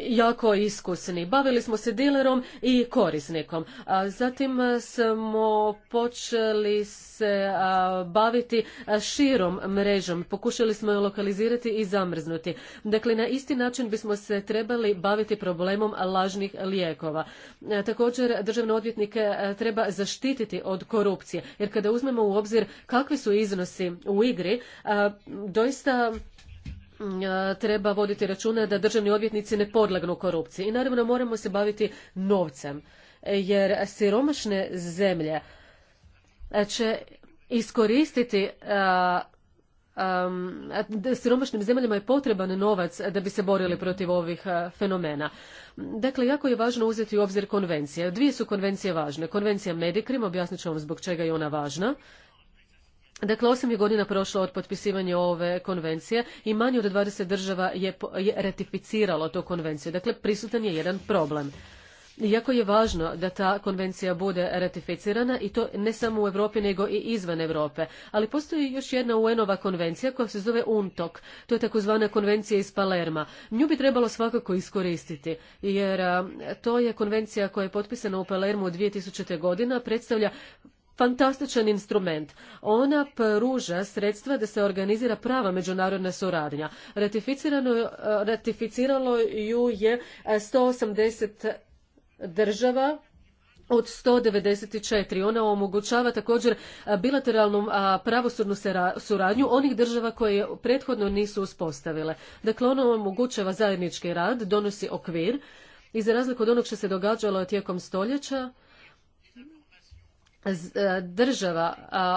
jako iskusni. Bavili smo se dilerom i korisnikom. Zatim smo počeli se baviti širom mrežom. Pokušali smo je lokalizirati i zamrznuti. Dakle, na isti način bismo se trebali baviti problemom lažnih lijekova sudova. E, također državne odvjetnike e, treba zaštititi od korupcije jer kada uzmemo u obzir kakvi su iznosi u igri, e, doista mm, treba voditi računa da državni odvjetnici ne podlegnu korupciji. I naravno moramo se baviti novcem jer siromašne zemlje će iskoristiti um, siromašnim zemljama je potreban novac da bi se borili protiv ovih fenomena. Dakle, jako je važno uzeti u obzir konvencije. Dvije su konvencije važne. Konvencija Medikrim, objasnit ću vam zbog čega je ona važna. Dakle, osam je godina prošla od potpisivanja ove konvencije i manje od 20 država je, je ratificiralo tu konvenciju. Dakle, prisutan je jedan problem. Iako je važno da ta konvencija bude ratificirana i to ne samo u Europi nego i izvan Europe. Ali postoji još jedna UN-ova konvencija koja se zove UNTOK. To je takozvana konvencija iz Palerma. Nju bi trebalo svakako iskoristiti jer to je konvencija koja je potpisana u Palermu 2000. godina, predstavlja fantastičan instrument. Ona pruža sredstva da se organizira prava međunarodna suradnja. Ratificirano, ratificiralo ju je 180 država od 194. Ona omogućava također bilateralnu pravosudnu suradnju onih država koje prethodno nisu uspostavile. Dakle, ona omogućava zajednički rad, donosi okvir i za razliku od onog što se događalo tijekom stoljeća, e, država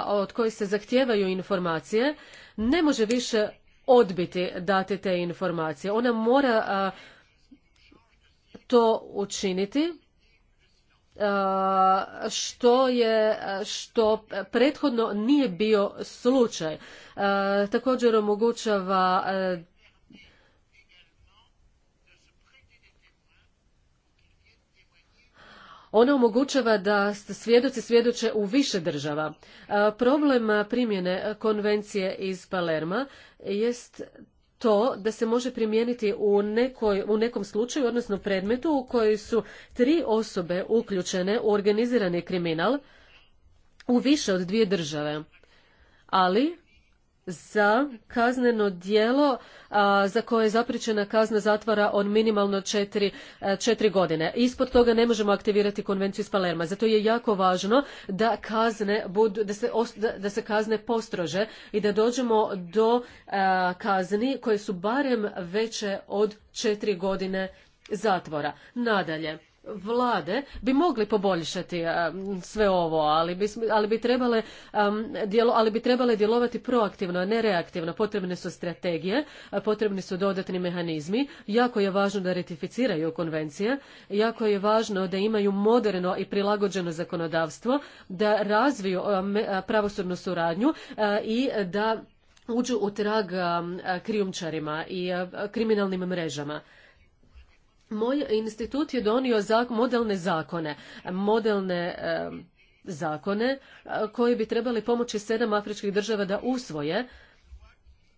od koje se zahtijevaju informacije ne može više odbiti dati te informacije. Ona mora to učiniti e, što je što prethodno nije bio slučaj e, također omogućava e, Ona omogućava da svjedoci svjedoče u više država. Problem primjene konvencije iz Palerma jest to da se može primijeniti u, nekoj, u nekom slučaju, odnosno predmetu u kojoj su tri osobe uključene u organizirani kriminal u više od dvije države. Ali za kazneno djelo za koje je zapričena kazna zatvora od minimalno četiri, godine. Ispod toga ne možemo aktivirati konvenciju iz Palerma. Zato je jako važno da kazne budu, da se, kazne postrože i da dođemo do kazni koje su barem veće od četiri godine zatvora. Nadalje, vlade bi mogli poboljšati sve ovo, ali bi, ali bi trebale ali bi trebale djelovati proaktivno, a ne reaktivno. Potrebne su strategije, potrebni su dodatni mehanizmi, jako je važno da ratificiraju konvencije, jako je važno da imaju moderno i prilagođeno zakonodavstvo, da razviju pravosudnu suradnju i da uđu u trag krijumčarima i kriminalnim mrežama. Moj institut je donio modelne zakone, modelne zakone e, koji bi trebali pomoći sedam afričkih država da usvoje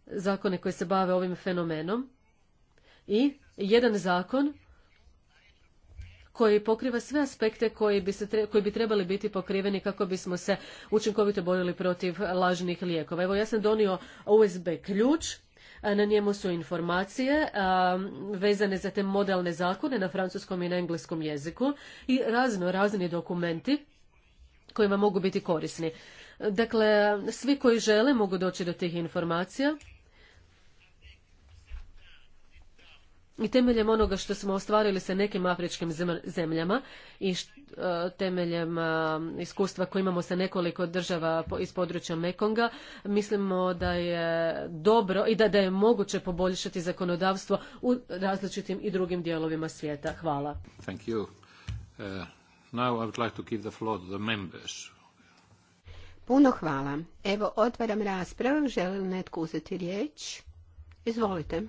zakone koji se bave ovim fenomenom i jedan zakon koji pokriva sve aspekte koji bi, koji bi trebali biti pokriveni kako bismo se učinkovito borili protiv lažnih lijekova. Evo ja sam donio USB ključ E, na njemu su informacije e, vezane za te modalne zakone na francuskom i na engleskom jeziku i razno razni dokumenti kojima mogu biti korisni. Dakle, svi koji žele mogu doći do tih informacija i temeljem onoga što smo ostvarili sa nekim afričkim zemljama i e, temeljem e, iskustva koje imamo sa nekoliko država iz područja Mekonga, mislimo da je dobro i da, je moguće poboljšati zakonodavstvo u različitim i drugim dijelovima svijeta. Hvala. Puno hvala. Evo, otvaram raspravu. Želi li netko uzeti riječ? Izvolite.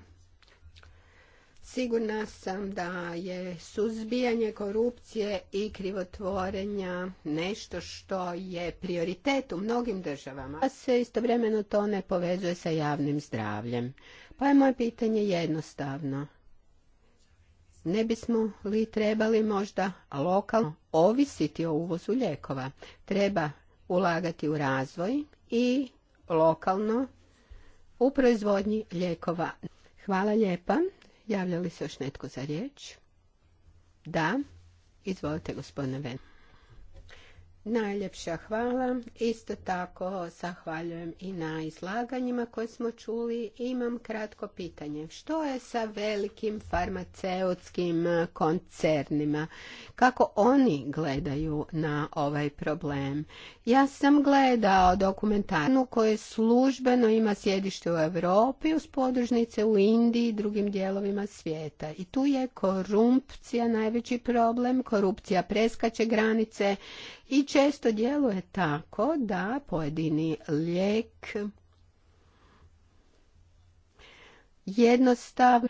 Sigurna sam da je suzbijanje korupcije i krivotvorenja nešto što je prioritet u mnogim državama, a se istovremeno to ne povezuje sa javnim zdravljem. Pa je moje pitanje jednostavno. Ne bismo li trebali možda lokalno ovisiti o uvozu lijekova? Treba ulagati u razvoj i lokalno u proizvodnji lijekova. Hvala lijepa. Javlja li se još netko za riječ? Da. Izvolite, gospodine Ven. Najljepša hvala. Isto tako zahvaljujem i na izlaganjima koje smo čuli. Imam kratko pitanje. Što je sa velikim farmaceutskim koncernima? Kako oni gledaju na ovaj problem? Ja sam gledao dokumentarnu koje službeno ima sjedište u Europi uz podružnice u Indiji i drugim dijelovima svijeta. I tu je korupcija najveći problem. Korupcija preskače granice i često djeluje tako da pojedini lijek jednostavno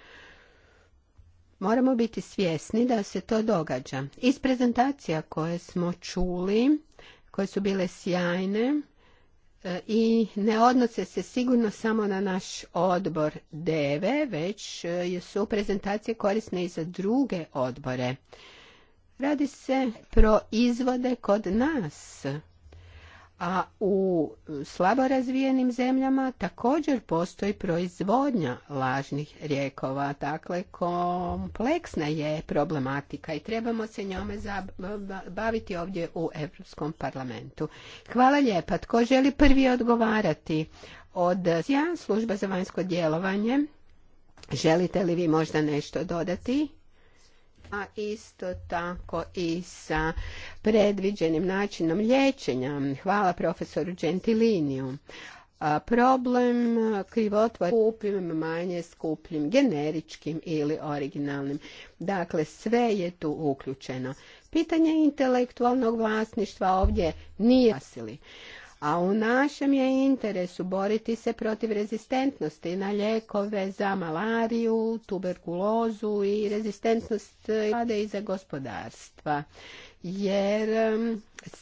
Moramo biti svjesni da se to događa. Iz prezentacija koje smo čuli, koje su bile sjajne e, i ne odnose se sigurno samo na naš odbor DEVE, već e, su prezentacije korisne i za druge odbore. Radi se proizvode kod nas. A u slabo razvijenim zemljama također postoji proizvodnja lažnih rijekova. Dakle, kompleksna je problematika i trebamo se njome baviti ovdje u Europskom parlamentu. Hvala lijepa. Tko želi prvi odgovarati? Od ja, služba za vanjsko djelovanje. Želite li vi možda nešto dodati? a isto tako i sa predviđenim načinom liječenja. Hvala profesoru Gentiliniju. problem krivotvora kupim manje skupljim generičkim ili originalnim. Dakle, sve je tu uključeno. Pitanje intelektualnog vlasništva ovdje nije vasili a u našem je interesu boriti se protiv rezistentnosti na ljekove za malariju, tuberkulozu i rezistentnost vlade i za gospodarstva. Jer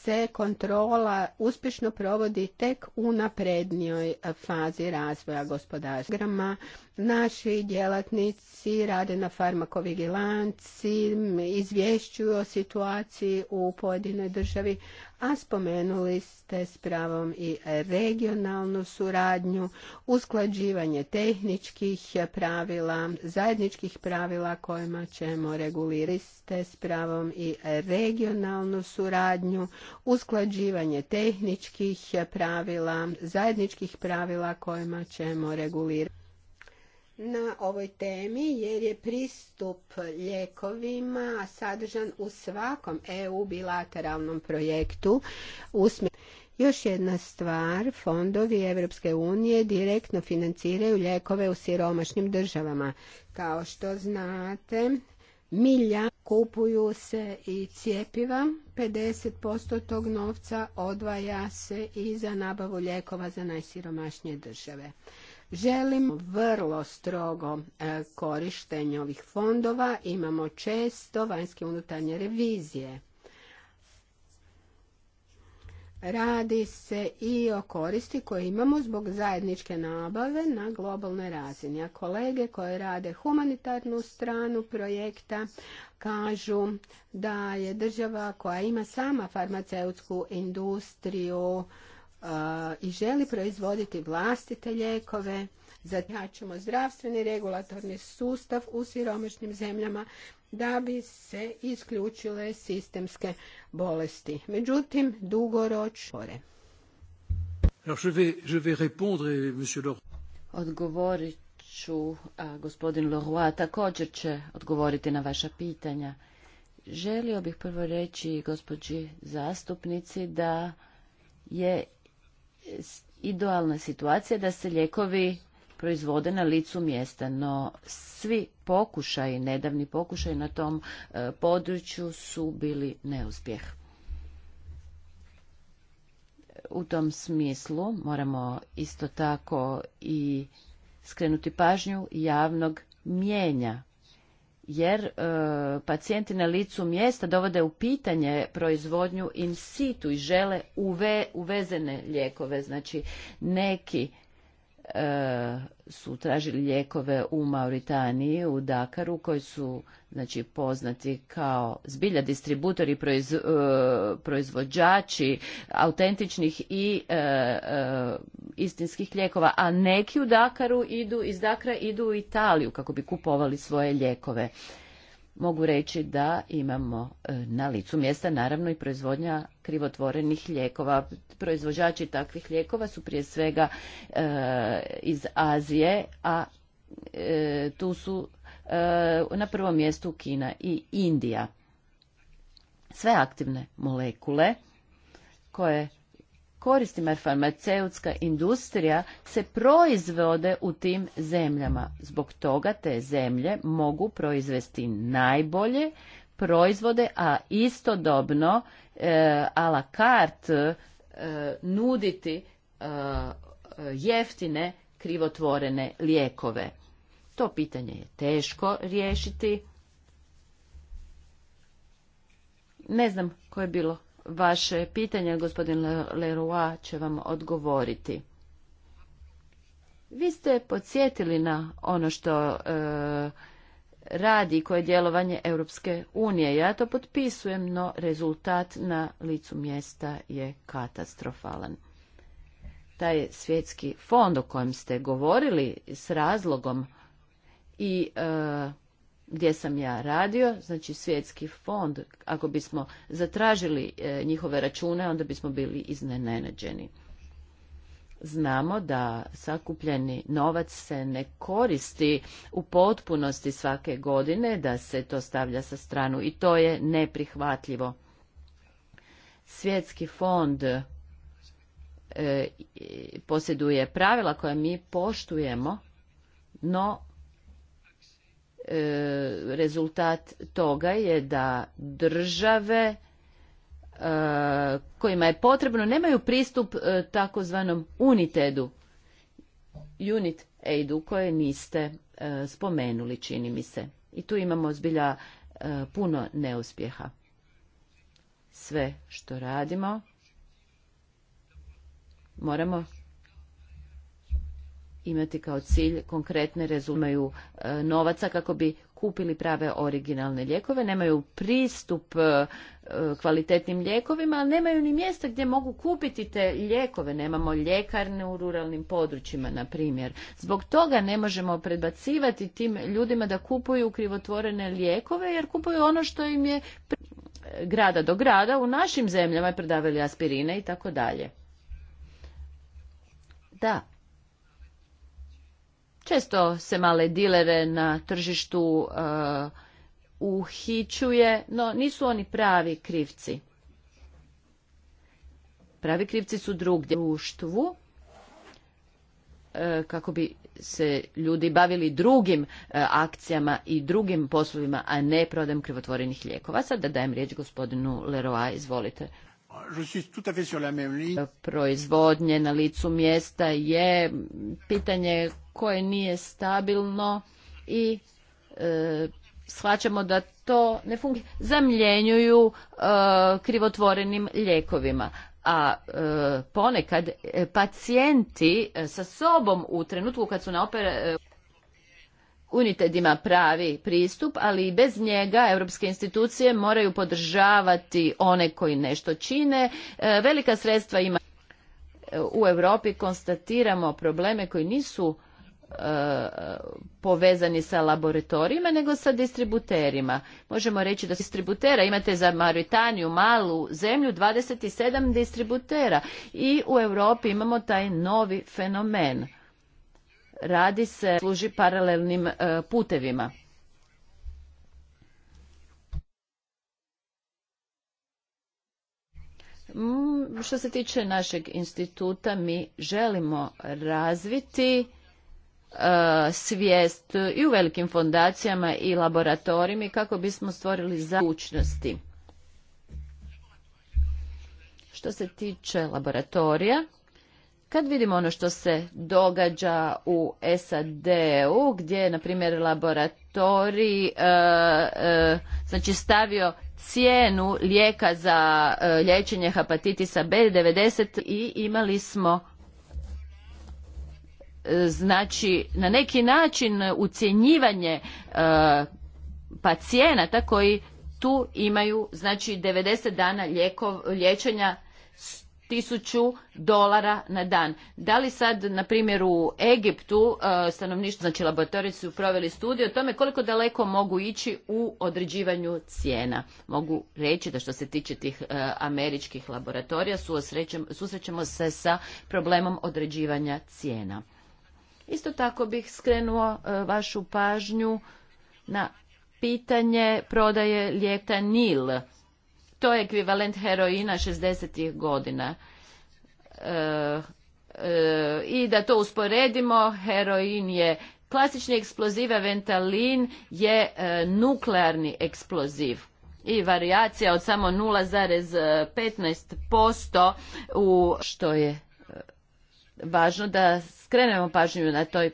se kontrola uspješno provodi tek u naprednijoj fazi razvoja gospodarstva. Naši djelatnici rade na farmakovigilanci, izvješćuju o situaciji u pojedinoj državi, a spomenuli ste s pravom i regionalnu suradnju, usklađivanje tehničkih pravila, zajedničkih pravila kojima ćemo regulirati s pravom i regionalnu suradnju, usklađivanje tehničkih pravila, zajedničkih pravila kojima ćemo regulirati na ovoj temi jer je pristup ljekovima sadržan u svakom EU bilateralnom projektu. Još jedna stvar, fondovi Evropske unije direktno financiraju ljekove u siromašnim državama. Kao što znate, milja kupuju se i cijepiva 50% tog novca odvaja se i za nabavu lijekova za najsiromašnije države. Želim vrlo strogo e, korištenje ovih fondova, imamo često vanjske unutarnje revizije Radi se i o koristi koje imamo zbog zajedničke nabave na globalnoj razini. A kolege koje rade humanitarnu stranu projekta kažu da je država koja ima sama farmaceutsku industriju i želi proizvoditi vlastite lijekove, zatim zdravstveni regulatorni sustav u siromašnim zemljama da bi se isključile sistemske bolesti. Međutim, dugoročno. Odgovorit ću, a gospodin Leroy također će odgovoriti na vaša pitanja. Želio bih prvo reći gospođi zastupnici da je idealna situacija da se lijekovi proizvode na licu mjesta, no svi pokušaj, nedavni pokušaj na tom e, području su bili neuspjeh. U tom smislu moramo isto tako i skrenuti pažnju javnog mijenja jer e, pacijenti na licu mjesta dovode u pitanje proizvodnju in situ i žele uvezene lijekove. Znači neki E, su tražili lijekove u Mauritaniji, u Dakaru, koji su znači, poznati kao zbilja distributori, e, proizvođači autentičnih i e, istinskih lijekova, a neki u Dakaru idu, iz Dakra idu u Italiju kako bi kupovali svoje lijekove mogu reći da imamo e, na licu mjesta naravno i proizvodnja krivotvorenih lijekova. Proizvođači takvih lijekova su prije svega e, iz Azije, a e, tu su na prvom mjestu Kina i Indija. Sve aktivne molekule koje koristima jer farmaceutska industrija se proizvode u tim zemljama. Zbog toga te zemlje mogu proizvesti najbolje proizvode, a istodobno e, a la carte e, nuditi e, jeftine krivotvorene lijekove. To pitanje je teško riješiti. Ne znam koje je bilo vaše pitanje, gospodin Leroy će vam odgovoriti. Vi ste podsjetili na ono što e, radi koje djelovanje Europske unije. Ja to potpisujem, no rezultat na licu mjesta je katastrofalan. Taj svjetski fond o kojem ste govorili s razlogom i e, gdje sam ja radio, znači svjetski fond, ako bismo zatražili e, njihove račune, onda bismo bili iznenađeni. Znamo da sakupljeni novac se ne koristi u potpunosti svake godine, da se to stavlja sa stranu i to je neprihvatljivo. Svjetski fond e, posjeduje pravila koja mi poštujemo, no E, rezultat toga je da države e, kojima je potrebno nemaju pristup e, takozvanom unitedu unit aidu koje niste spomenuli čini mi se i tu imamo zbilja puno neuspjeha sve što radimo moramo imati kao cilj konkretne rezumaju e, novaca kako bi kupili prave originalne lijekove, nemaju pristup e, kvalitetnim lijekovima, ali nemaju ni mjesta gdje mogu kupiti te lijekove. Nemamo ljekarne u ruralnim područjima, na primjer. Zbog toga ne možemo predbacivati tim ljudima da kupuju krivotvorene lijekove, jer kupuju ono što im je grada do grada u našim zemljama je prodavali aspirine i tako dalje. Da, Često se male dilere na tržištu uh, uhićuje, no nisu oni pravi krivci. Pravi krivci su drugdje u društvu, uh, kako bi se ljudi bavili drugim uh, akcijama i drugim poslovima, a ne prodajom krivotvorenih lijekova. Sada da dajem riječ gospodinu Leroa, izvolite. Proizvodnje na licu mjesta je pitanje koje nije stabilno i e, shvaćamo da to ne funkcionira. Zamljenjuju e, krivotvorenim ljekovima. A e, ponekad e, pacijenti sa sobom u trenutku kad su na opera... United ima pravi pristup, ali i bez njega europske institucije moraju podržavati one koji nešto čine. Velika sredstva ima u Europi konstatiramo probleme koji nisu povezani sa laboratorijima nego sa distributerima. Možemo reći da distributera imate za Maritaniju malu zemlju 27 distributera i u Europi imamo taj novi fenomen. Radi se služi paralelnim e, putevima. Mm, što se tiče našeg instituta mi želimo razviti E, svijest i u velikim fondacijama i laboratorijima kako bismo stvorili zaučnosti. Što se tiče laboratorija, kad vidimo ono što se događa u SAD-u, gdje je, na primjer, laboratorij e, e, znači stavio cijenu lijeka za liječenje hepatitisa B90 i imali smo znači na neki način ucjenjivanje e, pacijenata koji tu imaju znači 90 dana lijekov, liječenja tisuću dolara na dan. Da li sad, na primjer, u Egiptu e, stanovništvo, znači laboratoriji su proveli studiju o tome koliko daleko mogu ići u određivanju cijena. Mogu reći da što se tiče tih e, američkih laboratorija susrećemo se sa problemom određivanja cijena. Isto tako bih skrenuo e, vašu pažnju na pitanje prodaje lijeka Nil. To je ekvivalent heroina 60. godina. E, e, I da to usporedimo, heroin je klasični eksploziv, a ventalin je nuklearni eksploziv. I varijacija od samo 0,15% u što je važno da skrenemo pažnju na toj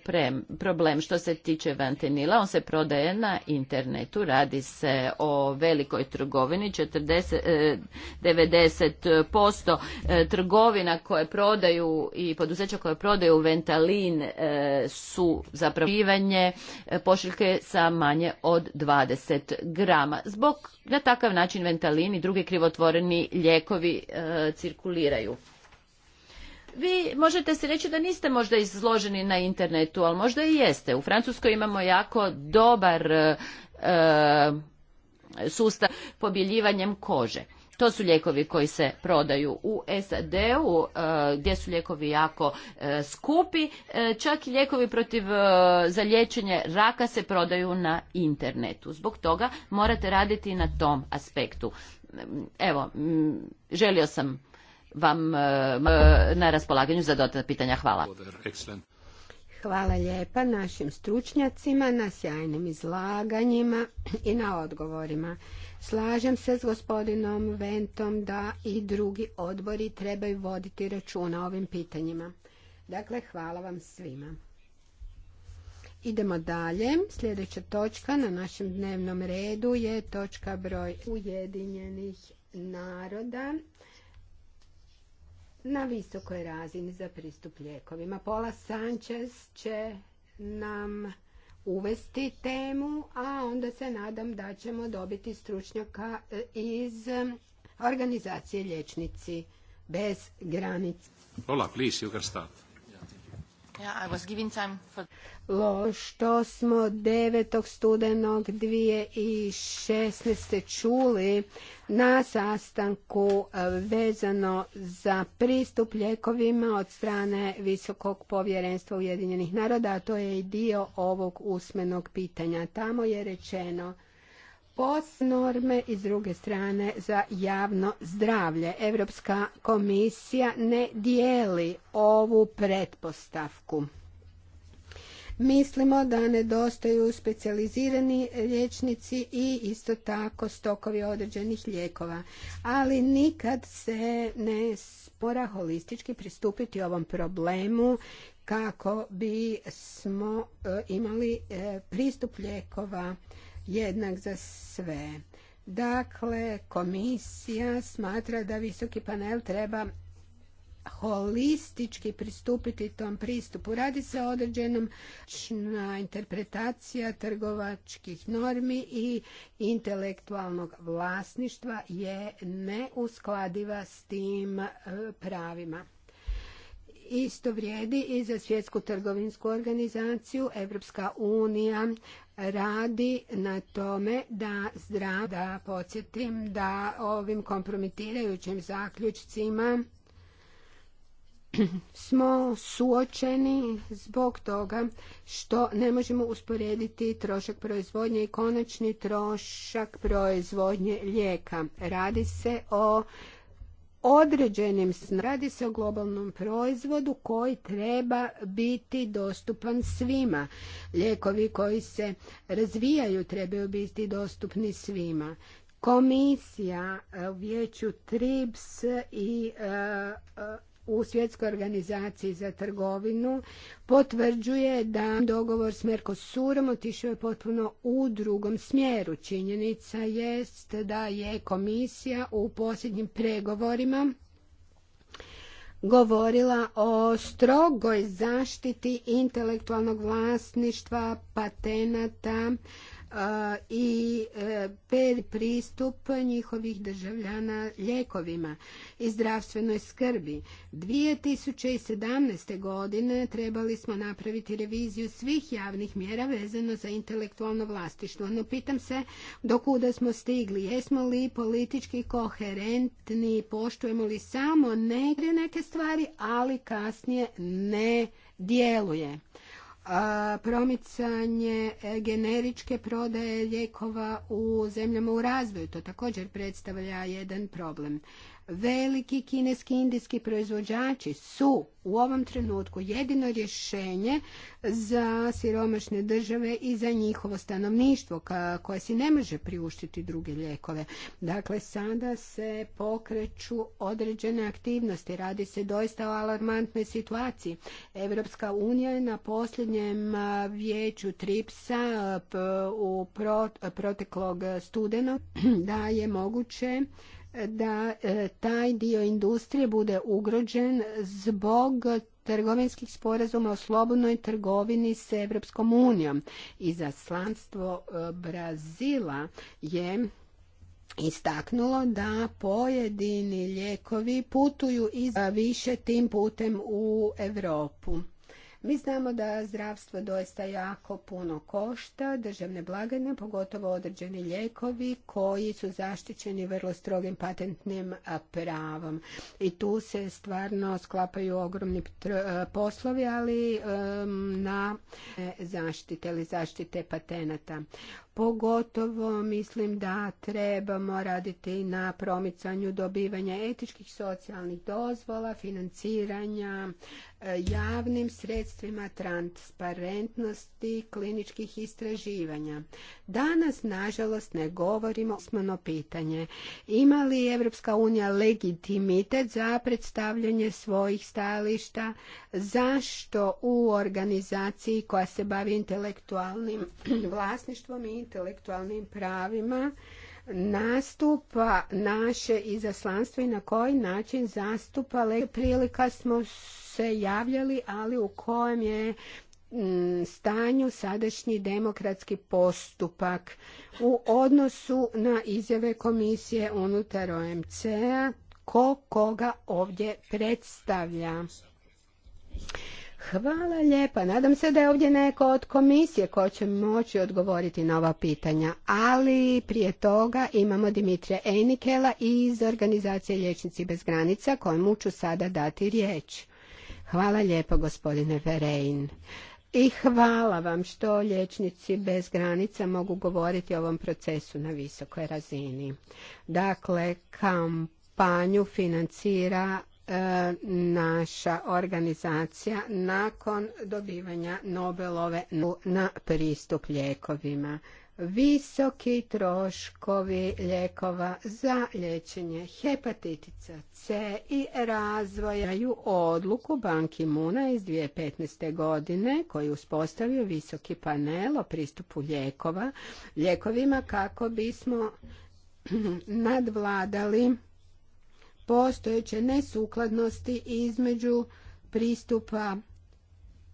problem što se tiče vantenila. On se prodaje na internetu, radi se o velikoj trgovini, 40, 90% e, e, trgovina koje prodaju i poduzeća koje prodaju ventalin e, su zapravo pošiljke sa manje od 20 grama. Zbog na takav način ventalin i drugi krivotvoreni lijekovi cirkuliraju. Vi možete se reći da niste možda izloženi na internetu, ali možda i jeste. U Francuskoj imamo jako dobar e, e, sustav pobjeljivanjem kože. To su lijekovi koji se prodaju u SAD-u, e, gdje su lijekovi jako skupi. čak i lijekovi protiv za liječenje raka se prodaju na internetu. Zbog toga morate raditi na tom aspektu. Evo, želio sam vam e, na raspolaganju za dodatna pitanja. Hvala. Hvala lijepa našim stručnjacima na sjajnim izlaganjima i na odgovorima. Slažem se s gospodinom Ventom da i drugi odbori trebaju voditi računa ovim pitanjima. Dakle, hvala vam svima. Idemo dalje. Sljedeća točka na našem dnevnom redu je točka broj Ujedinjenih naroda na visokoj razini za pristup lijekovima. Pola Sanchez će nam uvesti temu, a onda se nadam da ćemo dobiti stručnjaka e, iz e, organizacije Liječnici bez granica. please, you can start što smo 9. studenog 2016. čuli na sastanku e, vezano za pristup ljekovima od strane Visokog povjerenstva Ujedinjenih naroda, a to je i dio ovog usmenog pitanja. Tamo je rečeno POS norme i s druge strane za javno zdravlje. Europska komisija ne dijeli ovu pretpostavku. Mislimo da nedostaju specijalizirani liječnici i isto tako stokovi određenih lijekova, ali nikad se ne spora holistički pristupiti ovom problemu kako bi smo e, imali e, pristup lijekova jednak za sve. Dakle, komisija smatra da visoki panel treba holistički pristupiti tom pristupu. Radi se o određenom interpretacija trgovačkih normi i intelektualnog vlasništva je neuskladiva s tim e, pravima. Isto vrijedi i za svjetsku trgovinsku organizaciju. Evropska unija radi na tome da zdrav, da podsjetim da ovim kompromitirajućim zaključcima smo suočeni zbog toga što ne možemo usporediti trošak proizvodnje i konačni trošak proizvodnje lijeka. Radi se o određenim radi se o globalnom proizvodu koji treba biti dostupan svima. Lijekovi koji se razvijaju trebaju biti dostupni svima. Komisija e, u vijeću TRIPS i e, e, u Svjetskoj organizaciji za trgovinu potvrđuje da dogovor s Mercosurom otišao je potpuno u drugom smjeru. Činjenica jest da je komisija u posljednjim pregovorima govorila o strogoj zaštiti intelektualnog vlasništva, patenata, i e, per pristup njihovih državljana ljekovima i zdravstvenoj skrbi. 2017. godine trebali smo napraviti reviziju svih javnih mjera vezano za intelektualno vlastištvo. No pitam se dokuda smo stigli. Jesmo li politički koherentni, poštujemo li samo neke stvari, ali kasnije ne djeluje promicanje e, generičke prodaje lijekova u zemljama u razvoju. To također predstavlja jedan problem. Veliki kineski i indijski proizvođači su u ovom trenutku jedino rješenje za siromašne države i za njihovo stanovništvo koje si ne može priuštiti druge lijekove. Dakle, sada se pokreću određene aktivnosti. Radi se doista o alarmantnoj situaciji. Evropska unija je na posljednjem vijeću TRIPS-a u proteklog studena [clears throat] da je moguće da e, taj dio industrije bude ugrođen zbog trgovinskih sporazuma o slobodnoj trgovini s Europskom unijom. Izaslanstvo e, Brazila je istaknulo da pojedini lijekovi putuju iz e, više tim putem u Europu. Mi znamo da zdravstvo doista jako puno košta, državne blagajne, pogotovo određeni lijekovi koji su zaštićeni vrlo strogim patentnim pravom. I tu se stvarno sklapaju ogromni e, poslovi, ali na e, zaštite ili zaštite patenata. Pogotovo mislim da trebamo raditi na promicanju dobivanja etičkih socijalnih dozvola, financiranja e, javnim sredstvima transparentnosti kliničkih istraživanja. Danas, nažalost, ne govorimo osmano pitanje. Ima li Evropska unija legitimitet za predstavljanje svojih stajališta? Zašto u organizaciji koja se bavi intelektualnim [clears throat] vlasništvom i intelektualnim pravima nastupa naše izaslanstvo i na koji način zastupa. Prilika smo se javljali, ali u kojem je stanju sadašnji demokratski postupak u odnosu na izjave komisije unutar OMC-a ko koga ovdje predstavlja. Hvala lijepa. Nadam se da je ovdje neko od komisije ko će moći odgovoriti na ova pitanja. Ali prije toga imamo Dimitrija Enikela iz organizacije Liječnici bez granica kojemu ću sada dati riječ. Hvala lijepo gospodine Verein. I hvala vam što liječnici bez granica mogu govoriti o ovom procesu na visokoj razini. Dakle, kampanju financira E, naša organizacija nakon dobivanja Nobelove na pristup ljekovima. Visoki troškovi ljekova za liječenje hepatitica C i razvojaju odluku Banki Muna iz 2015. godine koji uspostavio visoki panel o pristupu ljekova, ljekovima kako bismo [clears throat] nadvladali postojeće nesukladnosti između pristupa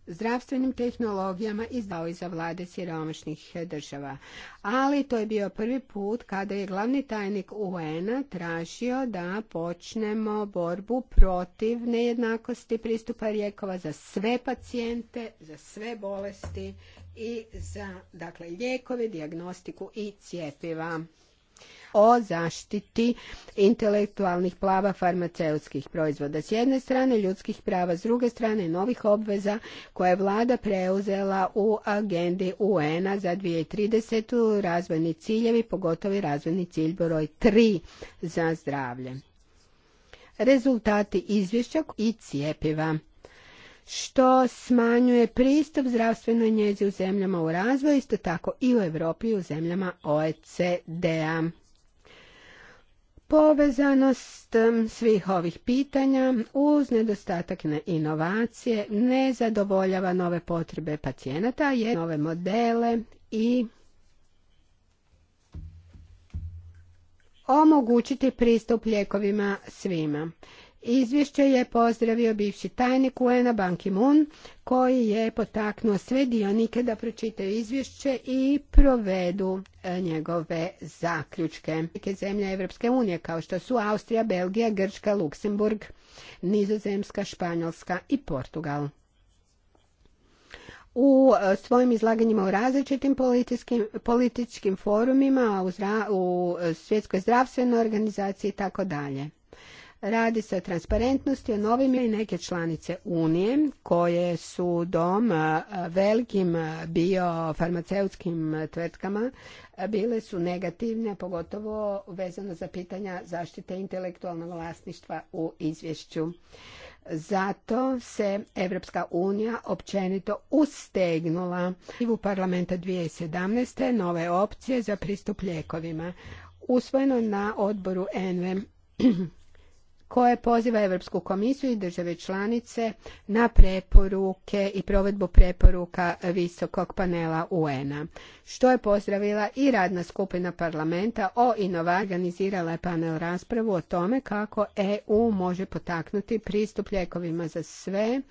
zdravstvenim tehnologijama izdao i za vlade siromašnih država. Ali to je bio prvi put kada je glavni tajnik UN-a tražio da počnemo borbu protiv nejednakosti pristupa lijekova za sve pacijente, za sve bolesti i za dakle, lijekove, dijagnostiku i cijepiva o zaštiti intelektualnih plava farmaceutskih proizvoda s jedne strane, ljudskih prava s druge strane, novih obveza koje je vlada preuzela u agendi UN-a za 2030. razvojni ciljevi, pogotovo razvojni cilj broj 3 za zdravlje. Rezultati izvješća i cijepiva što smanjuje pristup zdravstvenoj njezi u zemljama u razvoju, isto tako i u Europi i u zemljama OECD-a. Povezanost svih ovih pitanja uz nedostatak inovacije ne zadovoljava nove potrebe pacijenata, je nove modele i omogućiti pristup lijekovima svima. Izvješće je pozdravio bivši tajnik Uena a Ban Ki-moon koji je potaknuo sve dionike da pročitaju izvješće i provedu e, njegove zaključke. Neke zemlje Evropske unije kao što su Austrija, Belgija, Grčka, Luksemburg, Nizozemska, Španjolska i Portugal. U e, svojim izlaganjima u različitim političkim, forumima, u, u e, Svjetskoj zdravstvenoj organizaciji i tako dalje. Radi se o transparentnosti, o novim i neke članice Unije koje su dom velikim biofarmaceutskim tvrtkama bile su negativne, pogotovo vezano za pitanja zaštite intelektualnog vlasništva u izvješću. Zato se Evropska unija općenito ustegnula u parlamenta 2017. nove opcije za pristup ljekovima. Usvojeno na odboru NVM koje poziva Europsku komisiju i države članice na preporuke i provedbu preporuka visokog panela UN-a. Što je pozdravila i radna skupina parlamenta o inova organizirala je panel raspravu o tome kako EU može potaknuti pristup ljekovima za sve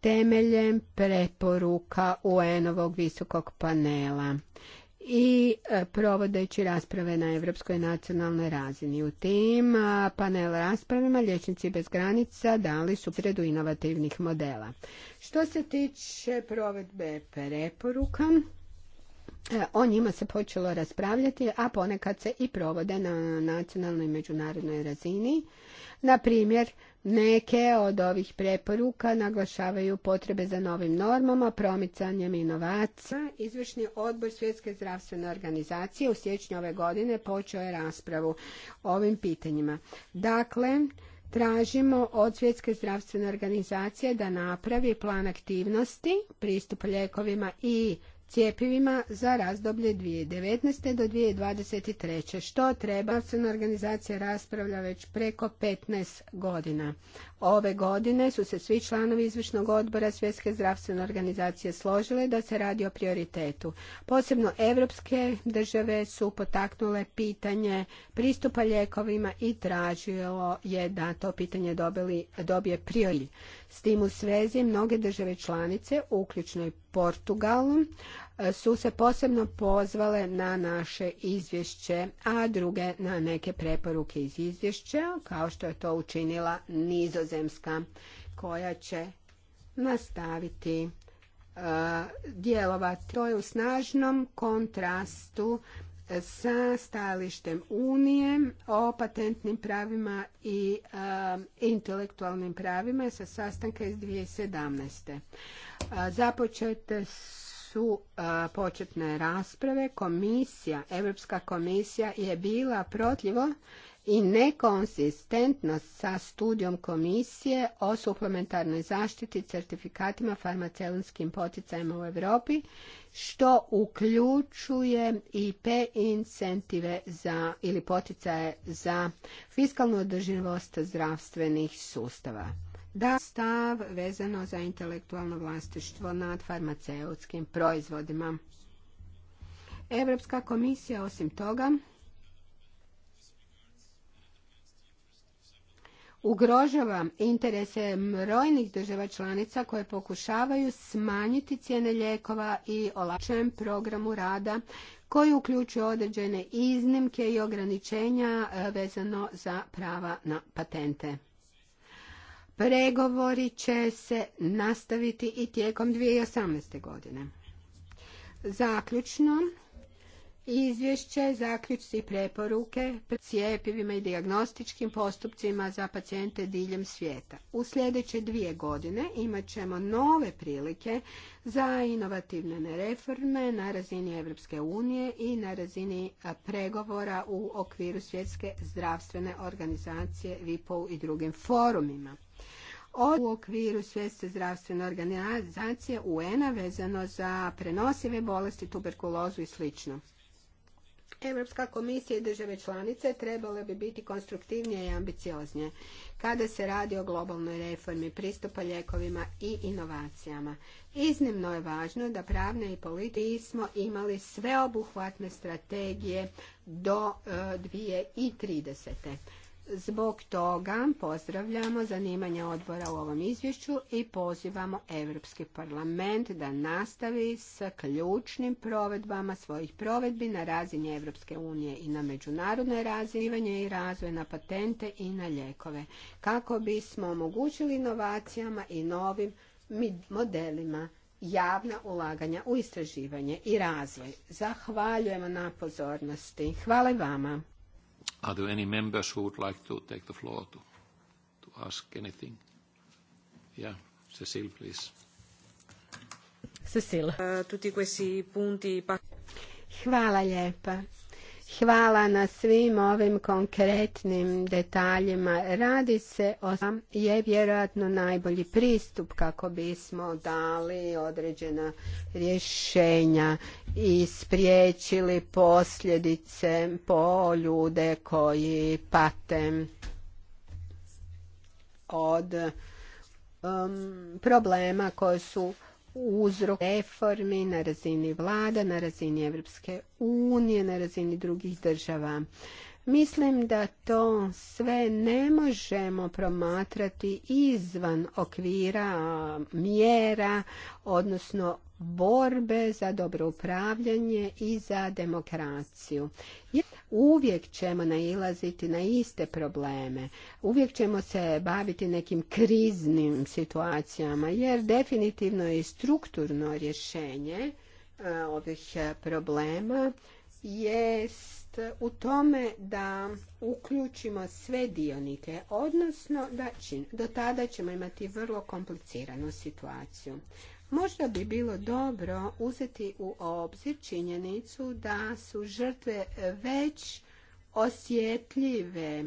temeljem preporuka UN-ovog visokog panela i e, provodeći rasprave na evropskoj nacionalnoj razini. U tim e, panel raspravima Lječnici bez granica dali su sredu inovativnih modela. Što se tiče provedbe preporuka, e, o njima se počelo raspravljati, a ponekad se i provode na nacionalnoj i međunarodnoj razini. Na primjer, Neke od ovih preporuka naglašavaju potrebe za novim normama, promicanjem inovacija. Izvršni odbor Svjetske zdravstvene organizacije u siječnju ove godine počeo je raspravu o ovim pitanjima. Dakle, tražimo od Svjetske zdravstvene organizacije da napravi plan aktivnosti, pristup lijekovima i cijepivima za razdoblje 2019. do 2023. Što treba? na organizacija raspravlja već preko 15 godina Ove godine su se svi članovi izvršnog odbora Svjetske zdravstvene organizacije složile da se radi o prioritetu. Posebno evropske države su potaknule pitanje pristupa lijekovima i tražilo je da to pitanje dobili, dobije prioritet. S tim u svezi mnoge države članice, uključno i Portugalu, su se posebno pozvale na naše izvješće, a druge na neke preporuke iz izvješća, kao što je to učinila Nizozemska, koja će nastaviti e, djelovati. To je u snažnom kontrastu sa stajalištem Unije o patentnim pravima i e, intelektualnim pravima sa sastanka iz 2017. E, započete su e, početne rasprave, komisija, Europska komisija je bila protljivo i nekonsistentna sa studijom komisije o suplementarnoj zaštiti certifikatima farmaceutskim poticajima u Europi, što uključuje i P incentive za, ili poticaje za fiskalnu održivost zdravstvenih sustava da stav vezano za intelektualno vlasništvo nad farmaceutskim proizvodima. Europska komisija osim toga ugrožava interese mrojnih država članica koje pokušavaju smanjiti cijene lijekova i olakšajem programu rada koji uključuje određene iznimke i ograničenja eh, vezano za prava na patente. Pregovori će se nastaviti i tijekom 2018. godine. Zaključno, izvješće, zaključci i preporuke cijepivima i diagnostičkim postupcima za pacijente diljem svijeta. U sljedeće dvije godine imat ćemo nove prilike za inovativne reforme na razini Europske unije i na razini pregovora u okviru svjetske zdravstvene organizacije VIPO i drugim forumima od u okviru svjetske zdravstvene organizacije UN-a vezano za prenosive bolesti, tuberkulozu i sl. Europska komisija i države članice trebale bi biti konstruktivnije i ambicioznije kada se radi o globalnoj reformi pristupa ljekovima i inovacijama. Iznimno je važno da pravne i politike smo imali sveobuhvatne strategije do 2030. E, Zbog toga pozdravljamo zanimanje odbora u ovom izvješću i pozivamo Europski parlament da nastavi s ključnim provedbama svojih provedbi na razini Europske unije i na međunarodnoj razini i razvoj na patente i na ljekove kako bismo omogućili inovacijama i novim modelima javna ulaganja u istraživanje i razvoj. Zahvaljujemo na pozornosti. Hvala vama. Are there any members who would like to take the floor to, to ask anything? Yeah, Cecile, please. Cecile. Eh, tutti questi punti. Pa- Hvala lijepa. Hvala na svim ovim konkretnim detaljima. Radi se o je vjerojatno najbolji pristup kako bismo dali određena rješenja i spriječili posljedice po ljude koji pate od um, problema koje su uzrok reformi na razini vlada, na razini Evropske unije, na razini drugih država. Mislim da to sve ne možemo promatrati izvan okvira mjera, odnosno borbe za dobro upravljanje i za demokraciju. Uvijek ćemo nailaziti na iste probleme. Uvijek ćemo se baviti nekim kriznim situacijama jer definitivno je strukturno rješenje e, ovih problema jest u tome da uključimo sve dionike, odnosno da do tada ćemo imati vrlo kompliciranu situaciju. Možda bi bilo dobro uzeti u obzir činjenicu da su žrtve već osjetljive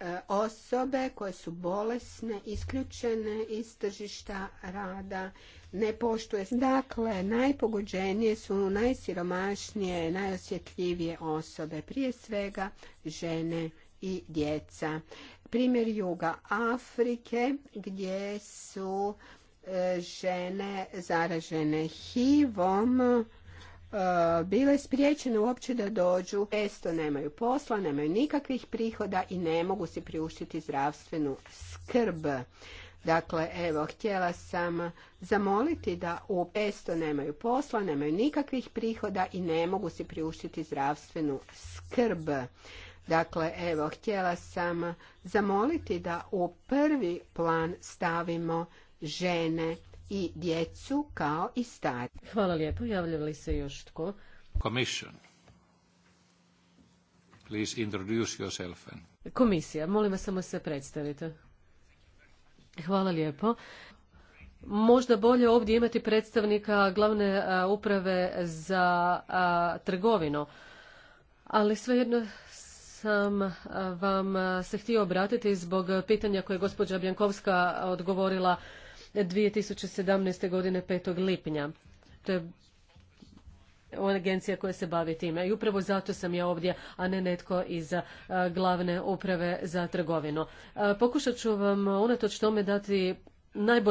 e, osobe koje su bolesne, isključene iz tržišta rada, ne poštuje. Dakle, najpogođenije su najsiromašnije, najosjetljivije osobe, prije svega žene i djeca. Primjer juga Afrike gdje su žene zaražene HIV-om e, bile spriječene uopće da dođu. Često nemaju posla, nemaju nikakvih prihoda i ne mogu si priuštiti zdravstvenu skrb. Dakle, evo, htjela sam zamoliti da u pesto nemaju posla, nemaju nikakvih prihoda i ne mogu si priuštiti zdravstvenu skrb. Dakle, evo, htjela sam zamoliti da u prvi plan stavimo žene i djecu kao i stari. Hvala lijepo. Javlja li se još tko? Commission. Please introduce yourself. Komisija, molim vas samo se predstavite. Hvala lijepo. Možda bolje ovdje imati predstavnika glavne uprave za trgovinu, ali svejedno sam vam se htio obratiti zbog pitanja koje je gospođa Bjankovska odgovorila 2017. godine 5. lipnja. To je agencija koja se bavi time. I upravo zato sam ja ovdje, a ne netko iz glavne uprave za trgovinu. Pokušat ću vam unatoč tome dati najbolje